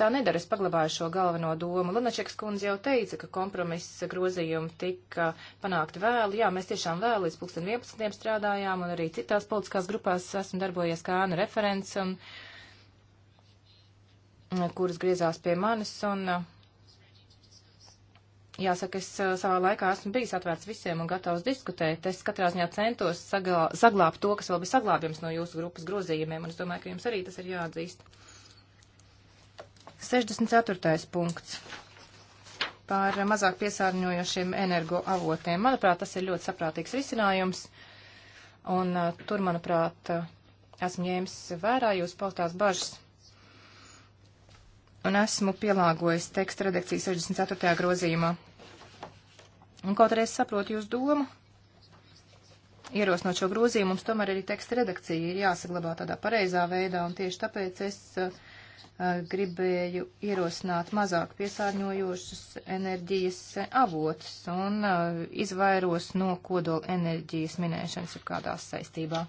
tā nedaru, es paglabāju šo galveno domu. Lunačeks kundze jau teica, ka kompromiss grozījumi tika panākti vēlu. Jā, mēs tiešām vēl līdz 2011. strādājām un arī citās politiskās grupās esmu darbojies kā ānu referents. Un, uh, kuras griezās pie manis, un eh, jāsaka, es eh, savā laikā esmu bijis atvērts visiem un gatavs diskutēt. Es katrā ziņā centos saglā, saglābt to, kas vēl bija saglābjams no jūsu grupas grozījumiem, un es domāju, ka jums arī tas ir jāatzīst. 64. punkts par mazāk piesārņojošiem energoavotiem. Manuprāt, tas ir ļoti saprātīgs risinājums, un uh, tur, manuprāt, uh, esmu ņēmis vērā jūsu paustās bažas un esmu pielāgojis teksta redakciju 64. grozījumā. Un kaut arī es saprotu jūs domu, ierosinot šo grozījumu, mums tomēr arī teksta redakcija ir jāsaglabā tādā pareizā veidā, un tieši tāpēc es uh, uh gribēju ierosināt mazāk piesārņojošus enerģijas uh, avotus un uh, izvairos no kodola enerģijas minēšanas ir kādās saistībā.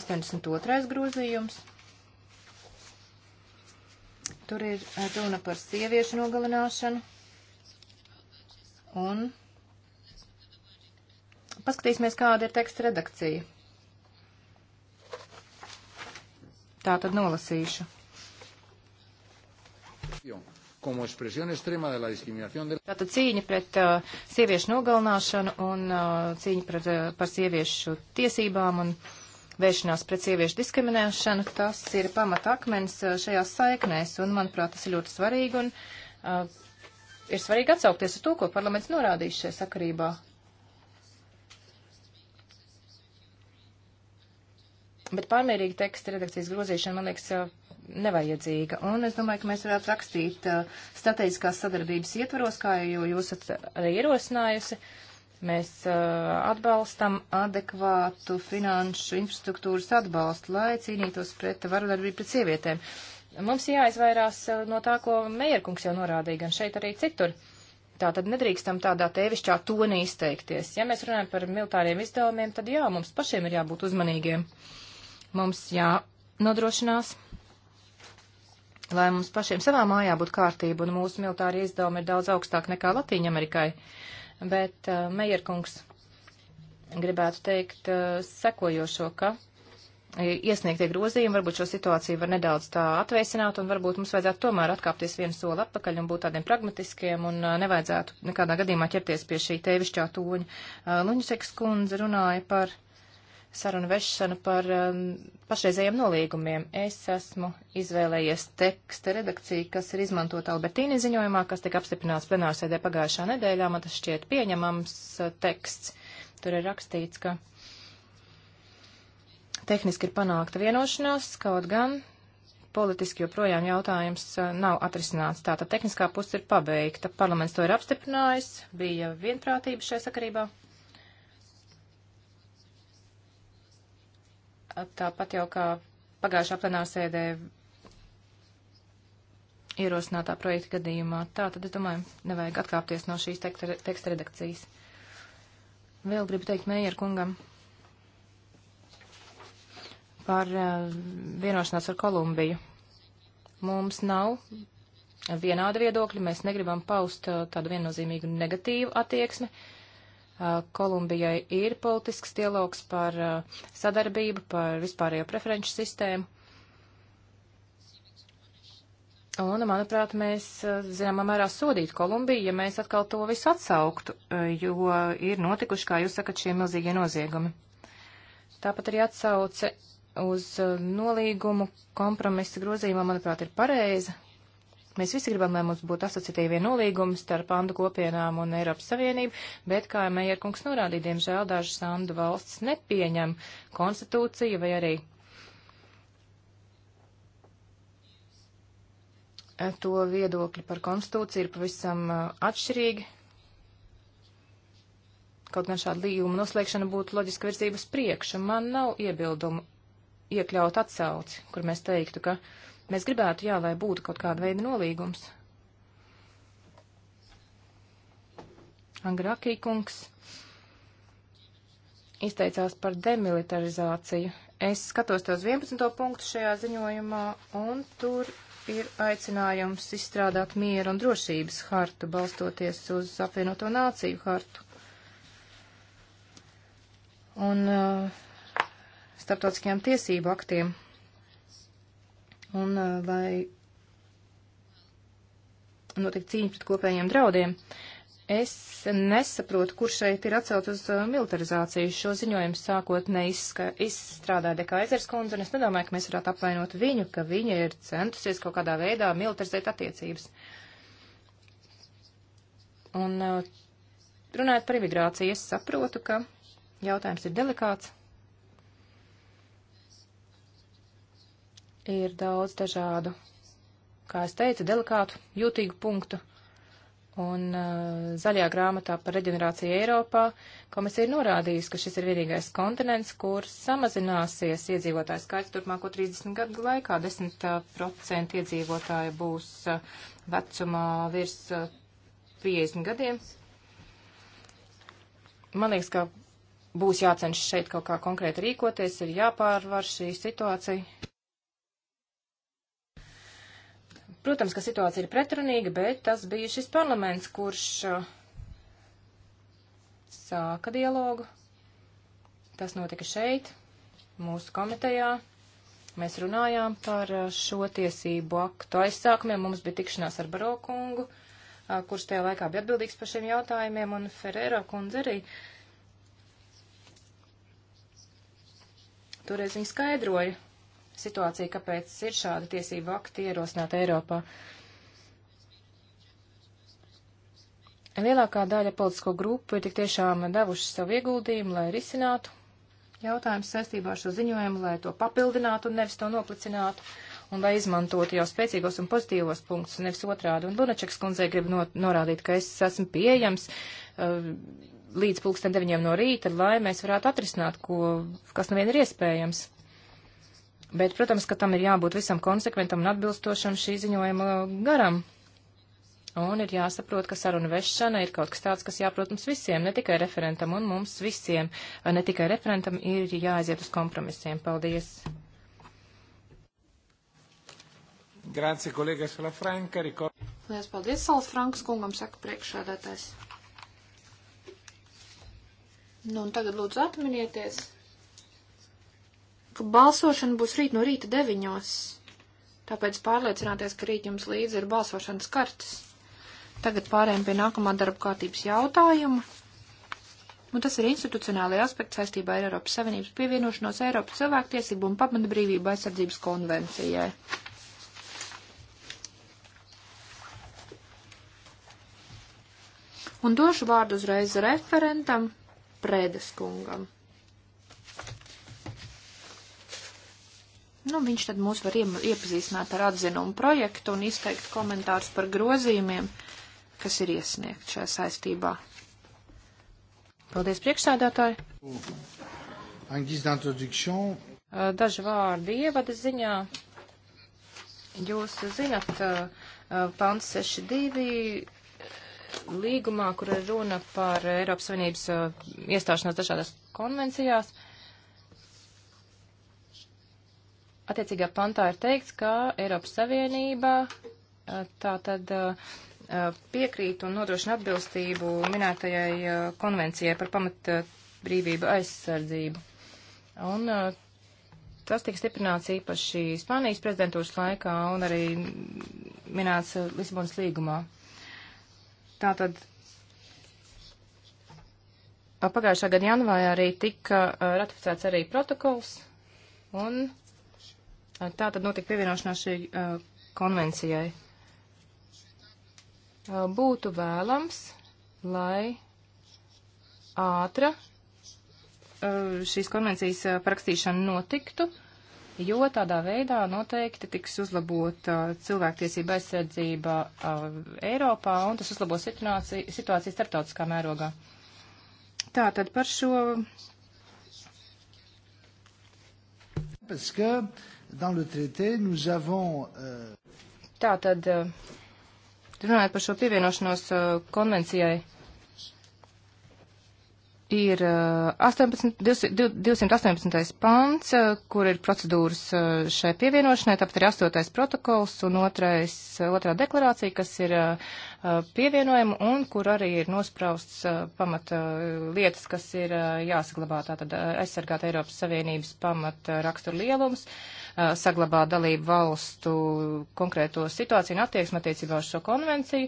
82. grozījums. Tur ir eh, runa par sieviešu nogalināšanu. Un paskatīsimies, kāda ir teksta redakcija. Tā tad nolasīšu. Tātad cīņa pret uh, sieviešu nogalināšanu un uh, cīņa pret, uh, par sieviešu tiesībām un uh, vēršanās pret sieviešu diskriminēšanu, tas ir pamatakmens uh, šajās saiknēs, un, manuprāt, tas ir ļoti svarīgi, un uh, ir svarīgi atsaukties uz to, ko parlaments norādījis šajā sakarībā. Bet pārmērīga teksta redakcijas grozīšana, man liekas, uh, nevajadzīga. Un es domāju, ka mēs varētu rakstīt uh, strateģiskās sadarbības ietvaros, kā jau jūs esat arī uh, ierosinājusi. Uh, Mēs uh, atbalstam adekvātu finanšu infrastruktūras atbalstu, lai cīnītos pret vardarbību pret sievietēm. Mums jāizvairās uh, no tā, ko Meierkungs jau norādīja, gan šeit arī citur. Tā tad nedrīkstam tādā tēvišķā tonī izteikties. Ja mēs runājam par militāriem izdevumiem, tad jā, mums pašiem ir jābūt uzmanīgiem. Mums jānodrošinās, lai mums pašiem savā mājā būtu kārtība, un mūsu militārie izdevumi ir daudz augstāk nekā Latīņamerikai. Amerikai bet uh, Mejerkungs gribētu teikt uh, sekojošo, ka e, iesniegtie grozījumi varbūt šo situāciju var nedaudz tā atveisināt, un varbūt mums vajadzētu tomēr atkāpties vienu soli atpakaļ un būt tādiem pragmatiskiem, un uh, nevajadzētu nekādā gadījumā ķerties pie šī tēvišķā toņa. Uh, Luņšeks kundze runāja par sarunu vešanu par um, pašreizējiem nolīgumiem. Es esmu izvēlējies teksta redakciju, kas ir izmantota Albertīni ziņojumā, kas tika apstiprināts plenārsēdē pagājušā nedēļā. Man tas šķiet pieņemams uh, teksts. Tur ir rakstīts, ka tehniski ir panākta vienošanās, kaut gan politiski joprojām jautājums uh, nav atrisināts. Tātad tehniskā puse ir pabeigta. Parlaments to ir apstiprinājis, bija vienprātība šajā sakarībā. tāpat jau kā pagājušā plenārsēdē ierosinātā projekta gadījumā. Tā tad, es domāju, nevajag atkāpties no šīs teksta, teksta redakcijas. Vēl gribu teikt Meijer kungam par uh, vienošanās ar Kolumbiju. Mums nav vienāda viedokļa, mēs negribam paust uh, tādu viennozīmīgu negatīvu attieksmi. Uh, Uh, Kolumbijai ir politisks dialogs par uh, sadarbību, par vispārējo preferenču sistēmu. Un, manuprāt, mēs uh, zināmā mērā sodītu Kolumbiju, ja mēs atkal to visu atsauktu, jo ir notikuši, kā jūs sakat, šie milzīgie noziegumi. Tāpat arī atsauce uz nolīgumu kompromisa grozījumā, manuprāt, ir pareiza. Mēs visi gribam, lai mums būtu asociatīvie nolīgumi starp andu kopienām un Eiropas Savienību, bet, kā Meierkungs norādīja, diemžēl dažas andu valsts nepieņem konstitūciju vai arī to viedokļi par konstitūciju ir pavisam uh, atšķirīgi. Kaut gan šāda līguma noslēgšana būtu loģiska virzības priekšu, man nav iebildumu iekļaut atsauci, kur mēs teiktu, ka. Uh, Mēs gribētu, jā, lai būtu kaut kāda veida nolīgums. Angrakī kungs izteicās par demilitarizāciju. Es skatos tos 11. punktu šajā ziņojumā, un tur ir aicinājums izstrādāt mieru un drošības hartu, balstoties uz apvienoto nāciju hartu. Un uh, starptautiskajām tiesību aktiem un lai notiek cīņa pret kopējiem draudiem. Es nesaprotu, kur šeit ir atcelt uz militarizāciju. Šo ziņojumu sākotnēji izstrādāja Dekaizers kundze, un es nedomāju, ka mēs varētu apvainot viņu, ka viņa ir centusies kaut kādā veidā militarizēt attiecības. Un runājot par imigrāciju, es saprotu, ka jautājums ir delikāts. ir daudz dažādu, kā es teicu, delikātu, jūtīgu punktu. Un uh, zaļajā grāmatā par reģenerāciju Eiropā komisija ir norādījusi, ka šis ir vienīgais kontinents, kur samazināsies iedzīvotāju skaits turpmāko 30 gadu laikā. 10% uh, iedzīvotāji būs uh, vecumā virs uh, 50 gadiem. Man liekas, ka būs jācenšas šeit kaut kā konkrēti rīkoties, ir jāpārvar šī situācija. Protams, ka situācija ir pretrunīga, bet tas bija šis parlaments, kurš uh, sāka dialogu. Tas notika šeit, mūsu komitejā. Mēs runājām par uh, šo tiesību aktu aizsākumiem. Mums bija tikšanās ar Barokungu, uh, kurš tajā laikā bija atbildīgs par šiem jautājumiem, un Ferrero kundze arī. Toreiz viņi skaidroja, situācija, kāpēc ir šāda tiesība akti ierosināta Eiropā. Lielākā daļa politisko grupu ir tik tiešām devuši savu ieguldījumu, lai risinātu jautājumus saistībā ar šo ziņojumu, lai to papildinātu un nevis to noplicinātu, un lai izmantotu jau spēcīgos un pozitīvos punktus, nevis otrādi. Un Lunačeks kundzei grib no, norādīt, ka es esmu pieejams uh, līdz pulksten deviņiem no rīta, lai mēs varētu atrisināt, ko, kas nu vien ir iespējams. Bet, protams, ka tam ir jābūt visam konsekventam un atbilstošam šī ziņojuma garam. Un ir jāsaprot, ka saruna vešana ir kaut kas tāds, kas jāprot mums visiem, ne tikai referentam, un mums visiem, ne tikai referentam, ir jāaiziet uz kompromisiem. Paldies! Grācija, kolēģis Salafranka, Riko. Lielas paldies, Salafrankas kungam, saka priekšādātājs. Nu, un tagad lūdzu atminieties ka balsošana būs rīt no rīta deviņos, tāpēc pārliecināties, ka rīt jums līdzi ir balsošanas kartes. Tagad pārējām pie nākamā darba kārtības jautājuma. Un tas ir institucionālai aspekts saistībā ar Eiropas Savienības pievienošanos Eiropas cilvēktiesību un pamata brīvību aizsardzības konvencijai. Un došu vārdu uzreiz referentam Prēdes kungam. Nu, viņš tad mūs var iepazīstināt ar atzinumu projektu un izteikt komentārus par grozījumiem, kas ir iesniegt šajā saistībā. Paldies, priekšsēdētāji! Daži vārdi ievada ziņā. Jūs zinat, pants 62 līgumā, kur ir runa par Eiropas Savienības iestāšanos dažādās konvencijās. attiecīgā pantā ir teikts, ka Eiropas Savienība tā tad piekrīt un nodrošina atbilstību minētajai konvencijai par pamat brīvību aizsardzību. Un tas tika stiprināts īpaši Spānijas prezidentūras laikā un arī minēts Lisabonas līgumā. Tātad pagājušā gada janvārī tika ratificēts arī protokols un Tā tad notika pievienošanās šī uh, konvencijai. Uh, būtu vēlams, lai ātra uh, šīs konvencijas uh, parakstīšana notiktu, jo tādā veidā noteikti tiks uzlabota uh, cilvēktiesība aizsardzība uh, Eiropā un tas uzlabos situāciju, situāciju starptautiskā mērogā. Tātad par šo. Parce que euh, dans le traité, nous avons. Uh... Tā tad, uh, runājot par šo pievienošanos uh, konvencijai, ir 18, uh, 218. pants, kur ir procedūras šai pievienošanai, tāpat ir 8. protokols un 2. otrā deklarācija, kas ir pievienojama un kur arī ir nosprausts pamata lietas, kas ir jāsaglabā, tātad aizsargāt Eiropas Savienības pamata rakstur lielums, Uh, saglabā dalību valstu konkrēto situāciju un attieksmi attiecībā uz šo konvenciju,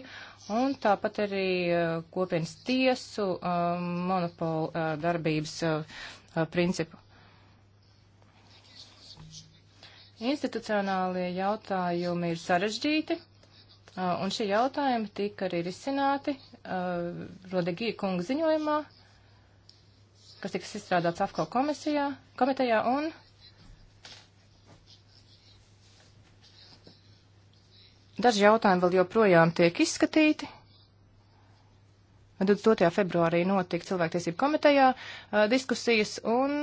un tāpat arī uh, kopienas tiesu um, monopolu uh, darbības principu. Institucionālie jautājumi ir sarežģīti, un šie jautājumi tika arī risināti uh, Rodegija kunga ziņojumā, kas tika izstrādāts AFKO komisijā, komitejā, un Daži jautājumi vēl joprojām tiek izskatīti. 22. februārī notika cilvēktiesību komitejā uh, diskusijas, un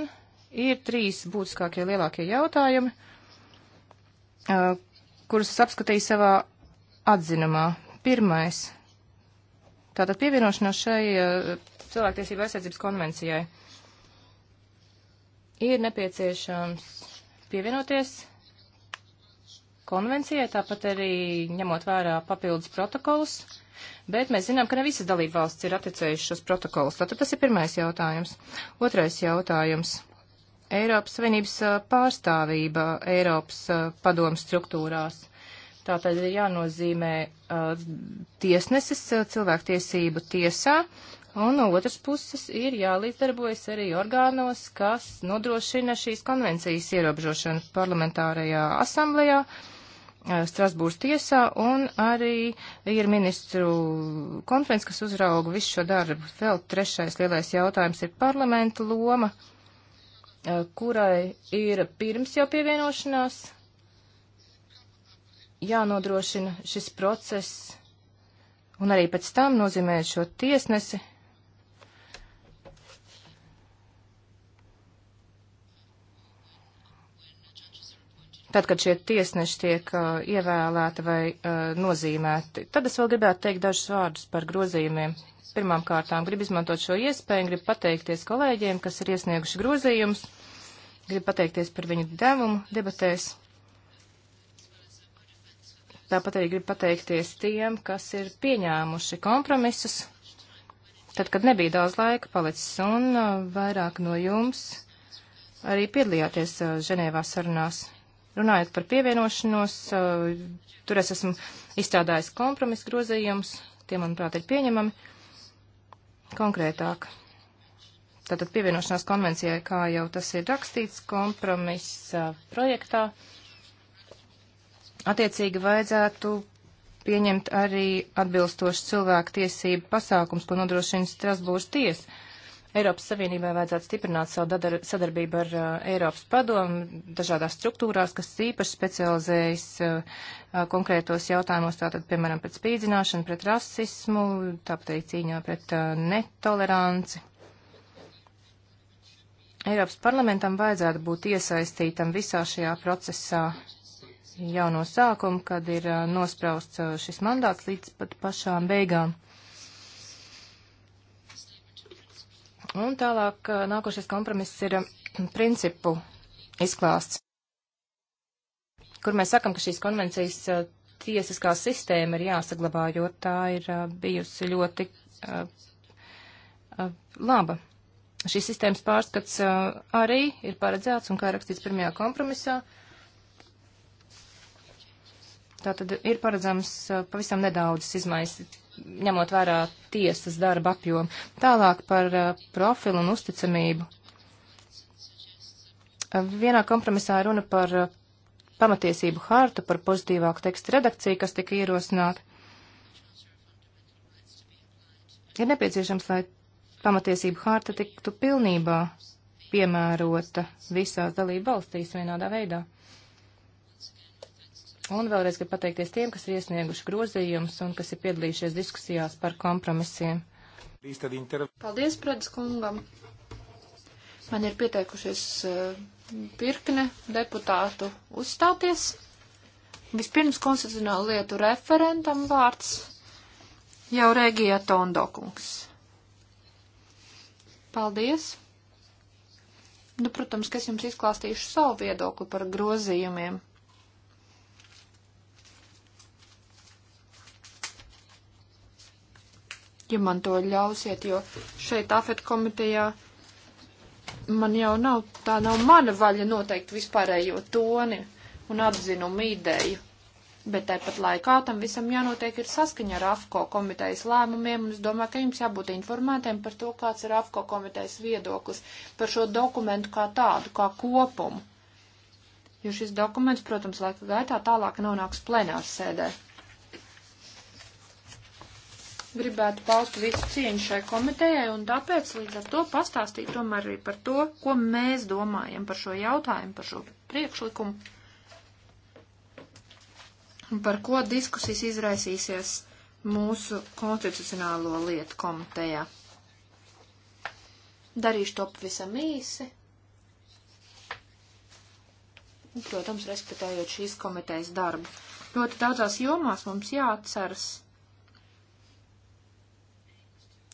ir trīs būtiskākie lielākie jautājumi, uh, kurus es apskatīju savā atzinumā. Pirmais - tātad pievienošanās šai uh, cilvēktiesību aizsardzības konvencijai. Ir nepieciešams pievienoties konvencijai, tāpat arī ņemot vērā papildus protokolus, bet mēs zinām, ka ne visas dalība valsts ir atticējušas šos protokolus. Tātad tas ir pirmais jautājums. Otrais jautājums. Eiropas Savienības pārstāvība Eiropas padomu struktūrās. Tā tad ir jānozīmē uh, tiesneses uh, cilvēktiesību tiesā, un no otras puses ir jālīdzdarbojas arī orgānos, kas nodrošina šīs konvencijas ierobežošanu parlamentārajā asamblējā. Uh, Eh, Strasbūras tiesā un arī ir ministru konferences, kas uzrauga visu šo darbu. Vēl trešais lielais jautājums ir parlamenta loma, eh, kurai ir pirms jau pievienošanās jānodrošina šis process un arī pēc tam nozīmē šo tiesnesi tad, kad šie tiesneši tiek uh, ievēlēti vai uh, nozīmēti. Tad es vēl gribētu teikt dažus vārdus par grozījumiem. Pirmām kārtām gribu izmantot šo iespēju, gribu pateikties kolēģiem, kas ir iesnieguši grozījumus, gribu pateikties par viņu devumu debatēs. Tāpat arī gribu pateikties tiem, kas ir pieņēmuši kompromisus, tad, kad nebija daudz laika palicis, un uh, vairāk no jums arī piedalījāties uh, Ženēvā sarunās. Runājot par pievienošanos, eh, tur es esmu izstrādājis kompromisu grozījumus, tie, manuprāt, ir pieņemami konkrētāk. Tātad pievienošanās konvencijai, kā jau tas ir rakstīts kompromisa projektā, attiecīgi vajadzētu pieņemt arī atbilstošu cilvēku tiesību pasākums, ko nodrošina Strasbūras tiesa. Eiropas Savienībai vajadzētu stiprināt savu sadarbību ar uh, Eiropas padomu dažādās struktūrās, kas īpaši specializējas uh, uh, konkrētos jautājumos, tātad, piemēram, pret spīdzināšanu, pret rasismu, tāpat arī cīņā pret uh, netoleranci. Eiropas parlamentam vajadzētu būt iesaistītam visā šajā procesā jau no sākuma, kad ir uh, nosprausts uh, šis mandāts līdz pat pašām beigām. Un tālāk nākošais kompromiss ir principu izklāsts, kur mēs sakam, ka šīs konvencijas tiesiskā sistēma ir jāsaglabā, jo tā ir bijusi ļoti laba. Šīs sistēmas pārskats arī ir paredzēts un kā rakstīts pirmajā kompromisā. Tātad ir paredzams pavisam nedaudzas izmaiņas ņemot vērā tiesas darba apjomu. Tālāk par uh, profilu un uzticamību. Uh, vienā kompromisā runa par uh, pamatiesību hartu, par pozitīvāku tekstu redakciju, kas tika ierosināta. Ir nepieciešams, lai pamatiesību harta tiktu pilnībā piemērota visās dalību valstīs vienādā veidā. Un vēlreiz gribu pateikties tiem, kas ir iesnieguši grozījumus un kas ir piedalījušies diskusijās par kompromisiem. Paldies, Predis kungam! Man ir pieteikušies pirkne eh, deputātu uzstāties. Vispirms konstitucionālu lietu referentam vārds jau Regija Tondokungs. Paldies! Nu, protams, ka es jums izklāstīšu savu viedokli par grozījumiem. ja man to ļausiet, jo šeit afet komitejā man jau nav, tā nav mana vaļa noteikt vispārējo toni un atzinumu ideju. Bet tāpat laikā tam visam jānotiek ir saskaņa ar AFCO komitejas lēmumiem, un es domāju, ka jums jābūt informētiem par to, kāds ir AFCO komitejas viedoklis par šo dokumentu kā tādu, kā kopumu. Jo šis dokuments, protams, laika gaitā tālāk nonāks plenārs sēdē gribētu paust visu cieņu šai komitejai un tāpēc līdz ar to pastāstīt tomēr arī par to, ko mēs domājam par šo jautājumu, par šo priekšlikumu un par ko diskusijas izraisīsies mūsu konstitucionālo lietu komitejā. Darīšu to pavisam īsi. Protams, respektējot šīs komitejas darbu. Ļoti daudzās jomās mums jāatceras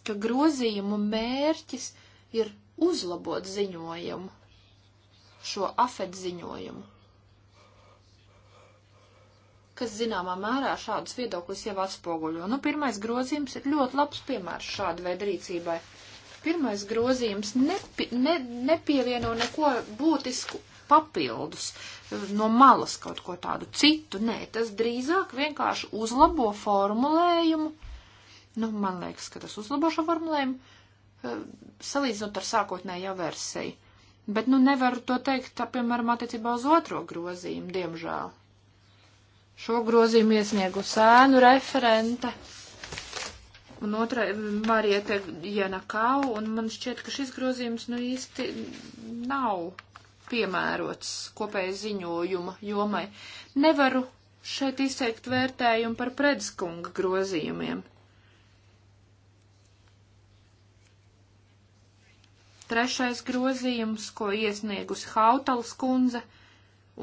ka grozījumu mērķis ir uzlabot ziņojumu, šo afet ziņojumu, kas zināmā mērā šādus viedokļus jau atspoguļo. Nu, pirmais grozījums ir ļoti labs piemērs šāda veida rīcībai. Pirmais grozījums nepi, ne, nepievieno neko būtisku papildus, eh, no malas kaut ko tādu citu. Nē, tas drīzāk vienkārši uzlabo formulējumu Nu, man liekas, ka tas uzlabo šo formulējumu, e, salīdzinot ar sākotnējo versiju. Bet, nu, nevaru to teikt, tā, piemēram, attiecībā uz otro grozījumu, diemžēl. Šo grozījumu iesniegu sēnu referente. Un otrā e, Marija te Janakau, un man šķiet, ka šis grozījums, nu, īsti nav piemērots kopēja ziņojuma jomai. Nevaru šeit izteikt vērtējumu par predskunga grozījumiem. trešais grozījums, ko iesniegusi Hautals kundze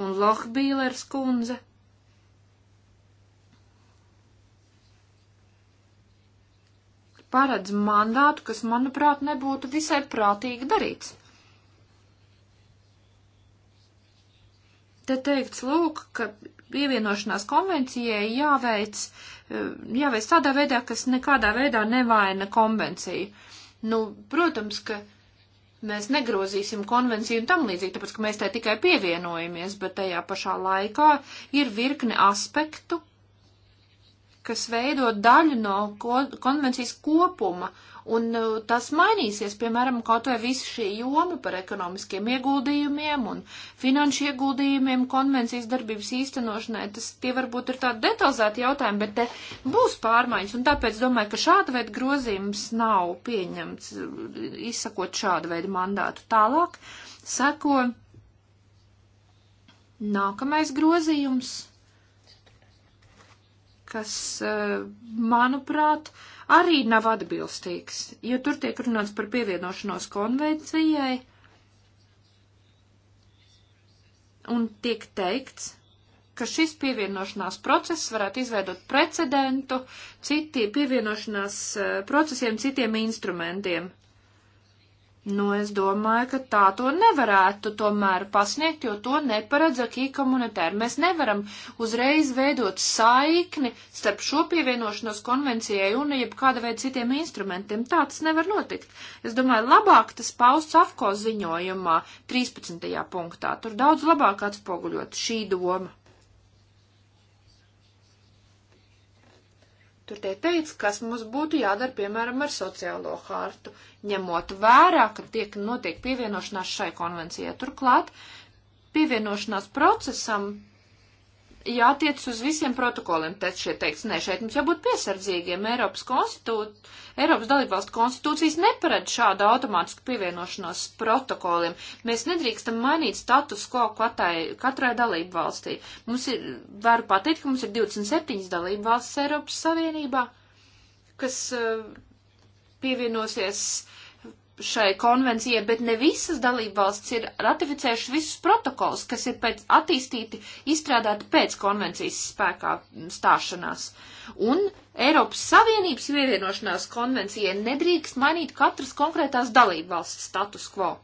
un Lohbīlers kundze. Paredz mandātu, kas, manuprāt, nebūtu visai prātīgi darīts. Te teikts, lūk, ka pievienošanās konvencijai jāveic, jāveic tādā veidā, kas nekādā veidā nevaina konvenciju. Nu, protams, ka Mēs negrozīsim konvenciju un tam līdzīgi, tāpēc, ka mēs tai tikai pievienojamies, bet tajā pašā laikā ir virkne aspektu, kas veido daļu no ko, konvencijas kopuma, un uh, tas mainīsies, piemēram, kaut vai visa šī joma par ekonomiskiem ieguldījumiem un finanšu ieguldījumiem konvencijas darbības īstenošanai. Tas tie varbūt ir tādi detalizēti jautājumi, bet te būs pārmaiņas, un tāpēc domāju, ka šāda veida grozījums nav pieņemts, uh, izsakot šādu veidu mandātu. Tālāk seko nākamais grozījums kas, eh, manuprāt, arī nav atbilstīgs, jo tur tiek runāts par pievienošanos konvencijai un tiek teikts, ka šis pievienošanās process varētu izveidot precedentu citi pievienošanās eh, procesiem citiem instrumentiem. Nu, es domāju, ka tā to nevarētu tomēr pasniegt, jo to neparedz akī komunitēri. Mēs nevaram uzreiz veidot saikni starp šo pievienošanos konvencijai un jebkāda veida citiem instrumentiem. Tā tas nevar notikt. Es domāju, labāk tas pausts AFKO ziņojumā 13. punktā. Tur daudz labāk atspoguļot šī doma. Tur tiek teikts, kas mums būtu jādara, piemēram, ar sociālo hartu, ņemot vērā, ka tiek notiek pievienošanās šai konvencijai. Turklāt pievienošanās procesam jātiec uz visiem protokoliem, tad šeit teiks, nē, šeit mums jābūt piesardzīgiem. Eiropas, konstitūt, Eiropas dalībvalstu konstitūcijas neparedz šādu automātisku pievienošanos protokoliem. Mēs nedrīkstam mainīt status quo katrai, katrai dalību valstī. Mums ir, varu pateikt, ka mums ir 27 dalību valsts Eiropas Savienībā, kas eh, pievienosies uh, šai konvencijai, bet ne visas dalībvalstis ir ratificējušas visus protokols, kas ir pēc attīstīti, izstrādāti pēc konvencijas spēkā stāšanās. Un Eiropas Savienības pievienošanās konvencijai nedrīkst mainīt katras konkrētās dalībvalsts status quo.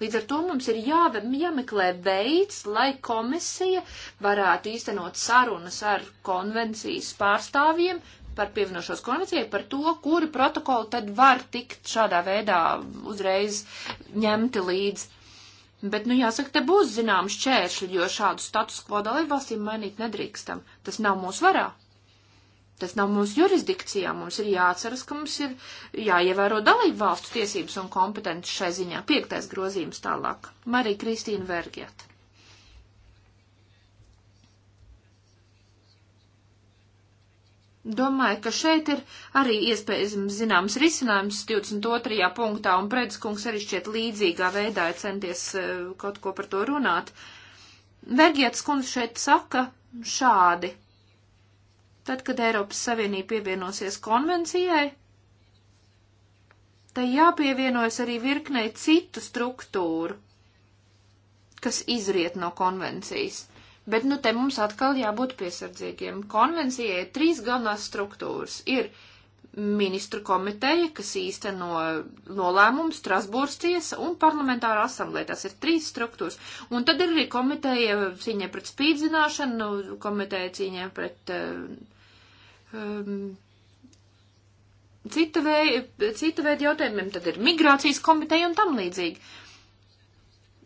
Līdz ar to mums ir jā, jāmeklē veids, lai komisija varētu īstenot sarunas ar konvencijas pārstāvjiem, par pievienošos konvenciju, par to, kuri protokoli tad var tikt šādā veidā uzreiz ņemti līdzi. Bet, nu, jāsaka, te būs zināms šķēršļi, jo šādu status quo dalībvalstīm mainīt nedrīkstam. Tas nav mūsu varā. Tas nav mūsu jurisdikcijā. Mums ir jāatceras, ka mums ir jāievēro dalībvalstu tiesības un kompetences šai ziņā. Piektais grozījums tālāk. Marija Kristīna Vergieta. Domāju, ka šeit ir arī iespējams zināms risinājums 22. punktā, un Bredskungs arī šķiet līdzīgā veidā centies eh, kaut ko par to runāt. Vergietas kundze šeit saka šādi. Tad, kad Eiropas Savienība pievienosies konvencijai, tai jāpievienojas arī virknei citu struktūru, kas izriet no konvencijas. Bet, nu, te mums atkal jābūt piesardzīgiem. Konvencijai ir trīs galvenās struktūras. Ir ministru komiteja, kas īsteno nolēmumu Strasbūras tiesa un parlamentāra asamblē. Tas ir trīs struktūras. Un tad ir arī komiteja cīņai pret spīdzināšanu, komiteja cīņai pret um, um cita veida, cita veida jautājumiem. Tad ir migrācijas komiteja un tam līdzīgi. Uh,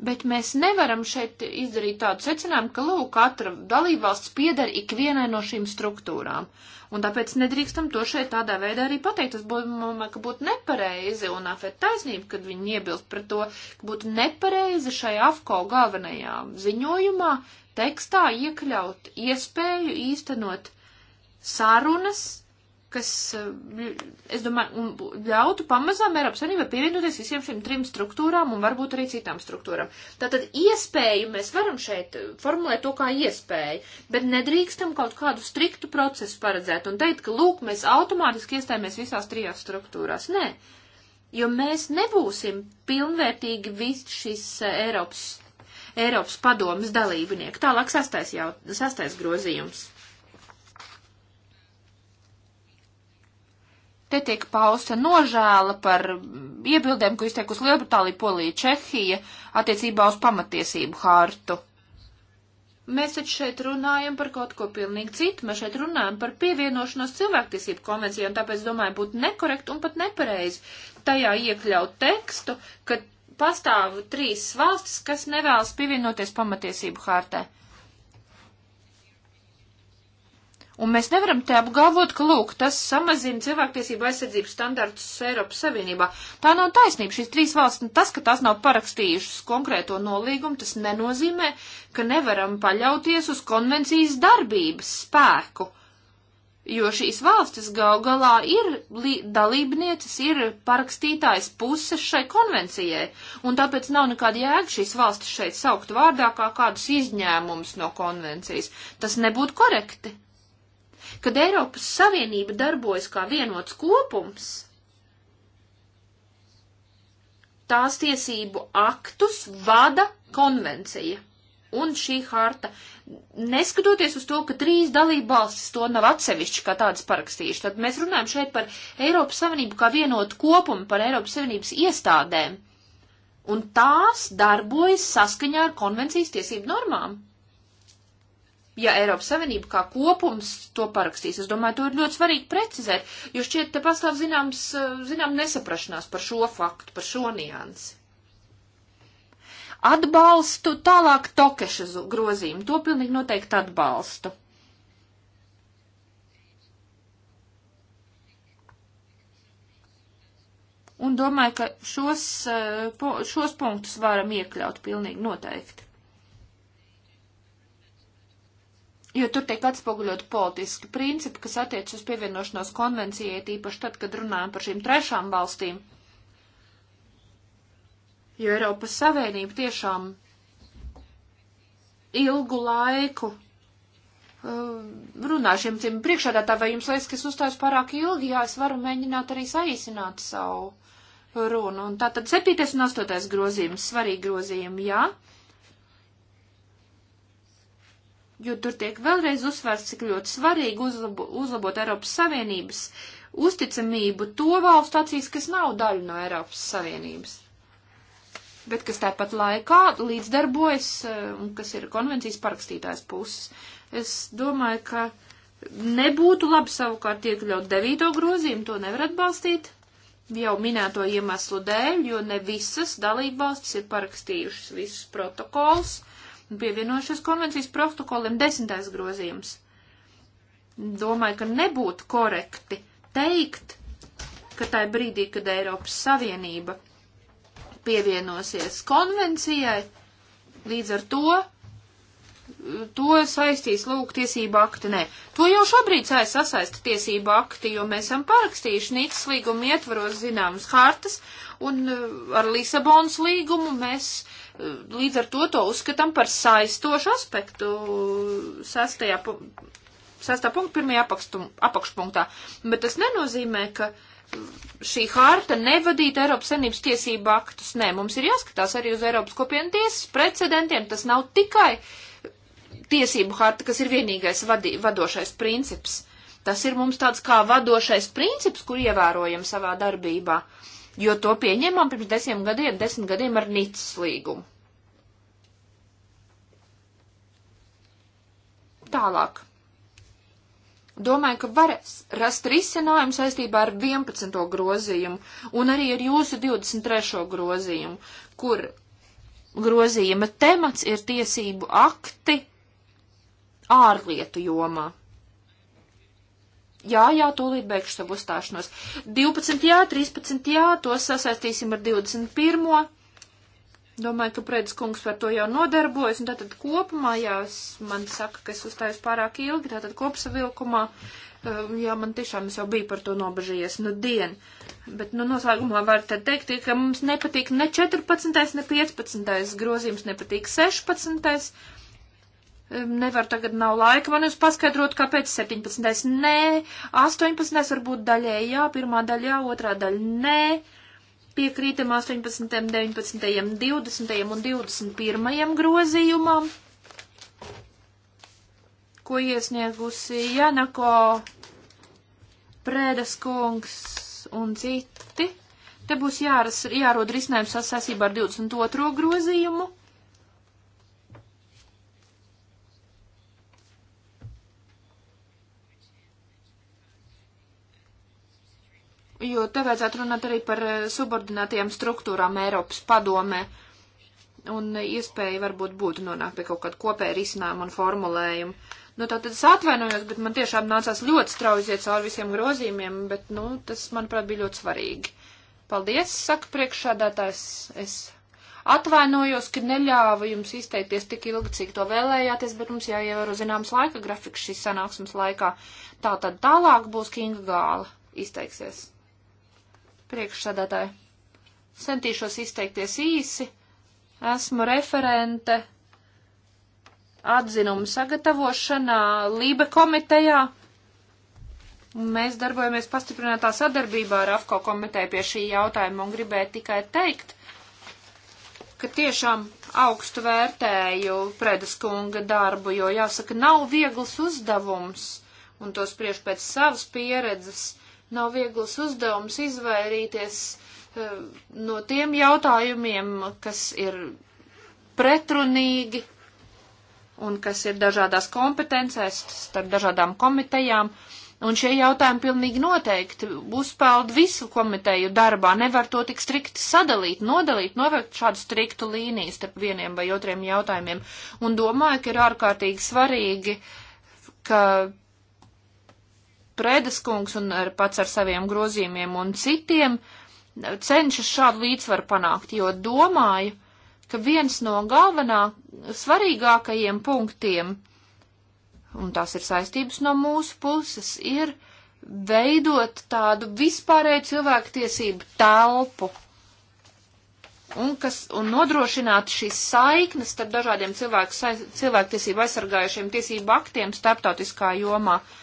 Bet mēs nevaram šeit izdarīt tādu secinājumu, ka, lūk, katra dalībvalsts pieder ikvienai no šīm struktūrām. Un tāpēc nedrīkstam to šeit tādā veidā arī pateikt. Tas būtu, domāju, ka būtu nepareizi un afet taisnība, kad viņi iebilst par to, ka būtu nepareizi šai afko galvenajā ziņojumā tekstā iekļaut iespēju īstenot sarunas kas, eh, es domāju, ļautu pamazām Eiropas Savienībai pievienoties visiem šiem trim struktūrām un varbūt arī citām struktūrām. Tātad iespēju mēs varam šeit eh, formulēt to kā iespēju, bet nedrīkstam kaut kādu striktu procesu paredzēt un teikt, ka lūk, mēs automātiski iestājāmies visās trijās struktūrās. Nē, jo mēs nebūsim pilnvērtīgi viss šis eh, Eiropas, Eiropas padomas dalībnieki. Tālāk sastais, jau, sastais grozījums. Te tiek pausta nožēla par iebildēm, ko izteik uz Lielbritāliju, Poliju, Čehija attiecībā uz pamatiesību hārtu. Mēs taču šeit runājam par kaut ko pilnīgi citu. Mēs šeit runājam par pievienošanos cilvēktiesību konvencijai, un tāpēc, domāju, būtu nekorekti un pat nepareizi tajā iekļaut tekstu, ka pastāv trīs valstis, kas nevēlas pievienoties pamatiesību hārtē. Un mēs nevaram te apgalvot, ka, lūk, tas samazina cilvēktiesību aizsardzību standartus Eiropas Savienībā. Tā nav taisnība. Šīs trīs valsts, nu, tas, ka tās nav parakstījušas konkrēto nolīgumu, tas nenozīmē, ka nevaram paļauties uz konvencijas darbības spēku. Jo šīs valstis gal galā ir dalībnieces, ir parakstītājs puses šai konvencijai, un tāpēc nav nekāda jēga šīs valstis šeit saukt vārdā kā kādus izņēmumus no konvencijas. Tas nebūtu korekti kad Eiropas Savienība darbojas kā vienots kopums, tās tiesību aktus vada konvencija. Un šī harta, neskatoties uz to, ka trīs dalība valstis to nav atsevišķi kā tādas parakstījuši, tad mēs runājam šeit par Eiropas Savienību kā vienotu kopumu, par Eiropas Savienības iestādēm. Un tās darbojas saskaņā ar konvencijas tiesību normām ja Eiropas Savienība kā kopums to parakstīs. Es domāju, to ir ļoti svarīgi precizēt, jo šķiet te pastāv zināms, eh, zinām nesaprašanās par šo faktu, par šo niansi. Atbalstu tālāk tokešas grozījumu, to pilnīgi noteikti atbalstu. Un domāju, ka šos, eh, šos punktus varam iekļaut pilnīgi noteikti. jo tur tiek atspoguļot politiski principi, kas attiec uz pievienošanos konvencijai, tīpaši tad, kad runājam par šīm trešām valstīm. Jo Eiropas Savienība tiešām ilgu laiku uh, runāšiem cim priekšādātā, vai jums liekas, ka es uzstājos pārāk ilgi, jā, es varu mēģināt arī saīsināt savu runu. Un tā tad septītais un astotais grozījums, svarīgi grozījumi, jā. Ja? jo tur tiek vēlreiz uzsvērts, cik ļoti svarīgi uzlabo, uzlabot Eiropas Savienības uzticamību to valstu acīs, kas nav daļa no Eiropas Savienības, bet kas tāpat laikā līdzdarbojas eh, un kas ir konvencijas parakstītājs puses. Es domāju, ka nebūtu labi savukārt iekļaut devīto grozījumu, to nevar atbalstīt jau minēto iemeslu dēļ, jo ne visas dalībvalstis ir parakstījušas visus protokols. Uh, pievienojušos konvencijas protokoliem desmitais grozījums. Domāju, ka nebūtu korekti teikt, ka tai brīdī, kad Eiropas Savienība pievienosies konvencijai, līdz ar to to saistīs lūk tiesība akti. Nē, to jau šobrīd sasaista tiesība akti, jo mēs esam parakstījuši Nīcas līgumu ietvaros zināmas hartas, un uh, ar Lisabonas līgumu mēs Līdz ar to to uzskatām par saistošu aspektu sastajā, sastā punkta pirmajā apakstum, apakšpunktā. Bet tas nenozīmē, ka mm, šī harta nevadīta Eiropas Savienības tiesību aktus. Nē, mums ir jāskatās arī uz Eiropas kopienu tiesas precedentiem. Tas nav tikai tiesību harta, kas ir vienīgais vadī, vadošais princips. Tas ir mums tāds kā vadošais princips, kur ievērojam savā darbībā. Uh, jo to pieņemam pirms desmit gadiem, desmit gadiem ar Nicas līgumu. Tālāk. Domāju, ka var rast risinājumu saistībā ar 11. grozījumu un arī ar jūsu 23. grozījumu, kur grozījuma temats ir tiesību akti ārlietu jomā. Jā, jā, tūlīt beigšu savu uzstāšanos. 12, jā, 13, jā, tos sasaistīsim ar 21. Domāju, ka Prēdis kungs par to jau nodarbojas, un tātad kopumā, jā, man saka, ka es uzstājos pārāk ilgi, tātad kopsavilkumā, um, jā, man tiešām es jau biju par to nobežījies, nu, dien. Bet, nu, noslēgumā var te teikt, ka mums nepatīk ne 14, ne 15, grozījums nepatīk 16 nevar tagad nav laika man jūs paskaidrot, kāpēc 17. nē, 18. varbūt daļai jā, pirmā daļa jā, otrā daļa nē. Piekrītam 18., 19., 20. un 21. grozījumam, ko iesniegusi Janako, Prēdas kungs un citi. Te būs jāras, jārod risinājums sasībā ar 22. grozījumu. jo te vajadzētu runāt arī par eh, subordinātajām struktūrām Eiropas padomē. Un iespēja varbūt būtu nonākt pie kaut kāda kopēja risinājuma un formulējuma. Nu, tā tad es atvainojos, bet man tiešām nācās ļoti strauji iet cauri visiem grozījumiem, bet, nu, tas, manuprāt, bija ļoti svarīgi. Paldies, saka priekšādātājs. Es atvainojos, ka neļāvu jums izteikties tik ilgi, cik to vēlējāties, bet mums jāievēro zināms laika grafiks šīs sanāksmes laikā. Tā tad tālāk būs Kinga Gāla izteiksies priekšsēdētāji. Centīšos izteikties īsi. Esmu referente atzinumu sagatavošanā Lība komitejā. Mēs darbojamies pastiprinātā sadarbībā ar AFCO komiteju pie šī jautājuma un gribēju tikai teikt, ka tiešām augstu vērtēju Predes kunga darbu, jo jāsaka, nav viegls uzdevums, un to spriež pēc savas pieredzes, Nav viegls uzdevums izvairīties eh, no tiem jautājumiem, kas ir pretrunīgi un kas ir dažādās kompetencēs starp dažādām komitejām. Un šie jautājumi pilnīgi noteikti uzpeld visu komiteju darbā. Nevar to tik strikti sadalīt, nodalīt, novērkt šādu striktu līniju starp vieniem vai otriem jautājumiem. Un domāju, ka ir ārkārtīgi svarīgi, ka Prēdes kungs un ar, pats ar saviem grozījumiem un citiem cenšas šādu līdzsvaru panākt, jo domāju, ka viens no galvenā svarīgākajiem punktiem, un tās ir saistības no mūsu puses, ir veidot tādu vispārēju cilvēktiesību telpu un, kas, un nodrošināt šīs saiknes starp dažādiem cilvēku, cilvēktiesību aizsargājušiem tiesību aktiem starptautiskā jomā. Uh,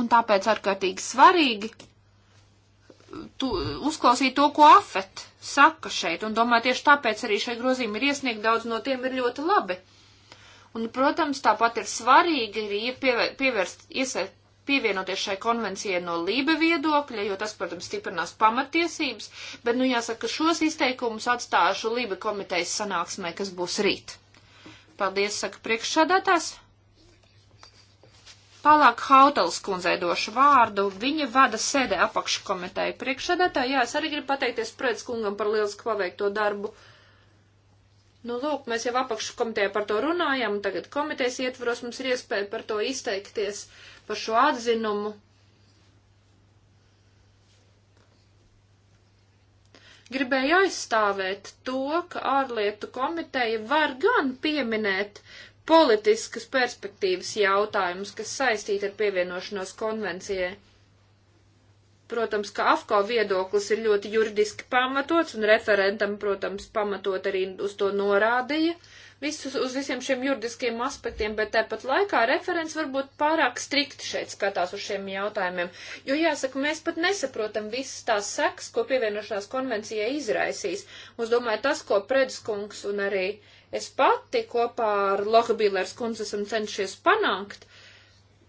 Un tāpēc ārkārtīgi svarīgi uh, tu, uzklausīt to, ko afet saka šeit. Un domāju, tieši tāpēc arī šai grozījumi ir iesniegt, daudz no tiem ir ļoti labi. Un, protams, tāpat ir svarīgi arī pievērst, iesaist, pievienoties šai konvencijai no lība viedokļa, jo tas, protams, stiprinās pamatiesības, bet, nu, jāsaka, šos izteikumus atstāšu lība komitejas sanāksmē, kas būs rīt. Paldies, saka priekšsādātājs. Tālāk Hautels kundzei došu vārdu. Viņa vada sēdē apakškomiteju priekšsēdētāju. Jā, es arī gribu pateikties Prets kungam par lielisku paveikto darbu. Nu, lūk, mēs jau apakškomitejā par to runājam, un tagad komitejas ietvaros mums ir iespēja par to izteikties, par šo atzinumu. Gribēju aizstāvēt to, ka ārlietu komiteja var gan pieminēt uh, politiskas perspektīvas jautājumus, kas saistīti ar pievienošanos konvencijai. Protams, ka AFCO viedoklis ir ļoti juridiski pamatots, un referentam, protams, pamatot arī uz to norādīja visus, uz visiem šiem juridiskiem aspektiem, bet tāpat laikā referents varbūt pārāk strikti šeit skatās uz šiem jautājumiem, jo jāsaka, mēs pat nesaprotam visas tās sekas, ko pievienošanās konvencijai izraisīs. Mums domāju, tas, ko Predskungs un arī uh, es pati kopā ar Lohbīlērs kundzi esam cenšies panākt,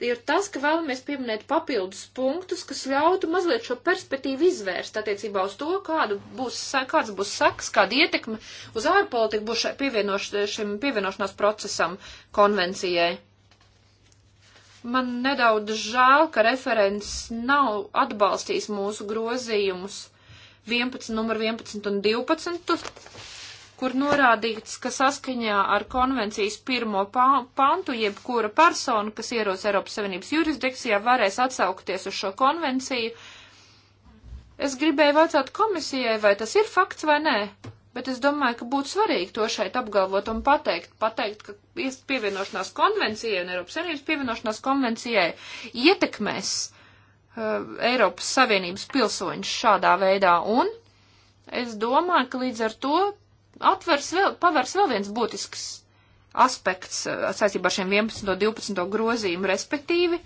ir tas, ka vēlamies pieminēt papildus punktus, kas ļautu mazliet šo perspektīvu izvērst attiecībā uz to, kādu būs, kāds būs saks, kāda ietekme uz ārpolitiku būs pievienoš, šim pievienošanās procesam konvencijai. Man nedaudz žēl, ka referents nav atbalstījis mūsu grozījumus 11, numur 11 un 12 kur norādīts, ka saskaņā ar konvencijas pirmo pantu jebkura persona, kas ierodas Eiropas Savienības jurisdikcijā, varēs atsaukties uz šo konvenciju. Es gribēju vaicāt komisijai, vai tas ir fakts vai nē, bet es domāju, ka būtu svarīgi to šeit apgalvot un pateikt, pateikt, ka pievienošanās konvencijai un Eiropas Savienības pievienošanās konvencijai ietekmēs uh, Eiropas Savienības pilsoņus šādā veidā un Es domāju, ka līdz ar to atvers vēl, pavers vēl viens būtisks aspekts eh, saistībā ar šiem 11. un 12. grozījumu, respektīvi,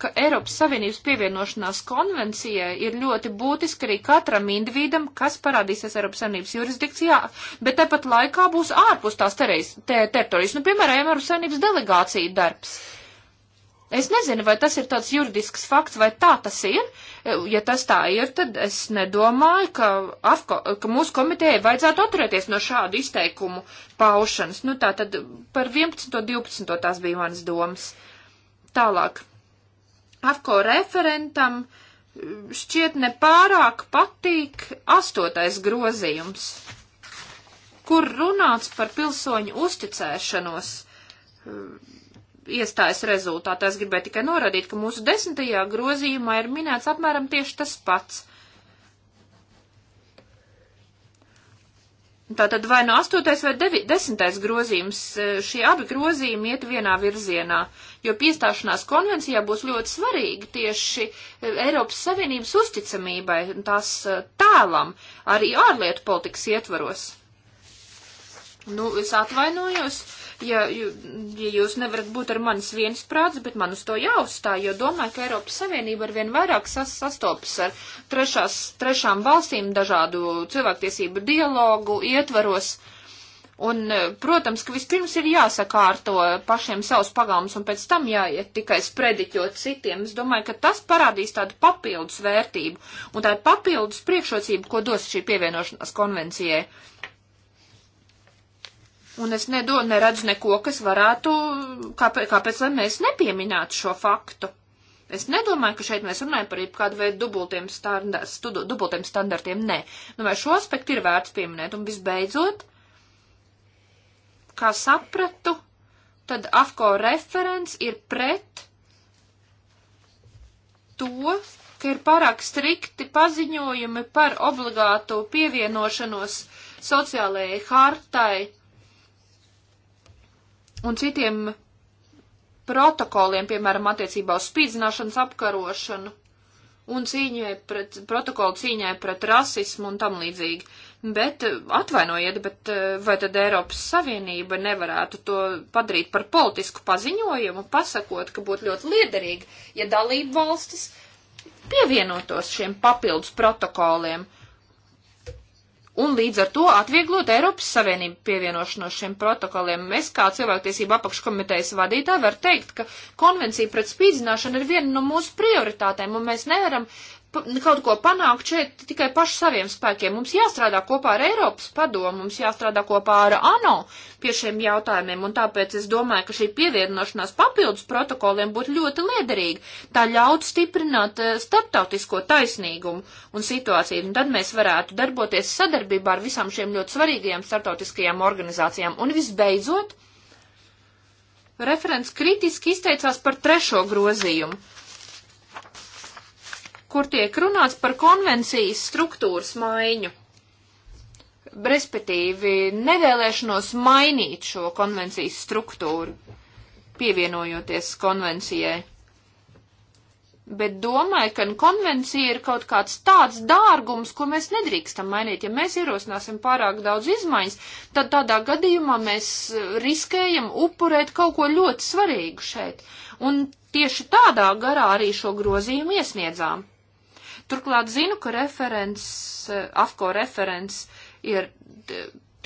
ka Eiropas Savienības pievienošanās konvencijai ir ļoti būtiski arī katram individam, kas parādīsies Eiropas Savienības jurisdikcijā, bet tepat laikā būs ārpus tās tereiz, te, teritorijas, nu, piemēram, Eiropas Savienības delegācija darbs. Es nezinu, vai tas ir tāds juridisks fakts, vai tā tas ir, Ja tas tā ir, tad es nedomāju, ka, Afko, ka mūsu komitejai vajadzētu atturēties no šādu izteikumu paušanas. Nu tā tad par 11. 12. tās bija manas domas. Tālāk. Afko referentam mm, šķiet nepārāk patīk astotais grozījums, kur runāts par pilsoņu uzticēšanos mm, iestājas rezultātā. Es gribēju tikai norādīt, ka mūsu desmitajā grozījumā ir minēts apmēram tieši tas pats. Tātad vai no 8. vai 10. grozījums, e, šie abi grozījumi iet vienā virzienā, jo piestāšanās konvencijā būs ļoti svarīgi tieši e, Eiropas Savienības uzticamībai un tās e, tēlam arī ārlietu politikas ietvaros. Nu, es atvainojos, ja, ja jūs nevarat būt ar manis viens prāts, bet man uz to jāuzstāj, jo domāju, ka Eiropas Savienība ar vien vairāk sas, sastopas ar trešās, trešām valstīm dažādu cilvēktiesību dialogu ietvaros. Un, eh, protams, ka vispirms ir jāsakārto pašiem savus pagalmus un pēc tam jāiet tikai sprediķot citiem. Es domāju, ka tas parādīs tādu papildus vērtību un tādu papildus priekšrocību, ko dos šī pievienošanās konvencijai. Un es nedo, neredzu neko, kas varētu, kāpēc, kāpēc lai mēs nepieminētu šo faktu. Es nedomāju, ka šeit mēs runājam par kādu veidu dubultiem, standart, studu, dubultiem standartiem. Nē, domāju, nu, šo aspektu ir vērts pieminēt. Un visbeidzot, kā sapratu, tad AFCO referents ir pret to, ka ir pārāk strikti paziņojumi par obligātu pievienošanos sociālajai hartai un citiem protokoliem, piemēram, attiecībā uz spīdzināšanas apkarošanu un cīņai pret, protokolu cīņai pret rasismu un tam līdzīgi. Bet eh, atvainojiet, bet eh, vai tad Eiropas Savienība nevarētu to padarīt par politisku paziņojumu, pasakot, ka būtu ļoti liederīgi, ja dalību valstis pievienotos šiem papildus protokoliem? un līdz ar to atvieglot Eiropas Savienību pievienošanos šiem protokoliem. Mēs, kā cilvēktiesība apakškomitejas vadītāji, var teikt, ka konvencija pret spīdzināšanu ir viena no mūsu prioritātēm, un mēs nevaram kaut ko panākt šeit tikai pašu saviem spēkiem. Mums jāstrādā kopā ar Eiropas padomu, mums jāstrādā kopā ar ANO pie šiem jautājumiem, un tāpēc es domāju, ka šī pievienošanās papildus protokoliem būtu ļoti liederīga. Tā ļautu stiprināt eh, starptautisko taisnīgumu un situāciju, un tad mēs varētu darboties sadarbībā ar visām šiem ļoti svarīgajām starptautiskajām organizācijām. Un visbeidzot, referents kritiski izteicās par trešo grozījumu kur tiek runāts par konvencijas struktūras maiņu, respektīvi nevēlēšanos mainīt šo konvencijas struktūru, pievienojoties konvencijai. Bet domāju, ka konvencija ir kaut kāds tāds dārgums, ko mēs nedrīkstam mainīt. Ja mēs ierosināsim pārāk daudz izmaiņas, tad tādā gadījumā mēs riskējam upurēt kaut ko ļoti svarīgu šeit. Un tieši tādā garā arī šo grozījumu iesniedzām. Turklāt zinu, ka referents, eh, AFCO referents ir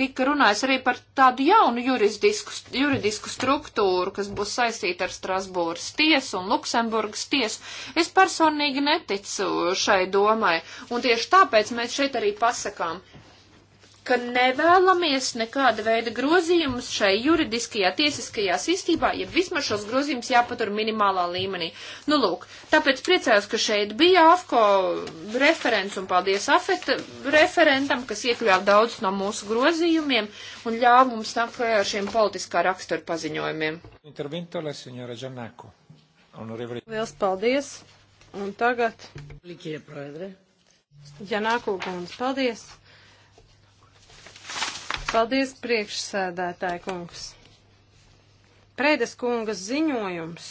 tika runājis arī par tādu jaunu juridisku, juridisku struktūru, kas būs saistīta ar Strasbūras tiesu un Luksemburgas tiesu. Es personīgi neticu šai domai, un tieši tāpēc mēs šeit arī pasakām, ka nevēlamies nekāda veida grozījumus šai juridiskajā, tiesiskajā sistībā, ja vismaz šos grozījumus jāpatur minimālā līmenī. Nu, lūk, tāpēc priecājos, ka šeit bija AFCO referents un paldies AFET referentam, kas iekļāva daudz no mūsu grozījumiem un ļāva mums nākt klajā ar šiem politiskā rakstura paziņojumiem. Liels paldies! Un tagad. Janāko Gunas, paldies! Paldies, priekšsēdētāji kungs. Prēdes kungas ziņojums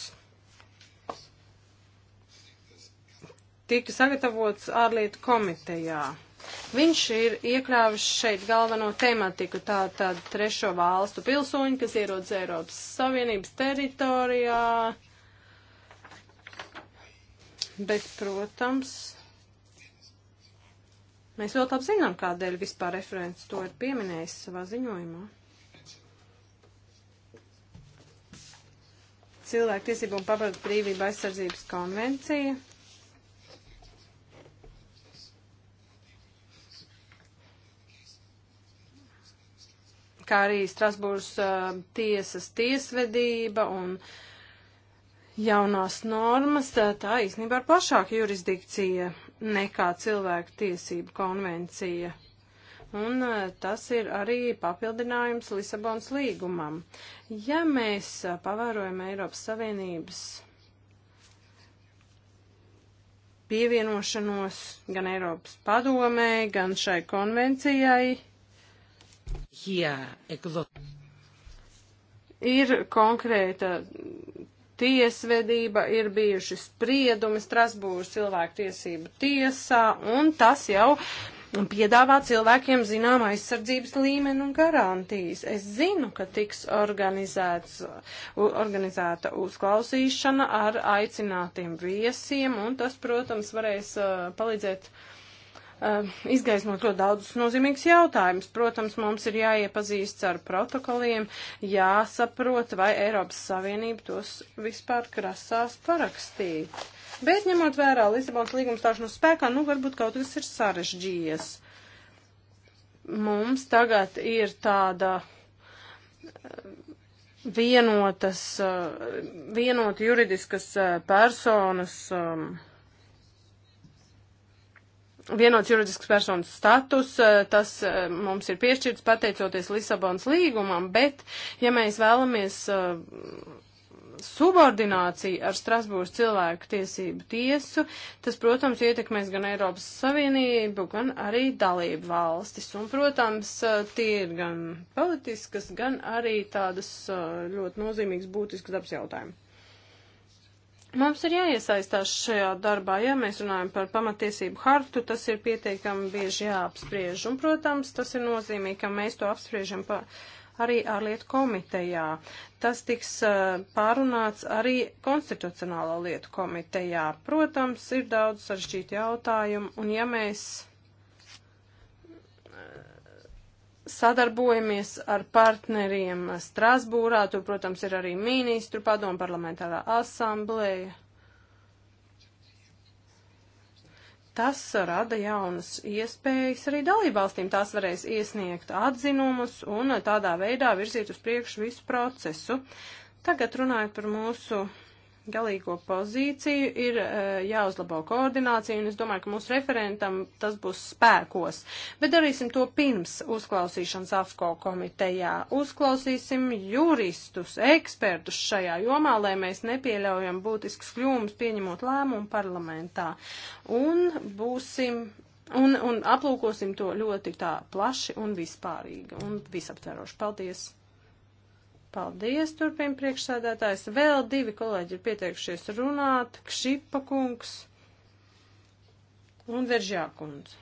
tika sagatavots ārlietu komitejā. Viņš ir iekļāvis šeit galveno tematiku, tātad trešo valstu pilsoņu, kas ierodas Eiropas Savienības teritorijā. Bet, protams, Mēs ļoti labi zinām, kādēļ vispār referents to ir pieminējis savā ziņojumā. Cilvēku tiesību un pavadu brīvību aizsardzības konvencija. Kā arī Strasbūras uh, tiesas tiesvedība un jaunās normas, tā, uh, tā īstenībā ir plašāka jurisdikcija nekā cilvēku tiesību konvencija. Un uh, tas ir arī papildinājums Lisabons līgumam. Ja mēs uh, pavērojam Eiropas Savienības pievienošanos gan Eiropas padomē, gan šai konvencijai, ir konkrēta tiesvedība, ir bijuši spriedumi Strasbūras cilvēktiesību tiesā, un tas jau piedāvā cilvēkiem zinām aizsardzības līmeni un garantijas. Es zinu, ka tiks organizēta uzklausīšana ar aicinātiem viesiem, un tas, protams, varēs uh, palīdzēt uh, Um, izgaismot ļoti daudzus nozīmīgus jautājumus. Protams, mums ir jāiepazīsts ar protokoliem, jāsaprot, vai Eiropas Savienība tos vispār krasās parakstīt. Bet ņemot vērā Lisabonas līguma stāšanos spēkā, nu varbūt kaut kas ir sarežģījies. Mums tagad ir tāda uh, vienotas, uh, vienota juridiskas uh, personas. Um, vienots juridisks personas status, eh, tas eh, mums ir piešķirts pateicoties Lisabonas līgumam, bet ja mēs vēlamies eh, subordināciju ar Strasbūras cilvēku tiesību tiesu, tas, protams, ietekmēs gan Eiropas Savienību, gan arī dalību valstis. Un, protams, tie ir gan politiskas, gan arī tādas ļoti nozīmīgas būtiskas dabas jautājumi. Mums ir jāiesaistās šajā darbā, ja mēs runājam par pamatiesību hartu, tas ir pietiekami bieži jāapspriež. Un, protams, tas ir nozīmīgi, ka mēs to apspriežam pa, arī ārlietu komitejā. Tas tiks uh, pārunāts arī konstitucionālā lietu komitejā. Protams, ir daudz sarežģīti jautājumi, un ja mēs sadarbojamies ar partneriem Strasbūrā, tur, protams, ir arī ministru padomu parlamentārā asamblēja. Tas rada jaunas iespējas arī dalībvalstīm. Tās varēs iesniegt atzinumus un tādā veidā virzīt uz priekšu visu procesu. Tagad runājot par mūsu galīgo pozīciju, ir eh, jāuzlabo koordinācija, un es domāju, ka mūsu referentam tas būs spēkos. Bet darīsim to pirms uzklausīšanas AFCO komitejā. Uzklausīsim juristus, ekspertus šajā jomā, lai mēs nepieļaujam būtisks kļūmus pieņemot lēmumu parlamentā. Un būsim. Un, un aplūkosim to ļoti tā plaši un vispārīgi un visaptveroši. Paldies! Paldies, turpina priekšsēdētājs. Vēl divi kolēģi ir pieteikušies runāt. Kšipa kungs un Veržjā kungs.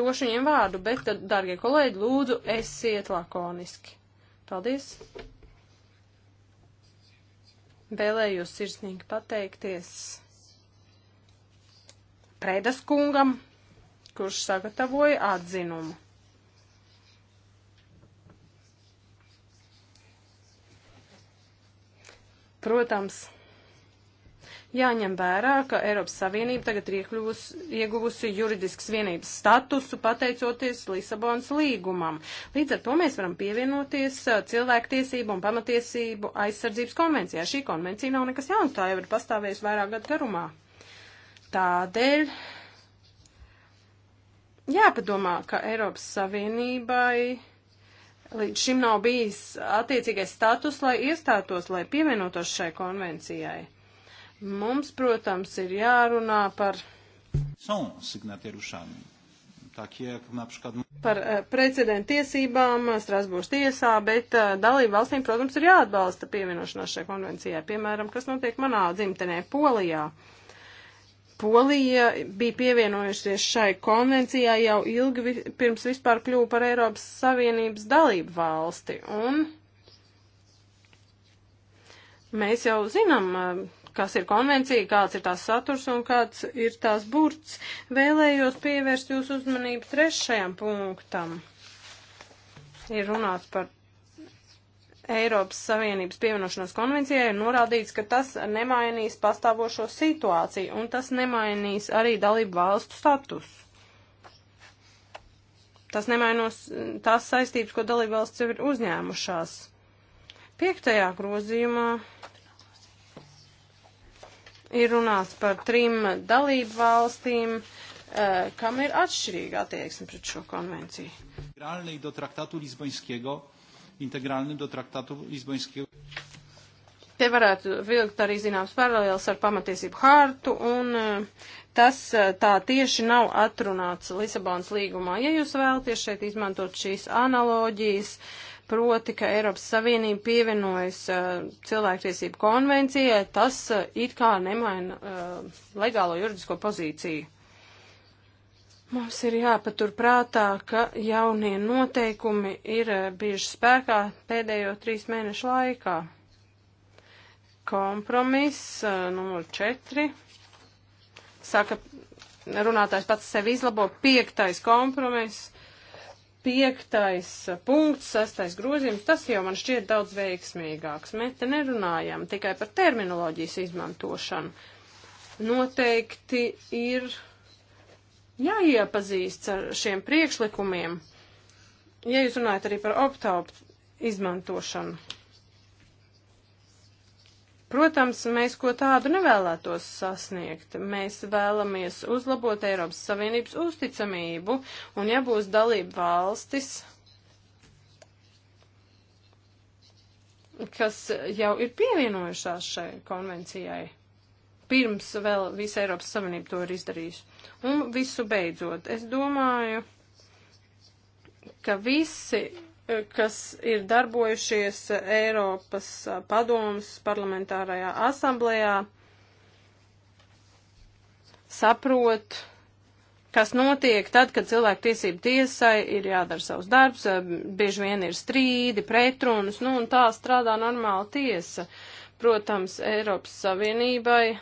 Došu viņiem vārdu, bet tad, dārgie kolēģi, lūdzu, esiet lakoniski. Paldies! Vēlējos sirsnīgi pateikties Predas kungam, kurš sagatavoja atzinumu. Protams, jāņem vērā, ka Eiropas Savienība tagad ir iekļuvus, ieguvusi juridisks vienības statusu pateicoties Lisabonas līgumam. Līdz ar to mēs varam pievienoties uh, cilvēktiesību un pamatiesību aizsardzības konvencijā. Šī konvencija nav nekas jauns, tā jau ir pastāvējusi vairāk gadu garumā. Tādēļ jāpadomā, ka Eiropas Savienībai līdz šim nav bijis attiecīgais status, lai iestātos, lai pievienotos šai konvencijai. Mums, protams, ir jārunā par. Par eh, precedentu tiesībām eh, Strasbūras tiesā, bet eh, dalību valstīm, protams, ir jāatbalsta pievienošanās šai konvencijai. Piemēram, kas notiek manā dzimtenē Polijā. Uh, Polija bija pievienojusies šai konvencijai jau ilgi vi, pirms vispār kļuva par Eiropas Savienības dalību valsti. Un mēs jau zinām, kas ir konvencija, kāds ir tās saturs un kāds ir tās burts. Vēlējos pievērst jūsu uzmanību trešajam punktam. Ir runāts par Eiropas Savienības pievienošanās konvencijai ir norādīts, ka tas nemainīs pastāvošo situāciju un tas nemainīs arī dalību valstu status. Tas nemainos tās saistības, ko dalību valsts jau ir uzņēmušās. Piektajā grozījumā ir runāts par trim dalību valstīm, eh, kam ir atšķirīga attieksme pret šo konvenciju integralnym do traktatu Lisboņskiju. Te varētu vilkt arī zināms paralēls ar pamatiesību hārtu, un e, tas e, tā tieši nav atrunāts Lisabonas līgumā. Ja jūs vēlaties šeit izmantot šīs analoģijas, proti, ka Eiropas Savienība pievienojas uh, cilvēktiesību konvencijai, tas uh, it kā nemaina uh, legālo juridisko pozīciju. Mums ir jāpatur prātā, ka jaunie noteikumi ir eh, bijuši spēkā pēdējo trīs mēnešu laikā. Kompromiss eh, numur četri. Saka, runātājs pats sevi izlabo. Piektais kompromiss piektais punkts, sastais grozījums, tas jau man šķiet daudz veiksmīgāks. Mēs te nerunājam tikai par terminoloģijas izmantošanu. Noteikti ir jāiepazīsts ar šiem priekšlikumiem, ja jūs runājat arī par optaup izmantošanu. Protams, mēs ko tādu nevēlētos sasniegt. Mēs vēlamies uzlabot Eiropas Savienības uzticamību, un ja būs dalība valstis, kas jau ir pievienojušās šai konvencijai pirms vēl visa Eiropas Savienība to ir izdarījusi. Un visu beidzot, es domāju, ka visi, eh, kas ir darbojušies Eiropas eh, padomus parlamentārajā asamblējā, saprot, kas notiek tad, kad cilvēku tiesību tiesai ir jādara savs darbs, eh, bieži vien ir strīdi, pretrunas, nu un tā strādā normāla tiesa. Protams, Eiropas Savienībai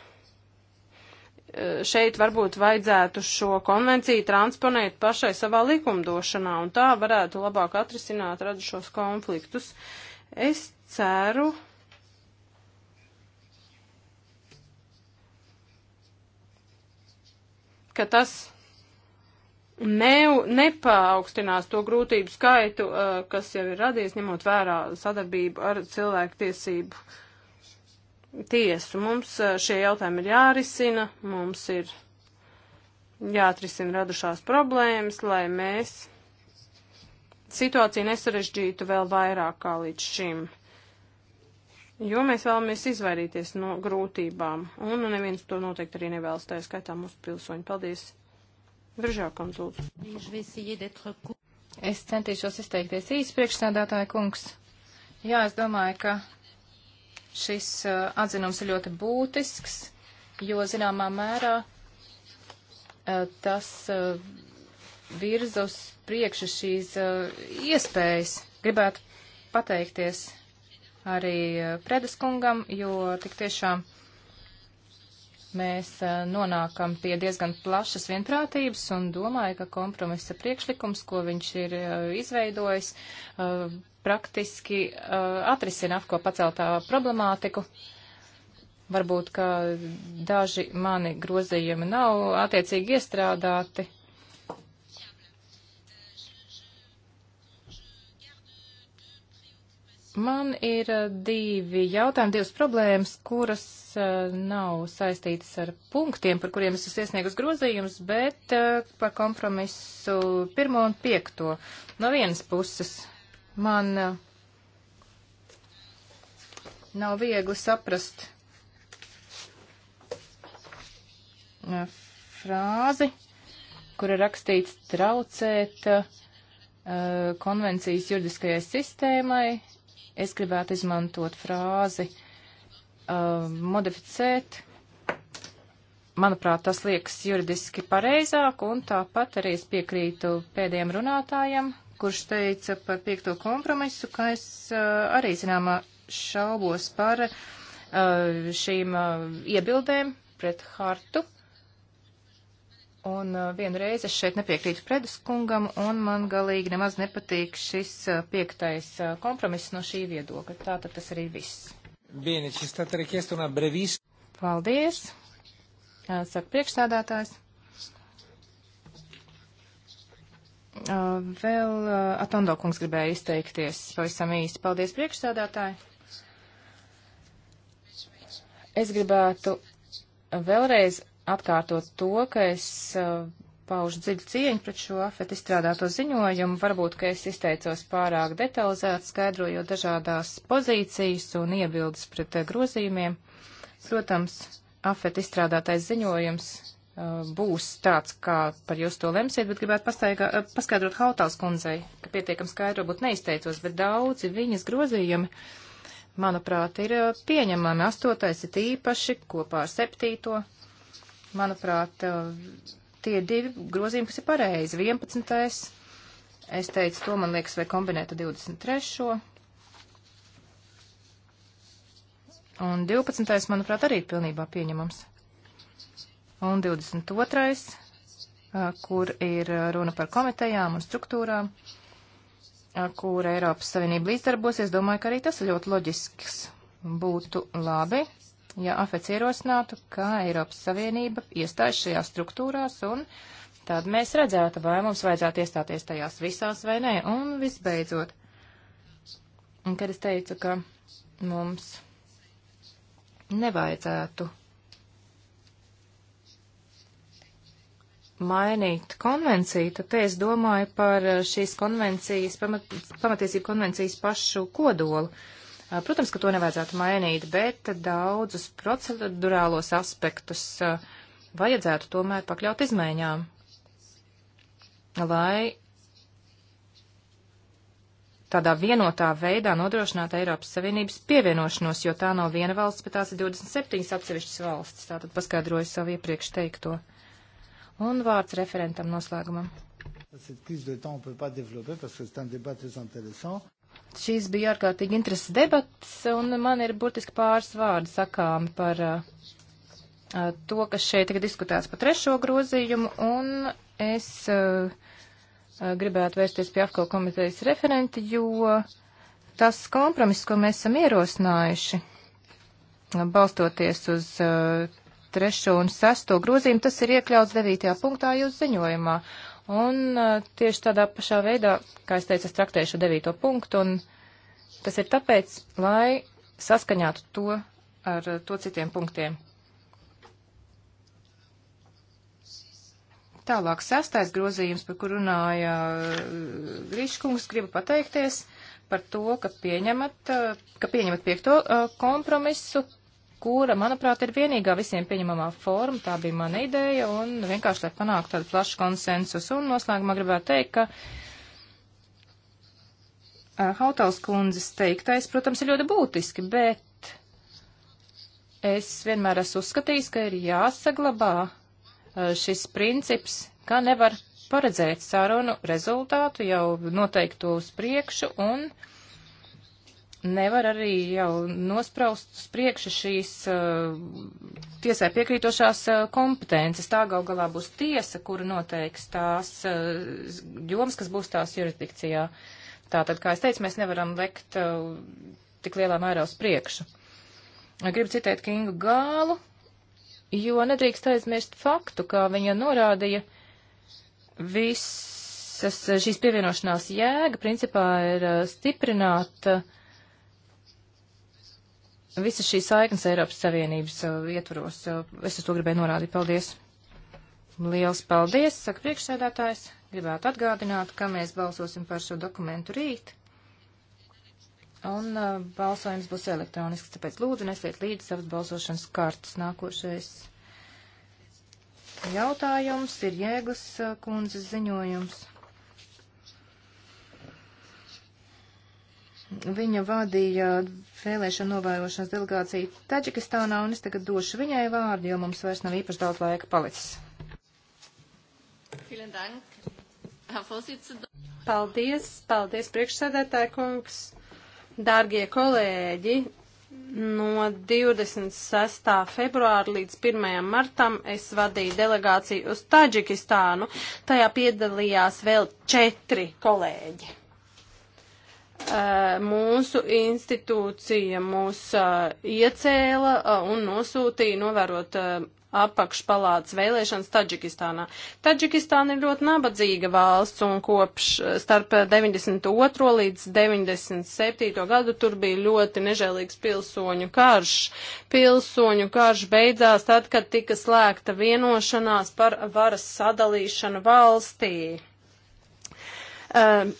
šeit varbūt vajadzētu šo konvenciju transponēt pašai savā likumdošanā, un tā varētu labāk atrisināt radušos konfliktus. Es ceru. ka tas ne, nepaukstinās to grūtību skaitu, uh, kas jau ir radies, ņemot vērā sadarbību ar cilvēku tiesību uh, tiesu. Mums eh, šie jautājumi ir jārisina, mums ir jāatrisina radušās problēmas, lai mēs situāciju nesarežģītu vēl vairāk kā līdz šim. Jo mēs vēlamies izvairīties no grūtībām, un nu, neviens to noteikti arī nevēlas, tā ir skaitā mūsu pilsoņi. Paldies! Viržā konsultants. Es centīšos izteikties īsi priekšsēdētāja kungs. Jā, es domāju, ka Šis uh, atzinums ir ļoti būtisks, jo zināmā mērā uh, tas uh, virza uz priekšu šīs iespējas. Gribētu pateikties arī Predeskungam, jo tik tiešām mēs nonākam pie diezgan plašas vienprātības un domāju, ka kompromisa priekšlikums, ko viņš ir izveidojis, praktiski uh, atrisina AFCO paceltā problemātiku. Varbūt, ka daži mani grozījumi nav attiecīgi iestrādāti. Man ir uh, divi jautājumi, divas problēmas, kuras uh, nav saistītas ar punktiem, par kuriem es esmu iesniegus grozījumus, bet uh, par kompromisu pirmo un piekto. No vienas puses Man uh, nav viegli saprast uh, frāzi, kura rakstīts traucēt uh, konvencijas juridiskajai sistēmai. Es gribētu izmantot frāzi uh, modificēt. Manuprāt, tas liekas juridiski pareizāk, un tāpat arī es piekrītu pēdējiem runātājiem, kurš teica par piekto kompromisu, ka es arī, zināmā, šaubos par šīm iebildēm pret hartu. Un vienreiz es šeit nepiekrītu Fredas kungam, un man galīgi nemaz nepatīk šis piektais kompromiss no šī viedokļa. Tātad tas arī viss. Bene, šis tātad ir kiestunā brevis. Paldies, saka priekšstādātājs. Vēl Atondo kungs gribēja izteikties pavisam īsti. Paldies priekšsādātāji. Es gribētu vēlreiz atkārtot to, ka es paužu dziļu cieņu pret šo afet izstrādāto ziņojumu. Varbūt, ka es izteicos pārāk detalizēti, skaidrojot dažādās pozīcijas un iebildes pret grozījumiem. Protams, afet izstrādātais ziņojums Uh, būs tāds, kā par jūs to lemsiet, bet gribētu pastaigā, uh, paskaidrot Hautals kundzei, ka pietiekam skaidro būtu neizteicos, bet daudzi viņas grozījumi, manuprāt, ir uh, pieņemami. Astotais ir īpaši kopā ar septīto. Manuprāt, tie divi grozījumi, kas ir pareizi. 11. Es teicu, to man liekas, vai kombinēt ar 23. Un 12. manuprāt, arī ir pilnībā pieņemams un 22. kur ir runa par komitejām un struktūrām, kur Eiropas Savienība līdzdarbosies. Domāju, ka arī tas ir ļoti loģisks. Būtu labi, ja AFEC ierosinātu, kā Eiropas Savienība iestājas šajās struktūrās un tad mēs redzētu, vai mums vajadzētu iestāties tajās visās vai nē. Un visbeidzot, un kad es teicu, ka mums nevajadzētu mainīt konvenciju, tad es domāju par eh, šīs konvencijas, pamat, pamatiesību konvencijas pašu kodolu. Eh, protams, ka to nevajadzētu mainīt, bet daudzus procedurālos aspektus eh, vajadzētu tomēr pakļaut izmaiņām, lai tādā vienotā veidā nodrošināt Eiropas Savienības pievienošanos, jo tā nav viena valsts, bet tās ir 27 atsevišķas valsts. Tātad paskaidroju savu iepriekš teikto. Un vārds referentam noslēgumam. Šīs bija ārkārtīgi interesants debats, un man ir burtiski pāris vārdi sakām par uh, to, kas šeit tagad diskutēts par trešo grozījumu, un es uh, gribētu vērsties pie AFKO komitejas referenti, jo tas kompromiss, ko mēs esam ierosinājuši, balstoties uz uh, 3 un 6 grozījumu, tas ir iekļauts 9. punktā jūsu ziņojumā. Un eh, tieši tādā pašā veidā, kā es teicu, es traktēšu 9. punktu, un tas ir tāpēc, lai saskaņātu to ar eh, to citiem punktiem. Tālāk sastais grozījums, par kur runāja eh, Grīškungs, gribu pateikties par to, ka pieņemat, ka pieņemat piekto kompromisu, kura, manuprāt, ir vienīgā visiem pieņemamā forma. Tā bija mana ideja un vienkārši, lai panāktu tādu plašu konsensus. Un noslēgumā gribētu teikt, ka eh, Hautals kundzes teiktais, protams, ir ļoti būtiski, bet es vienmēr esmu uzskatījis, ka ir jāsaglabā eh, šis princips, ka nevar paredzēt sarunu rezultātu jau noteiktu uz priekšu un. Uh, nevar arī jau nospraust uz priekšu šīs uh, tiesai piekrītošās uh, kompetences. Tā gal galā būs tiesa, kura noteiks tās uh, jomas, kas būs tās jurisdikcijā. Tātad, kā es teicu, mēs nevaram lekt uh, tik lielā mērā uz priekšu. Gribu citēt Kingu Gālu, jo nedrīkst aizmirst faktu, kā viņa norādīja visas uh, šīs pievienošanās jēga, principā ir uh, stiprināt uh, visas šīs saiknes Eiropas Savienības uh, ietvaros. Uh, es uz to gribēju norādīt. Paldies! Liels paldies, saka priekšsēdētājs. Gribētu atgādināt, ka mēs balsosim par šo dokumentu rīt. Un uh, balsojums būs elektronisks, tāpēc lūdzu nesiet līdzi savas balsošanas kartas. Nākošais jautājums ir Jēglas uh, kundzes ziņojums. Viņa vadīja vēlēšanu novērošanas delegāciju Taģikistānā, un es tagad došu viņai vārdu, jo mums vairs nav īpaši daudz laika palicis. Paldies, paldies priekšsēdētāja kungs, dārgie kolēģi. No 26. februāra līdz 1. martam es vadīju delegāciju uz Taģikistānu. Tajā piedalījās vēl četri kolēģi. Eh, mūsu institūcija mūs eh, iecēla eh, un nosūtīja novērot apakšpalātas vēlēšanas Taģikistānā. Taģikistāna ir ļoti nabadzīga valsts un kopš starp 92. līdz 97. gadu tur bija ļoti nežēlīgs pilsoņu karš. Pilsoņu karš beidzās tad, kad tika slēgta vienošanās par varas sadalīšanu valstī. Uh,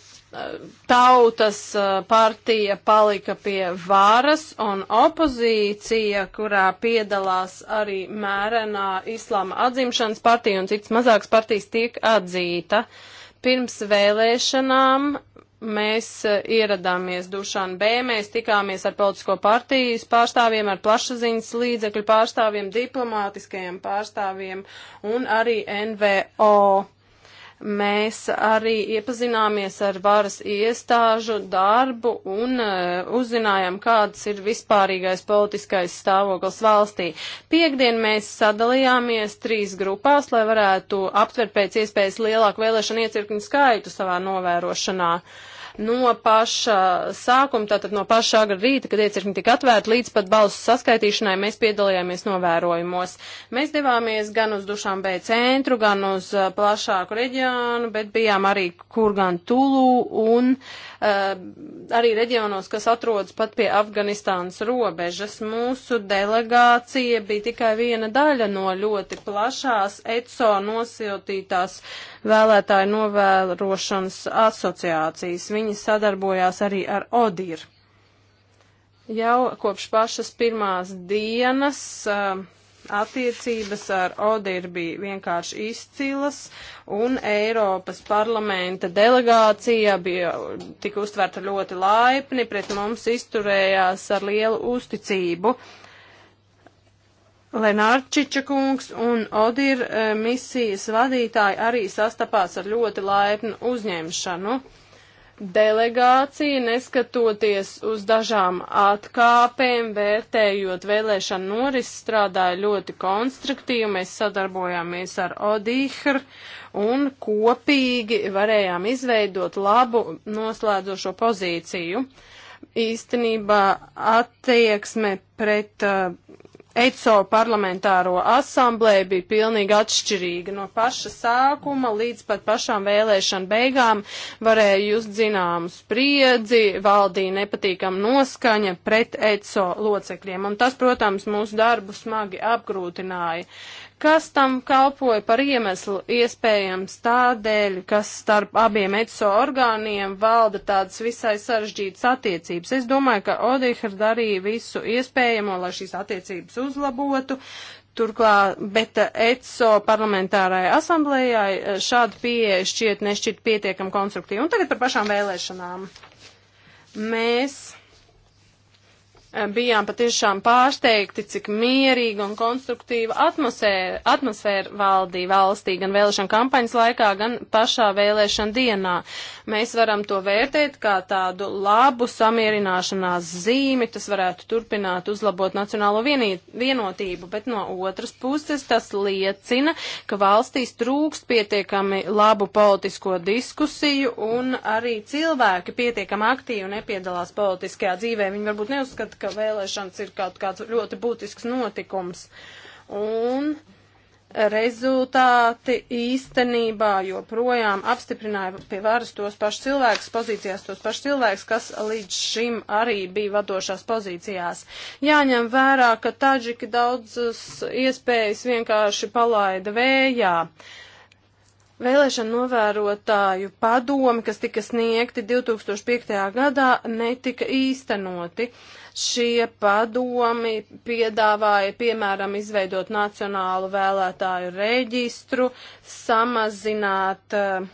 tautas partija palika pie varas un opozīcija, kurā piedalās arī mērenā islāma atzimšanas partija un cits mazāks partijas tiek atzīta. Pirms vēlēšanām mēs ieradāmies Dušan B, mēs tikāmies ar politisko partijas pārstāvjiem, ar plašsaziņas līdzekļu pārstāvjiem, diplomātiskajiem pārstāvjiem un arī NVO Mēs arī iepazināmies ar varas iestāžu darbu un uh, uzzinājām, kāds ir vispārīgais politiskais stāvoklis valstī. Piektdien mēs sadalījāmies trīs grupās, lai varētu aptvert pēc iespējas lielāku vēlēšanu iecirkņu skaitu savā novērošanā. Uh, no paša sākuma, tātad no paša agra rīta, kad iecirkņi tika atvērti, līdz pat balsu saskaitīšanai mēs piedalījāmies novērojumos. Mēs devāmies gan uz dušām B centru, gan uz uh, plašāku reģionu, bet bijām arī Kurgan Tulu un uh, Eh, arī reģionos, kas atrodas pat pie Afganistānas robežas. Mūsu delegācija bija tikai viena daļa no ļoti plašās ECO nosiltītās vēlētāju novērošanas asociācijas. Viņi sadarbojās arī ar ODIR. Jau kopš pašas pirmās dienas uh, Attiecības ar Odiru bija vienkārši izcilas, un Eiropas parlamenta delegācija bija tik uztverta ļoti laipni, pret mums izturējās ar lielu uzticību. Lenārčiča kungs un Odir eh, misijas vadītāji arī sastapās ar ļoti laipnu uzņemšanu delegācija, neskatoties uz dažām atkāpēm, vērtējot vēlēšanu noris, strādāja ļoti konstruktīvi. Mēs sadarbojāmies ar Odihr un kopīgi varējām izveidot labu noslēdzošo pozīciju. Īstenībā attieksme pret uh, ECO parlamentāro asamblēju bija pilnīgi atšķirīga. No paša sākuma līdz pat pašām vēlēšanu beigām varēja just zinām spriedzi, valdīja nepatīkam noskaņa pret ECO locekļiem. Un tas, protams, mūsu darbu smagi apgrūtināja. Uh, Kas tam kalpoja par iemeslu? Iespējams tādēļ, kas starp abiem ECO orgāniem valda tādas visai sarežģītas attiecības. Es domāju, ka Odihar darīja visu iespējamo, lai šīs attiecības uzlabotu. Turklāt, bet ECO eh, parlamentārai asamblējai eh, šāda pieeja šķiet nešķiet pietiekam konstruktīva. Un tagad par pašām vēlēšanām. Mēs bijām patiešām pārsteigti, cik mierīga un konstruktīva atmosfēra, atmosfēra valdīja valstī gan vēlēšana kampaņas laikā, gan pašā vēlēšana dienā. Mēs varam to vērtēt kā tādu labu samierināšanās zīmi, tas varētu turpināt uzlabot nacionālo vienī, vienotību, bet no otras puses tas liecina, ka valstīs trūkst pietiekami labu politisko diskusiju un arī cilvēki pietiekami aktīvi nepiedalās politiskajā dzīvē. Viņi varbūt neuzskata, ka vēlēšanas ir kaut kāds ļoti būtisks notikums. Un rezultāti īstenībā joprojām apstiprināja pie varas tos pašus cilvēkus, pozīcijās tos pašus cilvēkus, kas līdz šim arī bija vadošās pozīcijās. Jāņem vērā, ka taģiki daudzas iespējas vienkārši palaida vējā. Vēlēšana novērotāju padomi, kas tika sniegti 2005. gadā, netika īstenoti. Uh, Šie padomi piedāvāja, piemēram, izveidot nacionālu vēlētāju reģistru, samazināt uh,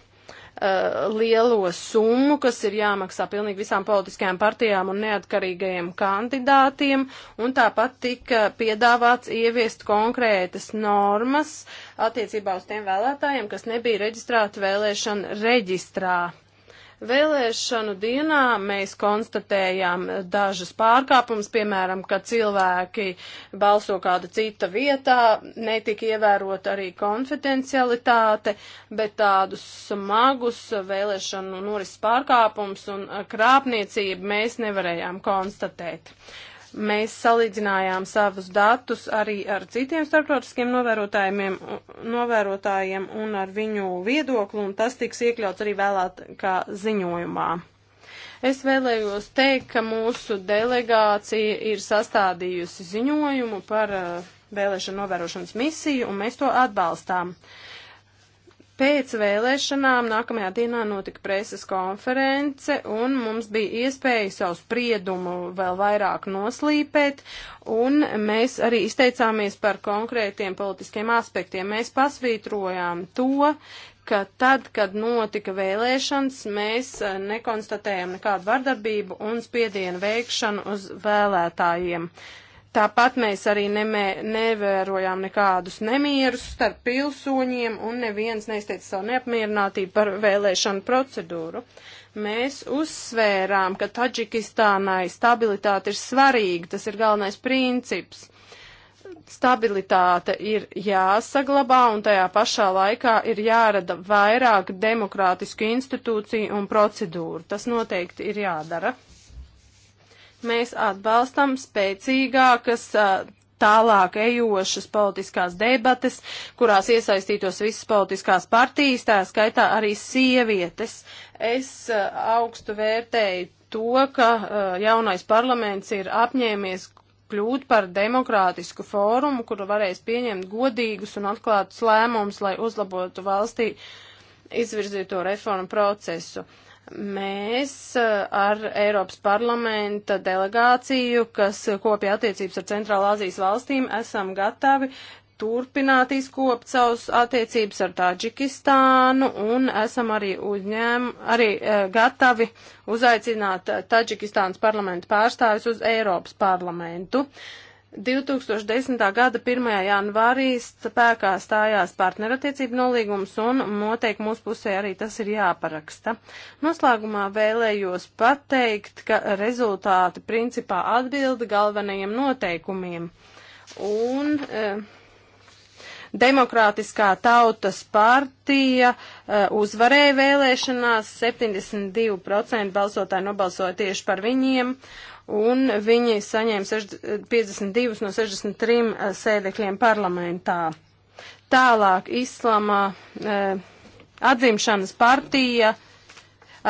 lielo summu, kas ir jāmaksā pilnīgi visām politiskajām partijām un neatkarīgajiem kandidātiem, un tāpat tika piedāvāts ieviest konkrētas normas attiecībā uz tiem vēlētājiem, kas nebija reģistrēti vēlēšana reģistrā. Vēlēšanu dienā mēs konstatējām dažas pārkāpumus, piemēram, ka cilvēki balso kāda cita vietā, netika ievērot arī konfidencialitāte, bet tādus smagus vēlēšanu norises pārkāpumus un krāpniecību mēs nevarējām konstatēt. Mēs salīdzinājām savus datus arī ar citiem starptautiskiem novērotājiem, novērotājiem un ar viņu viedokli, un tas tiks iekļauts arī vēlākā ziņojumā. Es vēlējos teikt, ka mūsu delegācija ir sastādījusi ziņojumu par uh, vēlēšanu novērošanas misiju, un mēs to atbalstām. Uh, Pēc vēlēšanām nākamajā dienā notika preses konference, un mums bija iespēja savu spriedumu vēl vairāk noslīpēt, un mēs arī izteicāmies par konkrētiem politiskiem aspektiem. Mēs pasvītrojām to, ka tad, kad notika vēlēšanas, mēs e, nekonstatējam nekādu vardarbību un spiedienu veikšanu uz vēlētājiem. Uh, Tāpat mēs arī nemē, nevērojām nekādus nemierus starp pilsoņiem un neviens neizteica savu neapmierinātību par vēlēšanu procedūru. Mēs uzsvērām, ka Taģikistānai stabilitāte ir svarīga, tas ir galvenais princips stabilitāte ir jāsaglabā un tajā pašā laikā ir jārada vairāk demokrātisku institūciju un procedūru. Tas noteikti ir jādara. Mēs atbalstam spēcīgākas tālāk ejošas politiskās debates, kurās iesaistītos visas politiskās partijas, tā skaitā arī sievietes. Es augstu vērtēju to, ka jaunais parlaments ir apņēmies kļūt par demokrātisku fórumu, kuru varēs pieņemt godīgus un atklātus lēmumus, lai uzlabotu valstī izvirzīto reformu procesu. Uh, mēs eh, ar Eiropas parlamenta delegāciju, kas kopja attiecības ar Centrālā Azijas valstīm, esam gatavi turpināt izkopt savus attiecības ar Taģikistānu un esam arī uzņēm, arī uh, gatavi uzaicināt Taģikistānas parlamentu pārstāvis uz Eiropas parlamentu. Uh, 2010. gada 1. janvārī spēkā stājās partnerattiecību nolīgums un noteikti mūsu pusē arī tas ir jāparaksta. Noslēgumā vēlējos pateikt, ka rezultāti principā atbilda galvenajiem noteikumiem. Un, e, Demokrātiskā tautas partija uh, uzvarēja vēlēšanās, 72% balsotāji nobalsoja tieši par viņiem, un viņi saņēma 52 no 63 eh, sēdekļiem parlamentā. Tālāk Islama eh, atzimšanas partija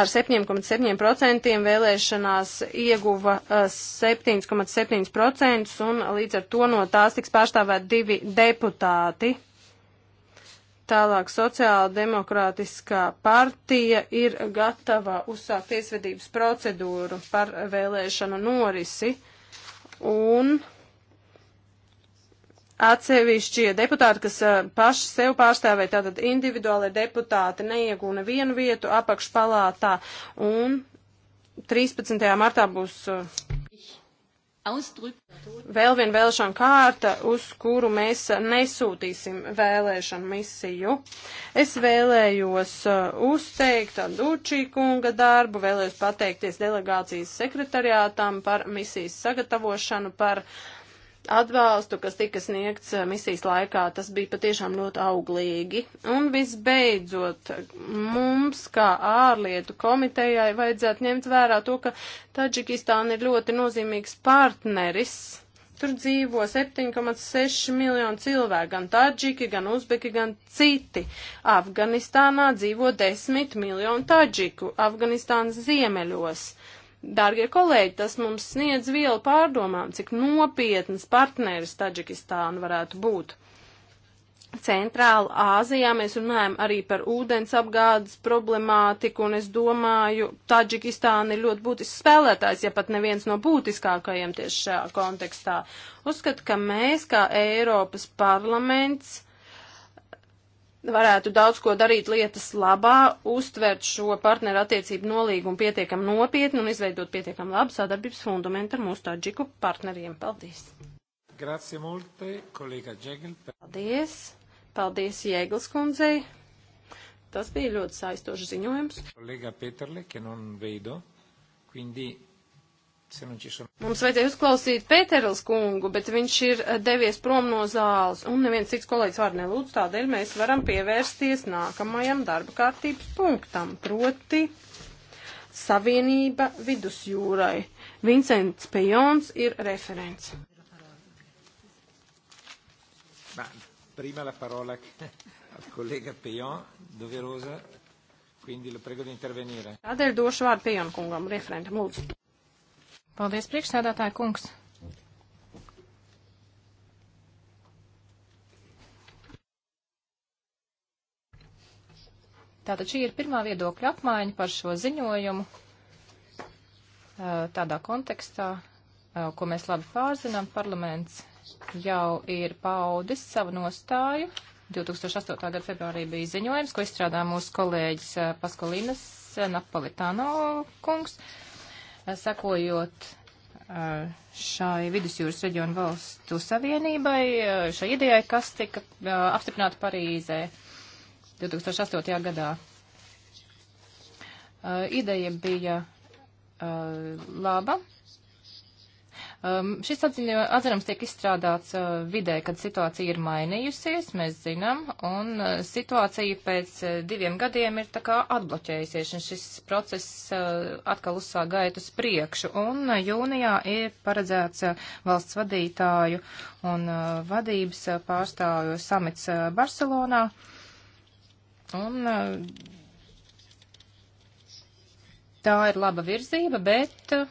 ar 7,7% vēlēšanās ieguva 7,7% eh, un līdz ar to no tās tiks pārstāvēt divi deputāti. Tālāk sociāla demokrātiskā partija ir gatava uzsākt tiesvedības procedūru par vēlēšanu norisi un atsevišķie deputāti, kas eh, paši sev pārstāvēja, tātad individuāli deputāti neiegūna vienu vietu apakšpalātā un 13. martā būs eh, Vēl viena vēlēšana kārta, uz kuru mēs nesūtīsim vēlēšanu misiju. Es vēlējos uh, uzteikt Dučī kunga darbu, vēlējos pateikties delegācijas sekretariātam par misijas sagatavošanu, par uh, atbalstu, kas tika sniegts eh, misijas laikā. Tas bija patiešām ļoti auglīgi. Un visbeidzot, mums kā ārlietu komitejai vajadzētu ņemt vērā to, ka Taģikistāna ir ļoti nozīmīgs partneris. Tur dzīvo 7,6 miljonu cilvēku, gan taģiki, gan uzbeki, gan citi. Afganistānā dzīvo 10 miljonu taģiku, Afganistānas ziemeļos. Dārgie kolēģi, tas mums sniedz vielu pārdomām, cik nopietnas partneris Taģikistāna varētu būt. Centrāla Āzijā mēs runājam arī par ūdens apgādes problemātiku, un es domāju, Taģikistāna ir ļoti būtisks spēlētājs, ja pat neviens no būtiskākajiem tieši šajā kontekstā. Uzskatu, ka mēs, kā Eiropas parlaments, varētu daudz ko darīt lietas labā, uztvert šo partneru attiecību nolīgumu pietiekam nopietni un izveidot pietiekam labu sadarbības fundamentu ar mūsu tādžiku partneriem. Paldies! Grazie multe, kolēga Džegl. Paldies! Paldies Jēgls kundzei! Tas bija ļoti saistošs ziņojums. Kolēga Peterle, ka non veido, quindi Mums vajadzēja uzklausīt Pēterls kungu, bet viņš ir eh, devies prom no zāles, un neviens cits kolēģis var nelūdz, tādēļ mēs varam pievērsties nākamajam darba kārtības punktam, proti Savienība vidusjūrai. Vincents Pejons ir referents. Ma prima la parola <laughs> al collega Pejon, doverosa, quindi lo prego di intervenire. Tādēļ došu vārdu Pejon kungam, referentam, lūdzu. Paldies, priekšsēdētāja kungs. Tātad šī ir pirmā viedokļa apmaiņa par šo ziņojumu tādā kontekstā, ko mēs labi pārzinām. Parlaments jau ir paudis savu nostāju. 2008. gada februārī bija ziņojums, ko izstrādā mūsu kolēģis Paskolīnas Napolitāno kungs. Uh, sakojot eh, šai vidusjūras reģionu valstu savienībai, eh, šai idejai, kas tika eh, apstiprināta Parīzē 2008. gadā. Ideja bija laba, Um, šis atzinums tiek izstrādāts uh, vidē, kad situācija ir mainījusies, mēs zinām, un uh, situācija pēc uh, diviem gadiem ir tā kā atbloķējusies, un šis process uh, atkal uzsāk gaitu uz priekšu, un uh, jūnijā ir paredzēts uh, valsts vadītāju un uh, vadības uh, pārstāvju samits uh, Barcelonā. Un, uh, Tā ir laba virzība, bet uh,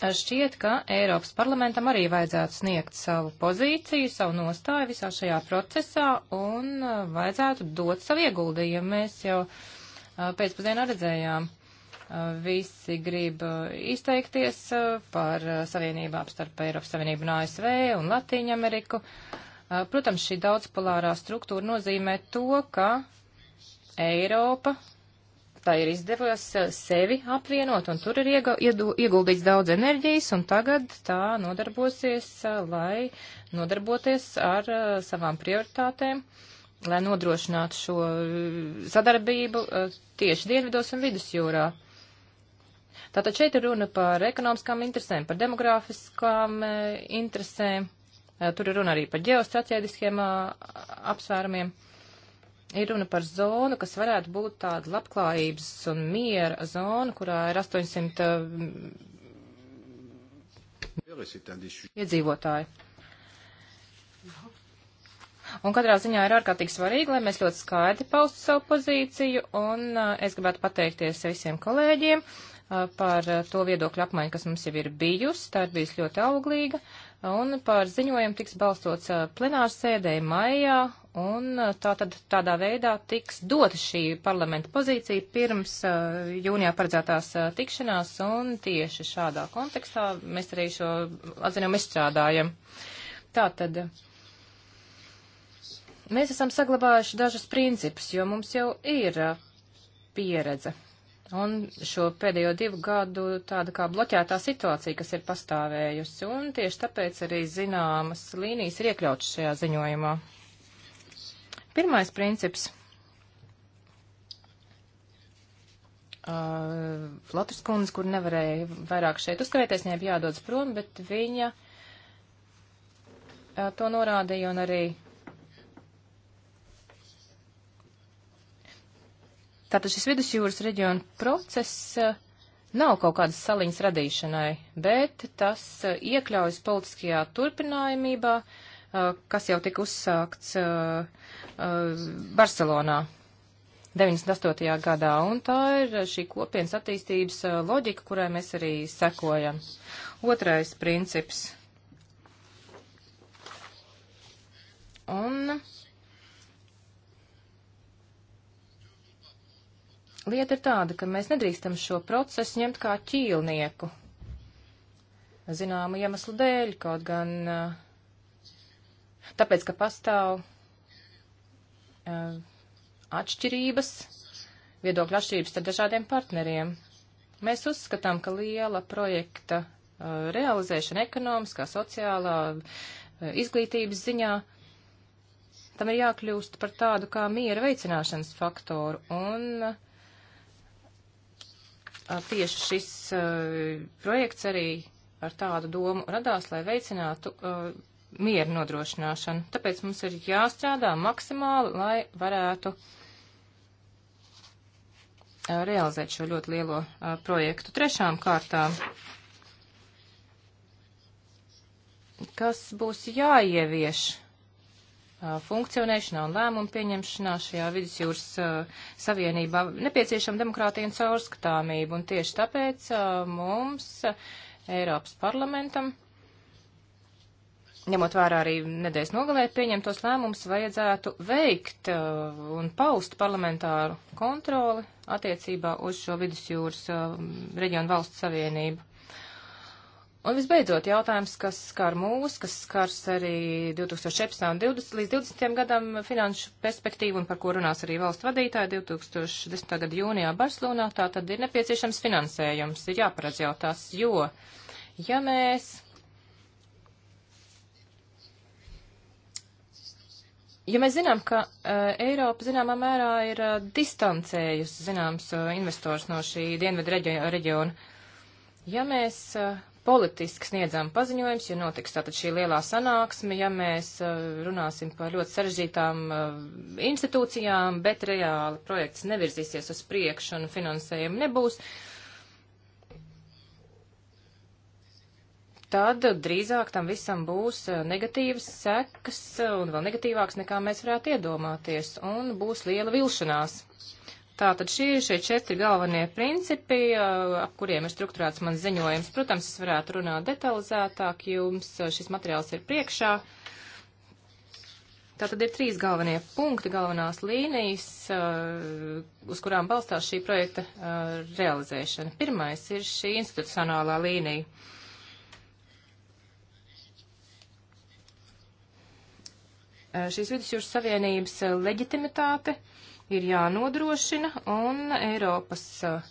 šķiet, ka Eiropas parlamentam arī vajadzētu sniegt savu pozīciju, savu nostāju visā šajā procesā un vajadzētu dot savu ieguldījumu. Mēs jau pēcpazienā redzējām, visi grib izteikties par savienībām starp Eiropas Savienību un ASV un Latīņu Ameriku. Protams, šī daudzpolārā struktūra nozīmē to, ka Eiropa tā ir izdevies eh, sevi apvienot, un tur ir ieguldīts daudz enerģijas, un tagad tā nodarbosies, eh, lai nodarboties ar eh, savām prioritātēm, lai nodrošinātu šo sadarbību tieši dienvidos un vidusjūrā. Tātad šeit ir runa par ekonomiskām interesēm, par demografiskām interesēm, tur ir runa arī par ģeostrateģiskiem apsvērumiem ir runa par zonu, kas varētu būt tāda labklājības un miera zona, kurā ir 800 um, iedzīvotāji. Un katrā ziņā ir ārkārtīgi svarīgi, lai mēs ļoti skaidri paustu savu pozīciju, un uh, es gribētu pateikties visiem kolēģiem uh, par uh, to viedokļu apmaiņu, kas mums jau ir bijusi, tā ir bijusi ļoti auglīga. Uh, un par ziņojumu tiks balstots plenārs sēdē maijā, un tā tad tādā veidā tiks dota šī parlamenta pozīcija pirms jūnijā paredzētās tikšanās, un tieši šādā kontekstā mēs arī šo atzinumu izstrādājam. Tā tad. Mēs esam saglabājuši dažus principus, jo mums jau ir pieredze Un šo pēdējo divu gadu tāda kā bloķētā situācija, kas ir pastāvējusi, un tieši tāpēc arī zināmas līnijas ir iekļautas šajā ziņojumā. Pirmais princips. Uh, Latvijas kundze, kur nevarēja vairāk šeit uzkavēties, viņai bija jādodas prom, bet viņa uh, to norādīja un arī Tātad šis vidusjūras reģiona process eh, nav kaut kādas saliņas radīšanai, bet tas eh, iekļaujas politiskajā turpinājumībā, eh, kas jau tika uzsākts Barcelonā 98. gadā, un tā ir šī kopienas attīstības loģika, kurai mēs arī sekojam. Otrais princips. Un Lieta ir tāda, ka mēs nedrīkstam šo procesu ņemt kā ķīlnieku, zināmu iemeslu dēļ, kaut gan tāpēc, ka pastāv atšķirības, viedokļa atšķirības starp dažādiem partneriem. Mēs uzskatām, ka liela projekta realizēšana ekonomiskā, sociālā, izglītības ziņā tam ir jākļūst par tādu kā miera veicināšanas faktoru, un tieši šis projekts arī ar tādu domu radās, lai veicinātu mieru nodrošināšanu. Tāpēc mums ir jāstrādā maksimāli, lai varētu realizēt šo ļoti lielo projektu. Trešām kārtām, kas būs jāievieš Uh, funkcionēšanā un lēmumu pieņemšanā šajā vidusjūras uh, savienībā nepieciešama demokrātija un caurskatāmība, un tieši tāpēc uh, mums uh, Eiropas parlamentam, ņemot vērā arī nedēļas nogalē pieņemtos lēmumus, vajadzētu veikt uh, un paust parlamentāru kontroli attiecībā uz šo vidusjūras uh, reģionu valsts savienību. Un visbeidzot, jautājums, kas skar mūs, kas skars arī 2014. un 20, līdz 20. gadam finanšu perspektīvu un par ko runās arī valstu vadītāji 2010. gada jūnijā Barcelonā, tā tad ir nepieciešams finansējums, ir jāparedz jau tās, jo, ja mēs. Ja mēs zinām, ka uh, Eiropa zināmā mērā ir uh, distancējusi zināms uh, investors no šī dienvedu reģiona, ja mēs uh, politiski sniedzam paziņojums, jo notiks tātad šī lielā sanāksme, ja mēs uh, runāsim par ļoti sarežģītām uh, institūcijām, bet reāli projekts nevirzīsies uz priekšu un finansējumu nebūs. Tad drīzāk tam visam būs uh, negatīvas sekas un vēl negatīvāks nekā mēs varētu iedomāties un būs liela vilšanās. Tātad šie ir šie četri galvenie principi, ap kuriem ir strukturēts mans ziņojums. Protams, es varētu runāt detalizētāk, jums šis materiāls ir priekšā. Tātad ir trīs galvenie punkti, galvenās līnijas, uz kurām balstās šī projekta realizēšana. Pirmais ir šī institucionālā līnija. Šīs vidusjūras savienības leģitimitāte. Uh, ir jānodrošina, un Eiropas eh,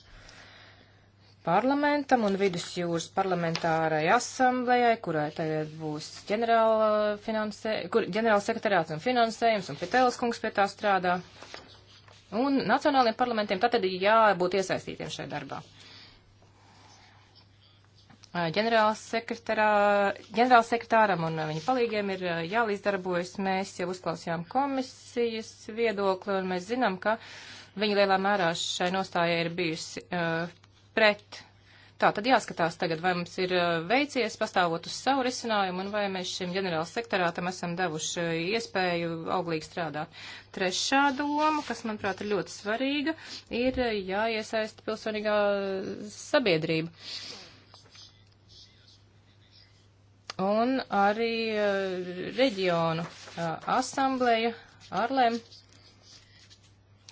parlamentam un vidusjūras parlamentārai asamblējai, kurai tagad būs ģenerāla, eh, finansē, kur, ģenerāla sekretariāts un finansējums, un Pitēlis kungs pie tā strādā. Un nacionālajiem parlamentiem tātad ir jābūt iesaistītiem šajā darbā. Eh, ģenerālsekretāram un eh, viņa palīgiem ir eh, jālīdzdarbojas. Mēs jau uzklausījām komisijas viedokli un mēs zinām, ka viņa lielā mērā šai nostājai ir bijusi uh, pret. Tā tad jāskatās tagad, vai mums ir veicies pastāvot uz savu risinājumu un vai mēs šim ģenerāls sektorātam esam devuši iespēju auglīgi strādāt. Trešā doma, kas manuprāt ir ļoti svarīga, ir jāiesaist pilsonīgā sabiedrība. Uh, un arī uh, reģionu uh, asambleja Arlem,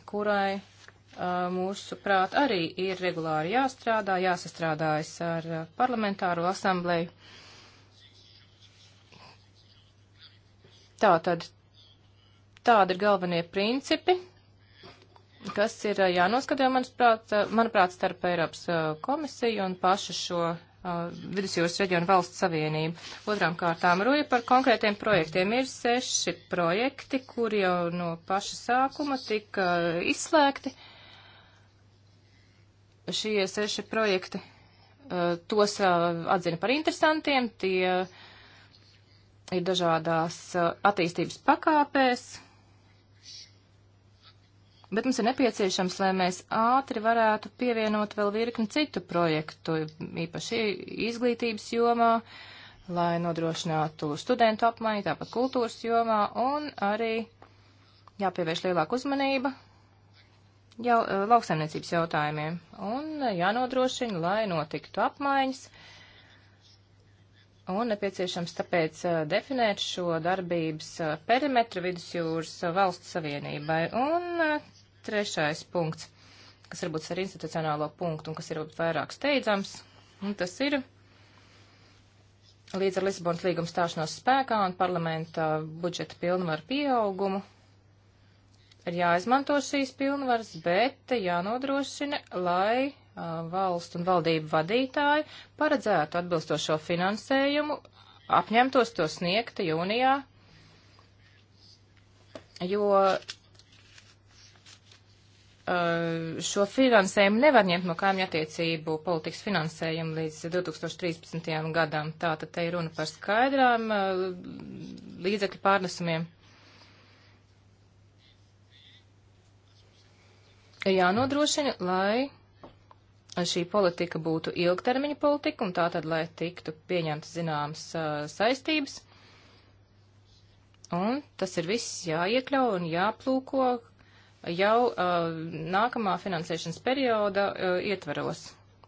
kurai uh, mūsu prāt arī ir regulāri jāstrādā, jāsastrādājas ar parlamentāro asambleju. Tātad tādi ir galvenie principi, kas ir jānoskatījumi, manuprāt, manuprāt, starp Eiropas komisiju un pašu šo Uh, Vidusjūras reģionu valsts savienību. Otrām kārtām ruja par konkrētiem projektiem. Ir seši projekti, kuri jau no paša sākuma tika izslēgti. Šie seši projekti uh, tos uh, atzina par interesantiem, tie ir dažādās attīstības pakāpēs, Bet mums ir nepieciešams, lai mēs ātri varētu pievienot vēl virkni citu projektu, īpaši izglītības jomā, lai nodrošinātu studentu apmaiņu, tāpat kultūras jomā, un arī jāpievērš lielāka uzmanība jau eh, lauksaimniecības jautājumiem, un jānodrošina, lai notiktu apmaiņas. Un nepieciešams tāpēc eh, definēt šo darbības eh, perimetru vidusjūras valsts savienībai. Un Trešais punkts, kas varbūt ir institucionālo punktu un kas ir vairāk steidzams, un tas ir līdz ar Lisabonas līguma stāšanos spēkā un parlamenta budžeta pilnvaru pieaugumu ir jāizmanto šīs pilnvaras, bet jānodrošina, lai a, valstu un valdību vadītāji paredzētu atbilstošo finansējumu, apņemtos to sniegt jūnijā, jo Uh, šo finansējumu nevar ņemt no kaimiņu attiecību politikas finansējumu līdz 2013. gadam. Tātad te ir runa par skaidrām uh, līdzekļu pārnesumiem. Jānodrošina, lai šī politika būtu ilgtermiņa politika un tātad, lai tiktu pieņemtas zināmas uh, saistības. Un tas ir viss jāiekļau un jāplūko, jau uh, nākamā finansēšanas perioda uh, ietvaros.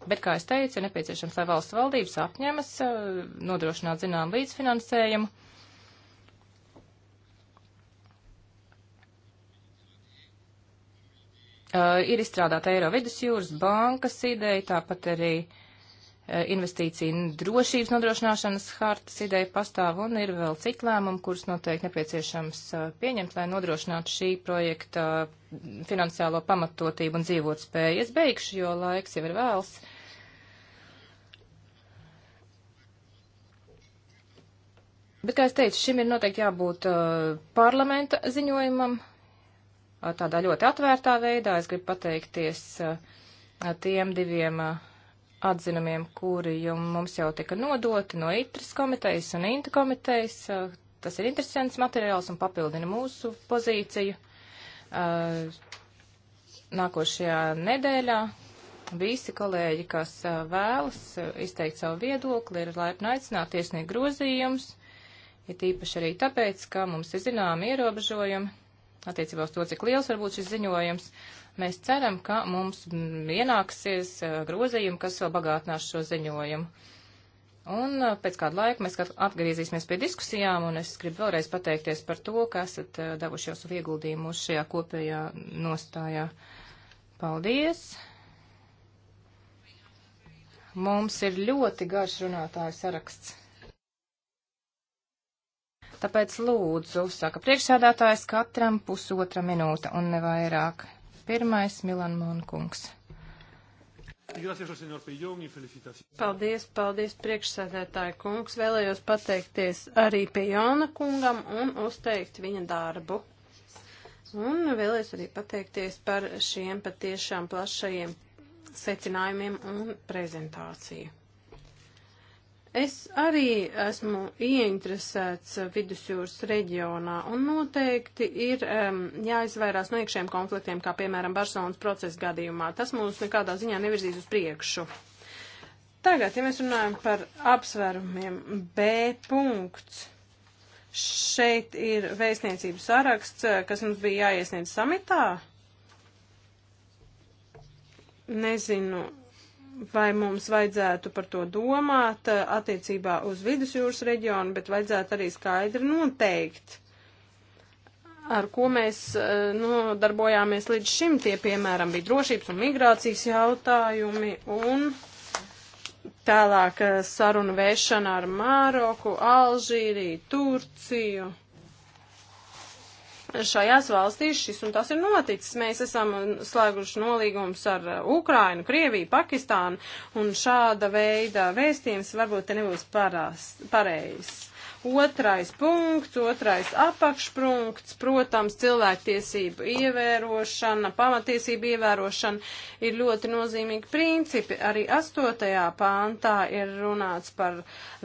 Bet, kā es teicu, ir nepieciešams, lai valsts valdības apņemas uh, nodrošināt zinām līdzfinansējumu. Uh, ir izstrādāta Eiro vidusjūras bankas ideja, tāpat arī uh, Eh, investīciju drošības nodrošināšanas hartas ideja pastāv un ir vēl cik lēmumi, kurus noteikti nepieciešams eh, pieņemt, lai nodrošinātu šī projekta finansiālo pamatotību un dzīvot spēju. Es beigšu, jo laiks jau ir vēls. Bet, kā es teicu, šim ir noteikti jābūt uh, parlamenta ziņojumam, uh, tādā ļoti atvērtā veidā. Es gribu pateikties uh, tiem diviem. Uh, atzinumiem, kuri mums jau tika nodoti no ITRIS komitejas un INTA komitejas. Eh, tas ir interesants materiāls un papildina mūsu pozīciju. Eh, nākošajā nedēļā visi kolēģi, kas eh, vēlas izteikt savu viedokli, ir laipni aicināti iesniegt grozījumus, ir tīpaši arī tāpēc, ka mums ir zināmi ierobežojumi attiecībā uz to, cik liels var būt šis ziņojums. Uh, Mēs ceram, ka mums ienāksies eh, grozījumi, kas vēl bagātinās šo ziņojumu. Un eh, pēc kāda laika mēs atgriezīsimies pie diskusijām, un es gribu vēlreiz pateikties par to, ka esat eh, devuši jūsu ieguldījumu uz šajā kopējā nostājā. Paldies! Mums ir ļoti garš runātāju saraksts. Tāpēc lūdzu, saka priekšsēdētājs, katram pusotra minūte un nevairāk. Pirmais Milan Monkungs. Paldies, paldies priekšsēdētāju kungs. Vēlējos pateikties arī Pijona kungam un uzteikt viņa darbu. Un vēlējos arī pateikties par šiem patiešām plašajiem secinājumiem un prezentāciju. Es arī esmu ieinteresēts vidusjūras reģionā un noteikti ir um, jāizvairās no iekšējiem konfliktiem, kā piemēram Barcelonas procesa gadījumā. Tas mūs nekādā ziņā nevirzīs uz priekšu. Tagad, ja mēs runājam par apsvērumiem, B punkts. Šeit ir vēstniecības saraksts, kas mums bija jāiesniedz samitā. Nezinu, vai mums vajadzētu par to domāt eh, attiecībā uz vidusjūras reģionu, bet vajadzētu arī skaidri noteikt, ar ko mēs eh, nodarbojāmies līdz šim. Tie, piemēram, bija drošības un migrācijas jautājumi un tālāk eh, sarunu vēršana ar Māroku, Alžīriju, Turciju šajās valstīs šis un tas ir noticis. Mēs esam slēguši nolīgumus ar uh, Ukrainu, Krieviju, Pakistānu, un šāda veida vēstījums varbūt te nebūs parās, pareizs. Otrais punkts, otrais apakšpunkts, protams, cilvēktiesību ievērošana, pamatiesību ievērošana ir ļoti nozīmīgi principi. Arī astotajā pāntā ir runāts par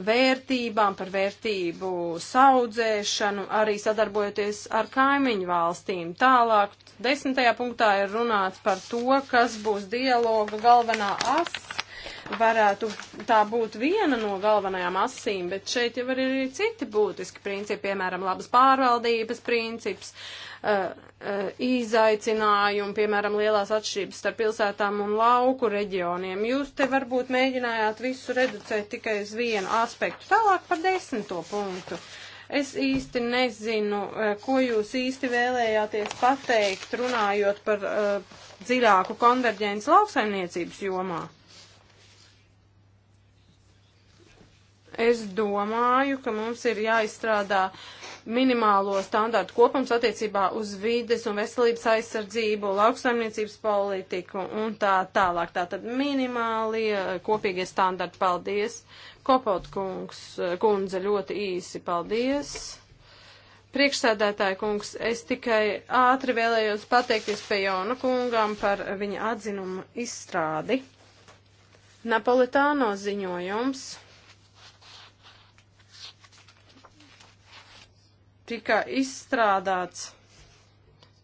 vērtībām, par vērtību saudzēšanu, arī sadarbojoties ar kaimiņu valstīm. Tālāk desmitajā punktā ir runāts par to, kas būs dialoga galvenā asa varētu tā būt viena no galvenajām asīm, bet šeit jau ir arī citi būtiski principi, piemēram, labas pārvaldības princips, uh, uh, izaicinājumi, piemēram, lielās atšķirības starp pilsētām un lauku reģioniem. Jūs te varbūt mēģinājāt visu reducēt tikai uz vienu aspektu. Tālāk par desmito punktu. Es īsti nezinu, uh, ko jūs īsti vēlējāties pateikt, runājot par uh, dziļāku konverģenci lauksaimniecības jomā. Es domāju, ka mums ir jāizstrādā minimālo standārtu kopums attiecībā uz vides un veselības aizsardzību, lauksaimniecības politiku un tā tālāk. Tātad minimālie eh, kopīgie standarti. Paldies. Kopaut kungs, eh, kundze ļoti īsi. Paldies. Priekšsēdētāja kungs, es tikai ātri vēlējos pateikties pie Jona kungām par viņa atzinumu izstrādi. Napolitāno ziņojums. tika izstrādāts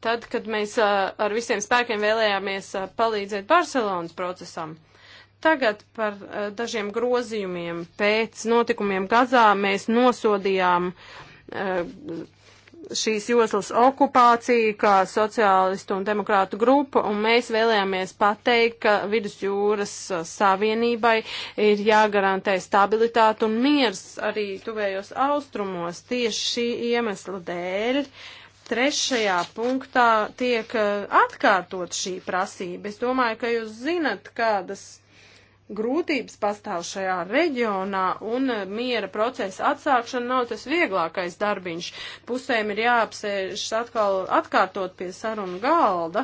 tad, kad mēs ar visiem spēkiem vēlējāmies palīdzēt Barcelonas procesam. Tagad par dažiem grozījumiem pēc notikumiem Gazā mēs nosodījām šīs joslas okupācija, kā sociālistu un demokrātu grupa, un mēs vēlējāmies pateikt, ka vidusjūras uh, savienībai ir jāgarantē stabilitāte un miers arī tuvējos austrumos tieši šī iemesla dēļ. Trešajā punktā tiek uh, atkārtot šī prasība. Es domāju, ka jūs zinat, kādas grūtības pastāv šajā reģionā un eh, miera procesa atsākšana nav tas vieglākais darbiņš. Pusēm ir jāapsēžas atkal atkārtot pie sarunu galda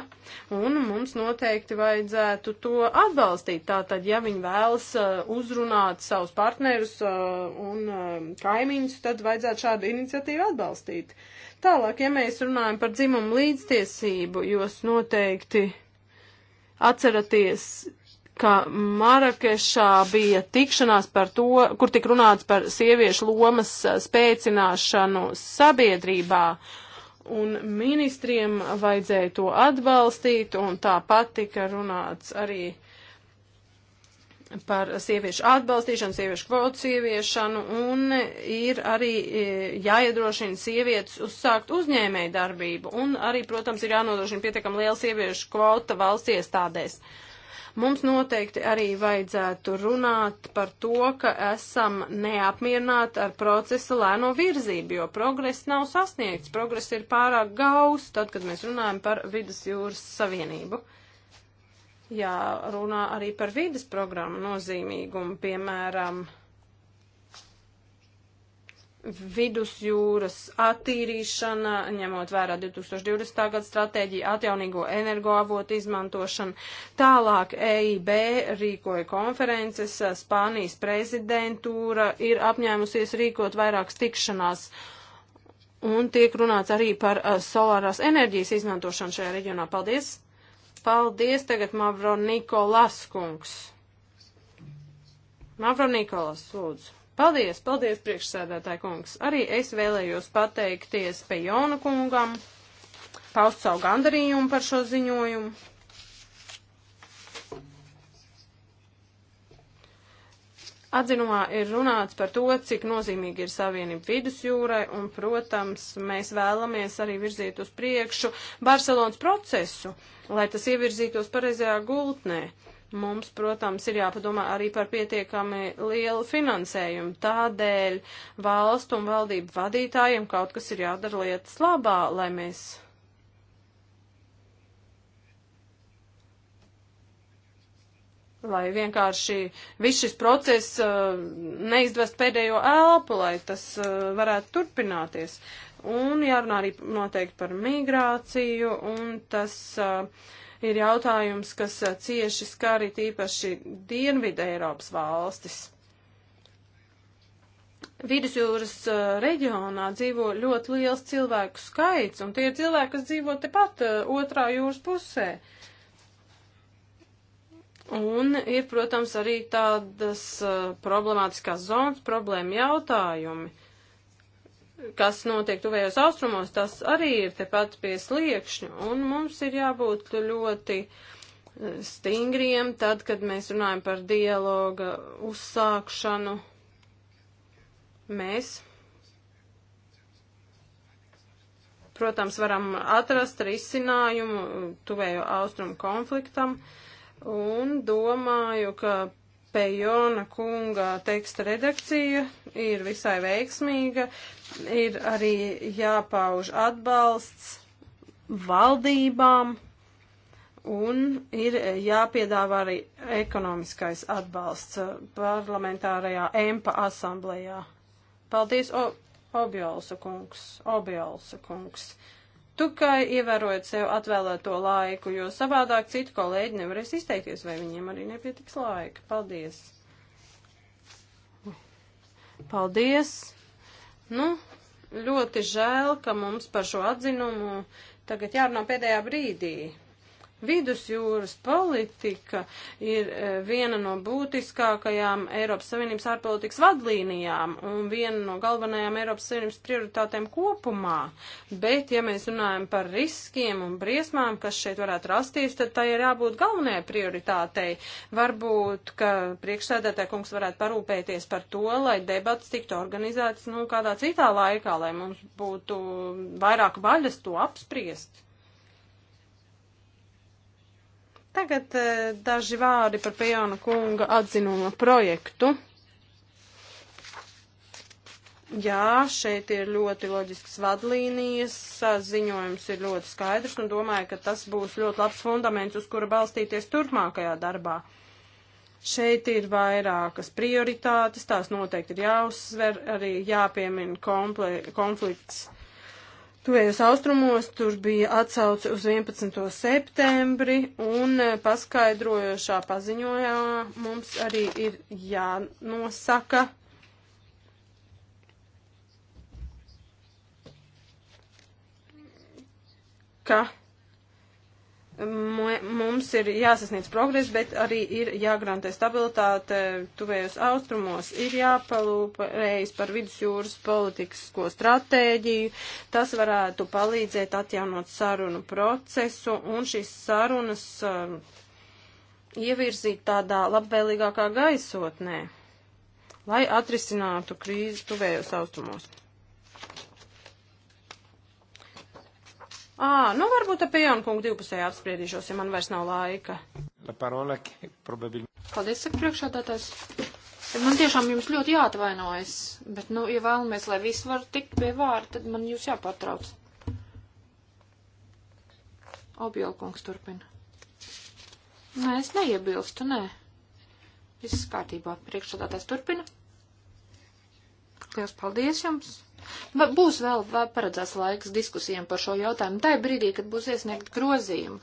un mums noteikti vajadzētu to atbalstīt. Tātad, ja viņi vēlas eh, uzrunāt savus partnerus eh, un kaimiņus, tad vajadzētu šādu iniciatīvu atbalstīt. Tālāk, ja mēs runājam par dzimumu līdztiesību, jūs noteikti atceraties ka Marakešā bija tikšanās par to, kur tik runāts par sieviešu lomas spēcināšanu sabiedrībā un ministriem vajadzēja to atbalstīt, un tāpat tika runāts arī par sieviešu atbalstīšanu, sieviešu kvotu sieviešanu, un ir arī e, jāiedrošina sievietes uzsākt uzņēmēju darbību, un arī, protams, ir jānodrošina pietiekam liela sieviešu kvota valsts iestādēs. Uh, Mums noteikti arī vajadzētu runāt par to, ka esam neapmierināti ar procesa lēno virzību, jo progress nav sasniegts, progress ir pārāk gaus, tad, kad mēs runājam par vidus jūras savienību jārunā arī par vidas programmu nozīmīgumu, piemēram, vidusjūras attīrīšana, ņemot vērā 2020. gada stratēģiju, atjaunīgo energoavotu izmantošanu. Tālāk EIB rīkoja konferences, Spānijas prezidentūra ir apņēmusies rīkot vairākas tikšanās. Un tiek runāts arī par uh, solārās enerģijas izmantošanu šajā reģionā. Paldies! Paldies tagad Mavro Nikolas kungs. Mavro Nikolas, lūdzu. Paldies, paldies, priekšsēdētāji kungs. Arī es vēlējos pateikties Pejona kungam, paust savu gandarījumu par šo ziņojumu. Atzinumā ir runāts par to, cik nozīmīgi ir savienība vidusjūrai, un, protams, mēs vēlamies arī virzīt uz priekšu Barcelonas procesu, lai tas ievirzītos pareizajā gultnē. Uh, Mums, protams, ir jāpadomā arī par pietiekami lielu finansējumu. Tādēļ valstu un valdību vadītājiem kaut kas ir jādara lietas labā, lai mēs lai vienkārši viss šis process uh, neizdvest pēdējo elpu, lai tas uh, varētu turpināties. Un jārunā arī noteikti par migrāciju, un tas uh, ir jautājums, kas eh, cieši skar it īpaši Dienvidē Eiropas valstis. Vidusjūras uh, reģionā dzīvo ļoti liels cilvēku skaits, un tie ir cilvēki, kas dzīvo tepat uh, otrā jūras pusē. Un ir, protams, arī tādas uh, problemātiskās zonas problēma jautājumi kas notiek tuvējos austrumos, tas arī ir tepat pie sliekšņa, un mums ir jābūt ļoti e, stingriem tad, kad mēs runājam par dialoga uzsākšanu. Mēs, protams, varam atrast risinājumu tuvējo austrumu konfliktam, un domāju, ka Pejona kunga teksta redakcija ir visai veiksmīga, ir arī jāpauž atbalsts valdībām un ir jāpiedāvā arī ekonomiskais atbalsts parlamentārajā EMPA asamblējā. Paldies, o, Objolsa kungs, Objolsa kungs. Uh, tikai ievērojot sev atvēlēto laiku, jo savādāk citi kolēģi nevarēs izteikties, vai viņiem arī nepietiks laika. Paldies! Paldies! Nu, ļoti žēl, ka mums par šo atzinumu tagad jārunā pēdējā brīdī. Vidusjūras politika ir e, viena no būtiskākajām Eiropas Savienības ārpolitikas vadlīnijām un viena no galvenajām Eiropas Savienības prioritātēm kopumā. Bet, ja mēs runājam par riskiem un briesmām, kas šeit varētu rasties, tad tai ir jābūt galvenajai prioritātei. Varbūt, ka priekšsēdētāja kungs varētu parūpēties par to, lai debats tiktu organizēts nu, kādā citā laikā, lai mums būtu vairāk vaļas to apspriest. Tagad e, daži vārdi par Pejāna kunga atzinuma projektu. Jā, šeit ir ļoti loģisks vadlīnijas, ziņojums ir ļoti skaidrs un domāju, ka tas būs ļoti labs fundaments, uz kura balstīties turpmākajā darbā. Šeit ir vairākas prioritātes, tās noteikti ir jāuzsver, arī jāpiemina konflikts Tuvējos austrumos tur bija atsauce uz 11. septembri un e, paskaidrojošā paziņojā mums arī ir jānosaka ka mums ir jāsasniedz progress, bet arī ir jāgarantē stabilitāte tuvējos austrumos, ir jāpalūpējas par vidusjūras politisko stratēģiju, tas varētu palīdzēt atjaunot sarunu procesu un šīs sarunas uh, ievirzīt tādā labvēlīgākā gaisotnē, lai atrisinātu krīzi tuvējos austrumos. Ā, nu varbūt ap Jaunkungu divpusēji apspriedīšos, ja man vairs nav laika. La parola, probabil... Paldies, saka priekšādātājs. Man tiešām jums ļoti jāatvainojas, bet, nu, ja vēlamies, lai viss var tikt pie vārda, tad man jūs jāpārtrauc. Objēlkungs turpina. Nē, es neiebilstu, nē. Viss kārtībā. Priekšsādātājs turpina. Lielas paldies jums! Būs vēl paredzēts laiks diskusijām par šo jautājumu. Tā ir brīdī, kad būs iesniegt grozījumi.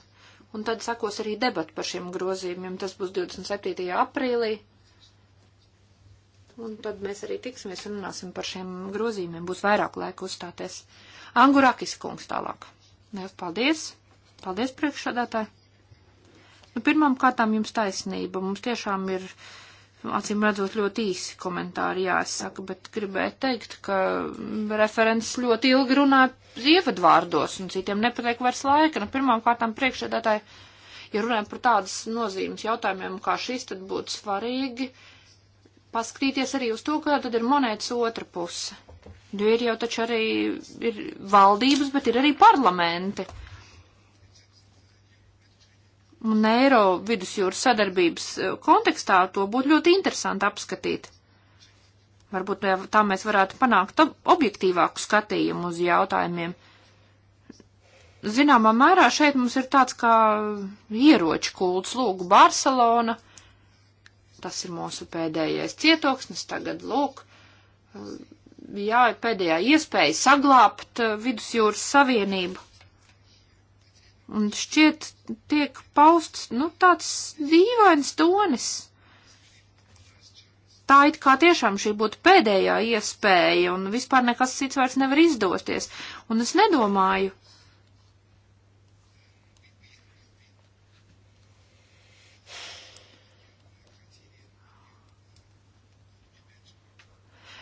Un tad sakos arī debati par šiem grozījumiem. Tas būs 27. aprīlī. Un tad mēs arī tiksimies un runāsim par šiem grozījumiem. Būs vairāk laika uzstāties. Angurakis kungs tālāk. Liels paldies. Paldies priekšsādātāji. Nu, pirmām kārtām jums taisnība. Mums tiešām ir Acīm redzot, ļoti īsi komentāri jāsaka, bet gribēju teikt, ka referents ļoti ilgi runā ievadvārdos un citiem nepatiek vairs laika. Nu, pirmām kārtām priekšēdētāji, ja runājam par tādas nozīmes jautājumiem kā šis, tad būtu svarīgi paskatīties arī uz to, kā tad ir monētas otra puse. Jo nu, ir jau taču arī ir valdības, bet ir arī parlamenti. Un eiro vidusjūras sadarbības e, kontekstā to būtu ļoti interesanti apskatīt. Varbūt tā mēs varētu panākt objektīvāku skatījumu uz jautājumiem. Zināmā mērā šeit mums ir tāds kā ieroču kults, lūgu Barcelona, tas ir mūsu pēdējais cietoksnis, tagad lūk, e, jā, pēdējā iespēja saglābt e, vidusjūras savienību. Un šķiet tiek pausts, nu, tāds dīvains tonis. Tā it kā tiešām šī būtu pēdējā iespēja, un vispār nekas cits vairs nevar izdoties. Un es nedomāju,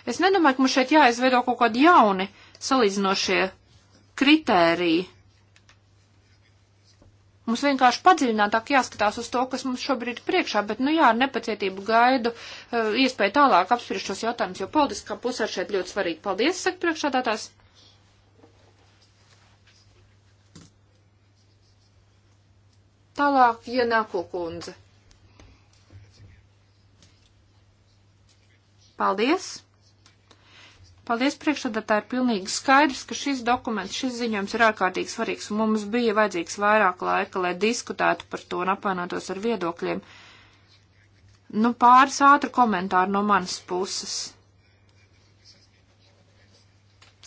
Es nedomāju, ka mums šeit jāizveido kaut kādi jauni salīdzinošie kritēriji. Mums vienkārši padziļinātāk jāskatās uz to, kas mums šobrīd ir priekšā, bet, nu jā, ar nepacietību gaidu eh, iespēju tālāk apspriest šos jautājumus, jo politiskā pusē šeit ļoti svarīgi. Paldies, saka priekšādātājs. Tālāk, ja nāko kundze. Paldies! Paldies priekšsādātāji, pilnīgi skaidrs, ka šis dokuments, šis ziņojums ir ārkārtīgi svarīgs, un mums bija vajadzīgs vairāk laika, lai diskutētu par to un apvainotos ar viedokļiem. Nu, pāris ātri komentāri no manas puses.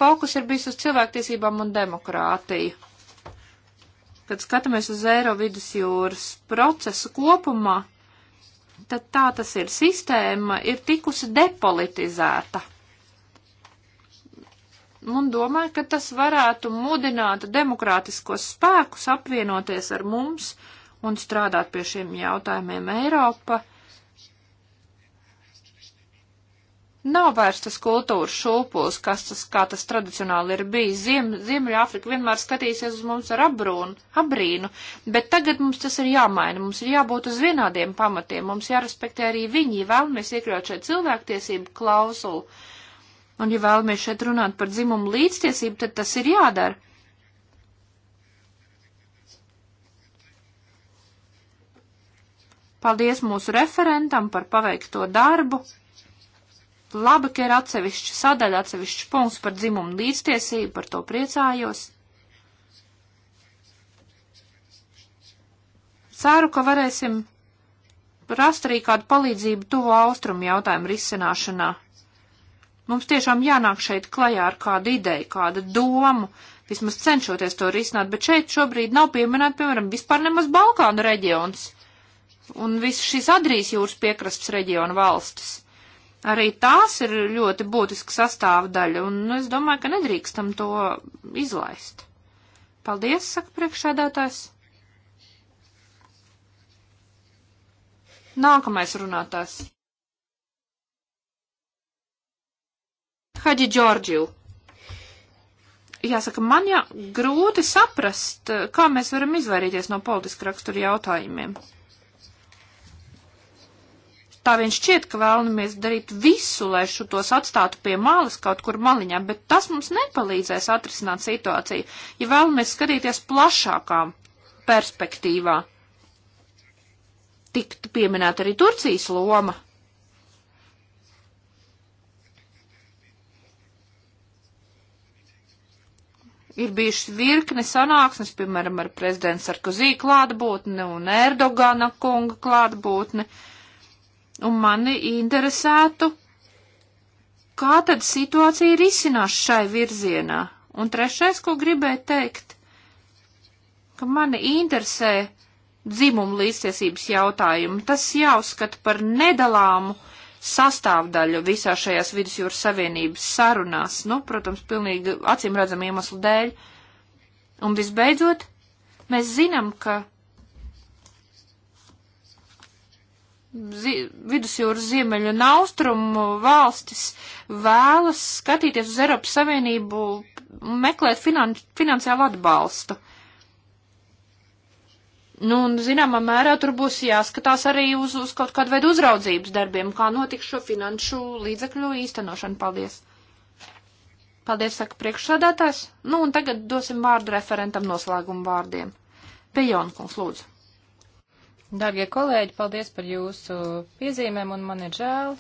Fokus ir bijis uz cilvēktiesībām un demokrātiju. Kad skatāmies uz Eiro vidus jūras procesu kopumā, tad tā tas ir. Sistēma ir tikusi depolitizēta un domāju, ka tas varētu mudināt demokrātiskos spēkus apvienoties ar mums un strādāt pie šiem jautājumiem Eiropa. Nav vairs tas kultūras šūpuls, kas tas, kā tas tradicionāli ir bijis. Ziem, Ziemeļāfrika vienmēr skatīsies uz mums ar abrūnu, abrīnu, bet tagad mums tas ir jāmaina, mums ir jābūt uz vienādiem pamatiem, mums jārespektē arī viņi, vēlamies iekļaut šeit cilvēktiesību klausulu. Uh, Un, ja vēlamies šeit runāt par dzimumu līdztiesību, tad tas ir jādara. Paldies mūsu referentam par paveikto darbu. Labi, ka ir atsevišķa sadaļa, atsevišķa punkts par dzimumu līdztiesību, par to priecājos. Ceru, ka varēsim rast arī kādu palīdzību tuvo austrumu jautājumu risināšanā. Mums tiešām jānāk šeit klajā ar kādu ideju, kādu domu, vismaz cenšoties to risināt, bet šeit šobrīd nav pieminēt, piemēram, vispār nemaz Balkānu reģions un visas šīs Adrijas jūras piekrastes reģiona valstis. Arī tās ir ļoti būtiska sastāvdaļa, un es domāju, ka nedrīkstam to izlaist. Paldies, saka priekšsēdētājs. Nākamais runātājs. Haģi Džordžiju. Jāsaka, man jā, grūti saprast, eh, kā mēs varam izvairīties no politiska rakstura jautājumiem. Tā vien šķiet, ka vēlamies darīt visu, lai šo tos atstātu pie malas kaut kur maliņā, bet tas mums nepalīdzēs atrisināt situāciju, ja vēlamies skatīties plašākā perspektīvā. Tiktu pieminēta arī Turcijas loma. Ir bijušas virkne sanāksmes, piemēram, ar prezidentu Sarkozī klātbūtni un Erdogana kunga klātbūtni. Un mani interesētu, kā tad situācija ir izcinās šai virzienā. Un trešais, ko gribēju teikt, ka mani interesē dzimumu līdztiesības jautājumu. Tas jāuzskata par nedalāmu sastāvdaļu visā šajās vidusjūras savienības sarunās, nu, protams, pilnīgi acīm redzam iemeslu dēļ. Un visbeidzot, mēs zinām, ka zi vidusjūras ziemeļu un austrumu valstis vēlas skatīties uz Eiropas Savienību un meklēt finan finansiālu atbalstu. Nu, un, zināmā mērā, tur būs jāskatās arī uz, uz kaut kādu veidu uzraudzības darbiem, kā notiks šo finanšu līdzekļu īstenošana. Paldies! Paldies, saka priekšsādātājs. Nu, un tagad dosim vārdu referentam noslēgumu vārdiem. Pejonkungs, lūdzu. Dārgie kolēģi, paldies par jūsu piezīmēm, un man ir žēl,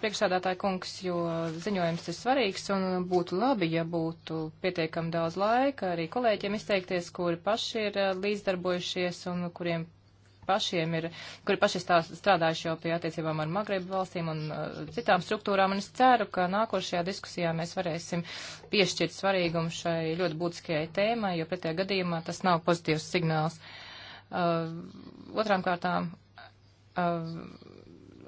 priekšsādātāja kungs, jo ziņojums ir svarīgs un būtu labi, ja būtu pietiekami daudz laika arī kolēģiem izteikties, kuri paši ir eh, līdzdarbojušies un kuriem pašiem ir, kuri paši strādājuši jau pie attiecībām ar Magrebu valstīm un uh, citām struktūrām. Un es ceru, ka nākošajā diskusijā mēs varēsim piešķirt svarīgumu šai ļoti būtiskajai tēmai, jo pretējā gadījumā tas nav pozitīvs signāls. Uh, otrām kārtām. Uh,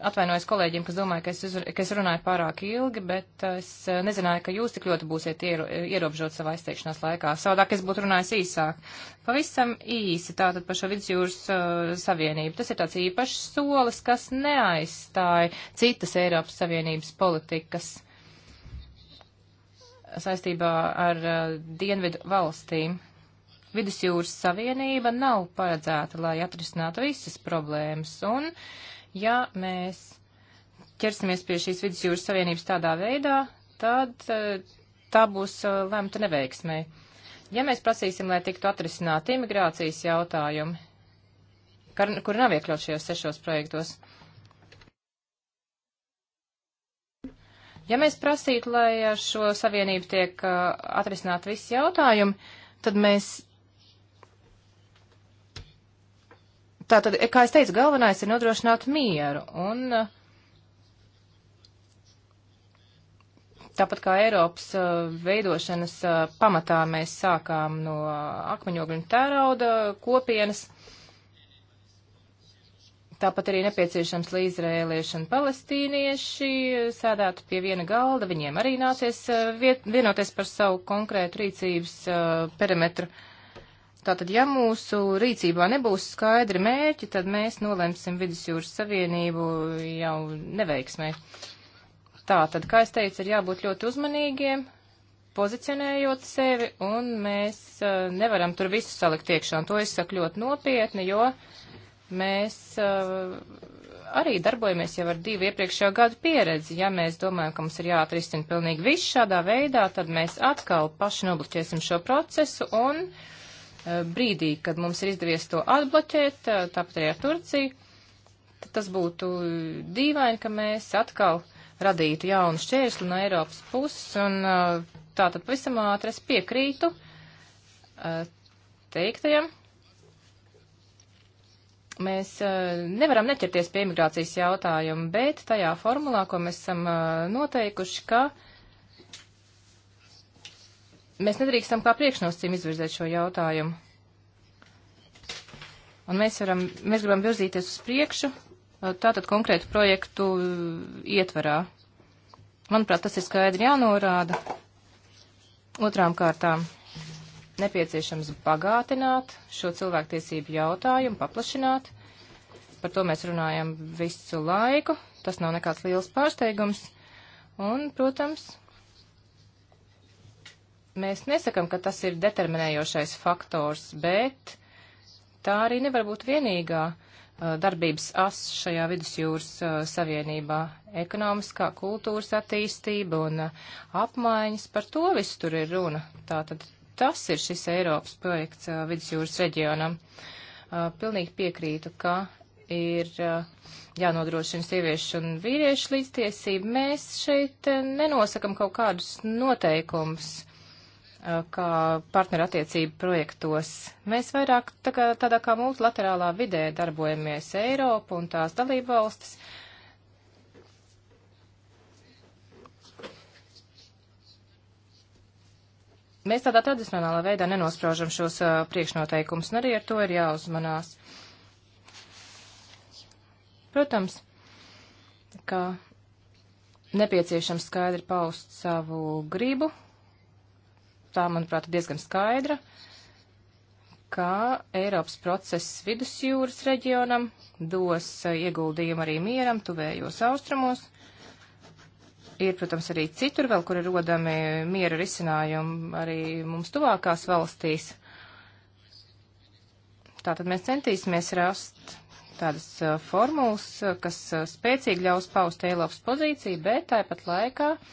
atvainojos kolēģiem, kas domāju, ka es, uzru, ka es runāju pārāk ilgi, bet uh, es uh, nezināju, ka jūs tik ļoti būsiet iero, ierobežot savā izteikšanās laikā. Savādāk es būtu runājis īsāk. Pavisam īsi tātad par šo vidusjūras uh, savienību. Tas ir tāds īpašs solis, kas neaizstāja citas Eiropas Savienības politikas saistībā ar uh, dienvidu valstīm. Vidusjūras savienība nav paredzēta, lai atrisinātu visas problēmas, un uh, Ja mēs ķersimies pie šīs vidusjūras savienības tādā veidā, tad eh, tā būs eh, lemta neveiksmē. Ja mēs prasīsim, lai tiktu atrisināti imigrācijas jautājumi, kar, kur nav iekļaut šajos sešos projektos, ja mēs prasītu, lai ar šo savienību tiek eh, atrisināt visi jautājumi, tad mēs Tātad, kā es teicu, galvenais ir nodrošināt mieru un uh, Tāpat kā Eiropas uh, veidošanas uh, pamatā mēs sākām no akmeņogļu un tērauda kopienas, tāpat arī nepieciešams, lai izrēlieši un palestīnieši sēdētu pie viena galda, viņiem arī nācies uh, viet, vienoties par savu konkrētu rīcības perimetru. Uh, Tātad, ja mūsu rīcībā nebūs skaidri mērķi, tad mēs nolemsim Vidusjūras Savienību jau neveiksmē. Tātad, kā es teicu, ir jābūt ļoti uzmanīgiem, pozicionējot sevi, un mēs uh, nevaram tur visu salikt iekšā. Un to es saku ļoti nopietni, jo mēs uh, arī darbojamies jau ar divu iepriekšējo gadu pieredzi. Ja mēs domājam, ka mums ir jāatrisina pilnīgi viss šādā veidā, tad mēs atkal paši nobloķēsim šo procesu un. Uh, Eh, brīdī, kad mums ir izdevies to atbloķēt, eh, tāpat arī ar Turciju, tad tas būtu dīvaini, ka mēs atkal radītu jaunu šķērsli no Eiropas puses, un eh, tā tad pavisam ātri es piekrītu teiktajam. Mēs nevaram neķerties pie imigrācijas jautājumu, bet tajā formulā, ko mēs esam noteikuši, ka uh, Mēs nedrīkstam kā priekšnosacījumu izvirzēt šo jautājumu. Un mēs, varam, mēs gribam virzīties uz priekšu, uh, tātad konkrētu projektu uh, ietverā. Manuprāt, tas ir skaidri jānorāda. Otrām kārtām nepieciešams bagātināt šo cilvēktiesību jautājumu, paplašināt. Par to mēs runājam visu laiku. Tas nav nekāds liels pārsteigums. Un, protams, Mēs nesakam, ka tas ir determinējošais faktors, bet tā arī nevar būt vienīgā uh, darbības as šajā vidusjūras uh, savienībā - ekonomiskā kultūras attīstība un uh, apmaiņas. Par to visu tur ir runa. Tātad tas ir šis Eiropas projekts vidusjūras reģionam. Pilnīgi piekrītu, ka ir jānodrošina sieviešu un vīriešu līdztiesību. Mēs šeit nenosakam kaut kādus noteikumus Uh, kā partnerattiecību projektos. Mēs vairāk tā kā, tādā kā multilaterālā vidē darbojamies Eiropu un tās dalību valstis. Mēs tādā tradicionālā veidā nenospraužam šos uh, priekšnoteikumus, un arī ar to ir jāuzmanās. Protams, ka nepieciešams skaidri paust savu gribu tā, manuprāt, ir diezgan skaidra, ka Eiropas process vidusjūras reģionam dos eh, ieguldījumu arī mieram tuvējos austrumos. Ir, protams, arī citur vēl, kur ir rodami miera risinājumi arī mums tuvākās valstīs. Tātad mēs centīsimies rast tādas uh, formulas, eh, kas uh, spēcīgi ļaus paust Eiropas pozīciju, bet tāpat laikā uh,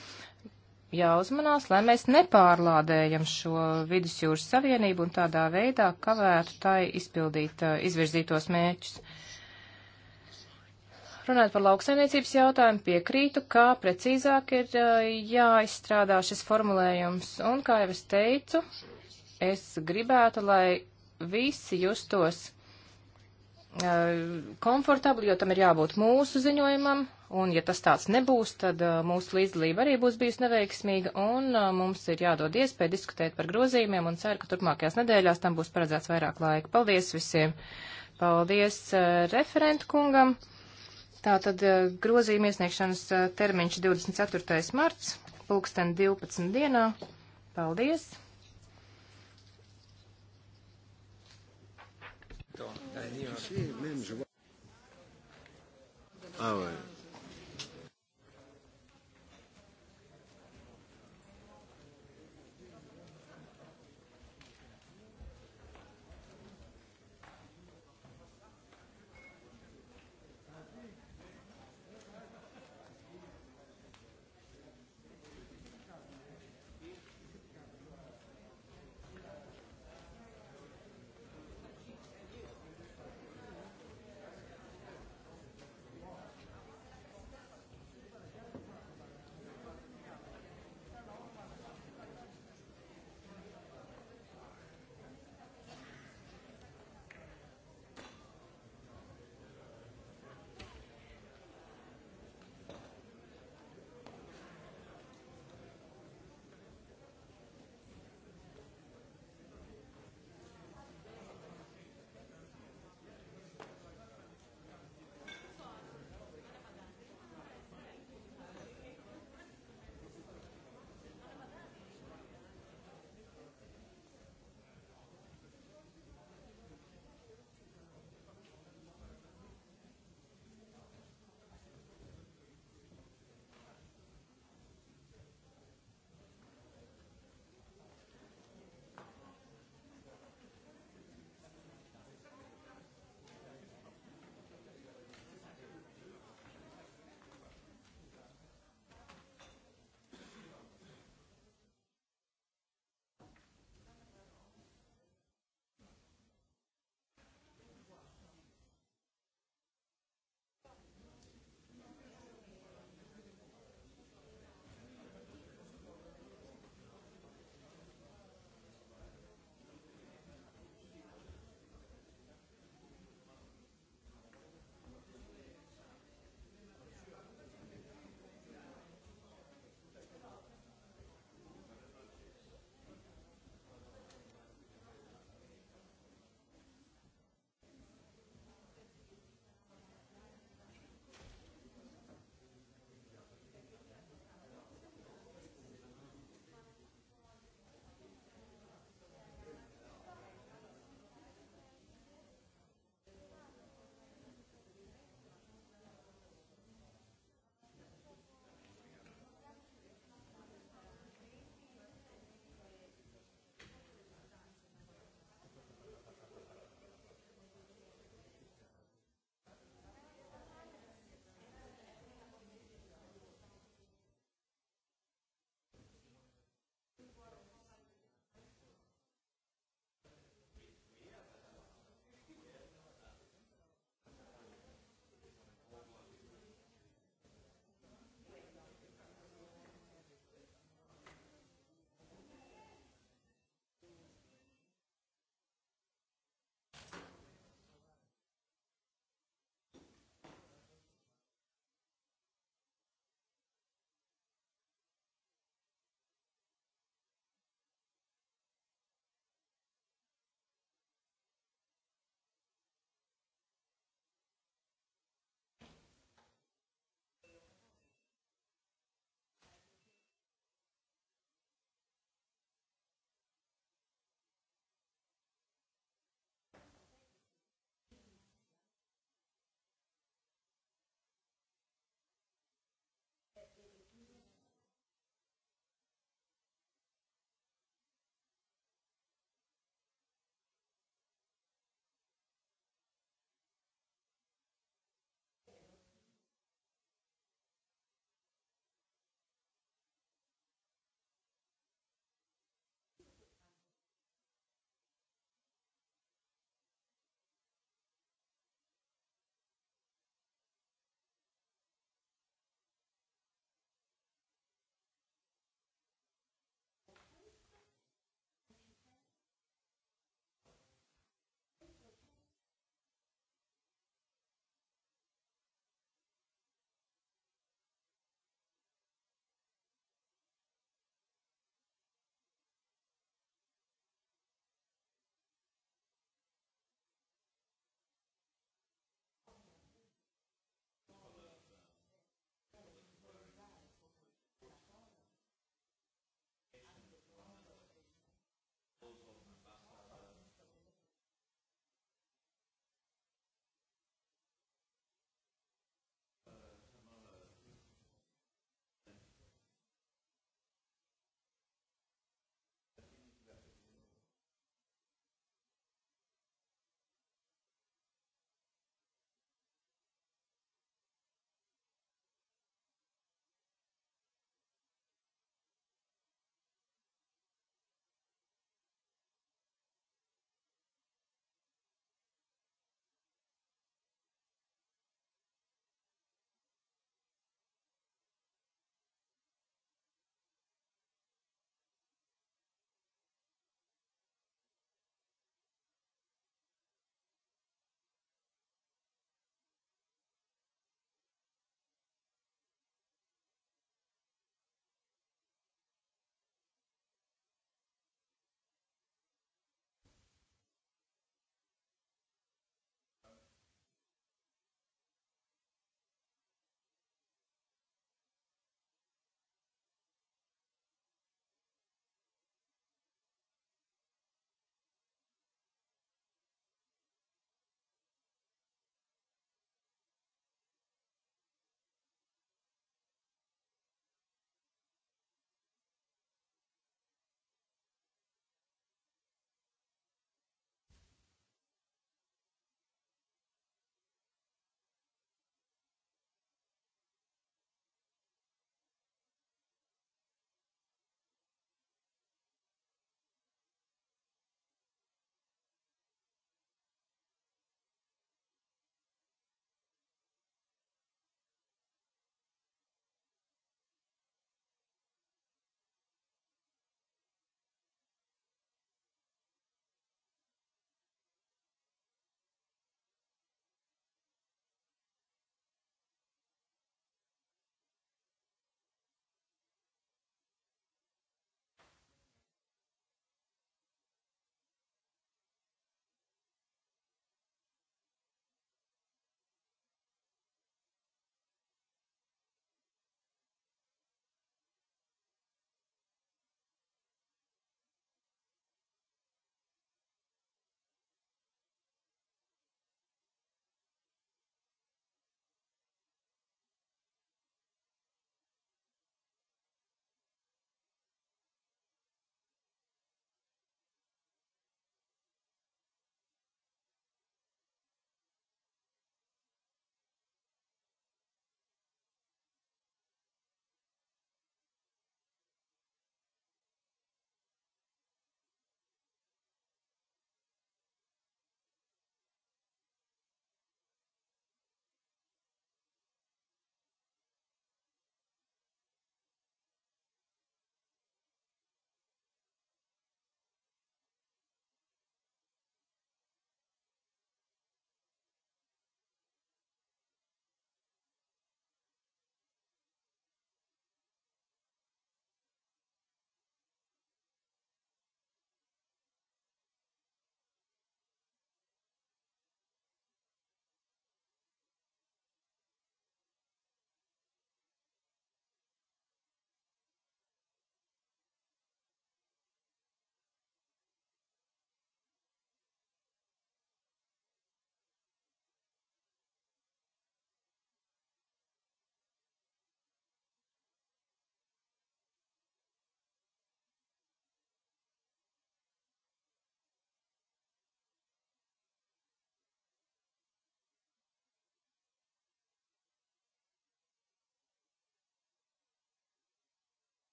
jāuzmanās, lai mēs nepārlādējam šo vidusjūras savienību un tādā veidā kavētu tai izpildīt izvirzītos mērķus. Runājot par lauksaimniecības jautājumu, piekrītu, kā precīzāk ir jāizstrādā šis formulējums. Un, kā jau es teicu, es gribētu, lai visi justos komfortabli, jo tam ir jābūt mūsu ziņojumam, Un, ja tas tāds nebūs, tad uh, mūsu līdzdalība arī būs bijusi neveiksmīga, un uh, mums ir jādod iespēja diskutēt par grozījumiem, un ceru, ka turpmākajās nedēļās tam būs paredzēts vairāk laika. Paldies visiem! Paldies uh, referentu kungam! Tātad uh, grozījuma iesniegšanas uh, termiņš 24. marts, pulksten 12. dienā. Paldies! Ah ouais.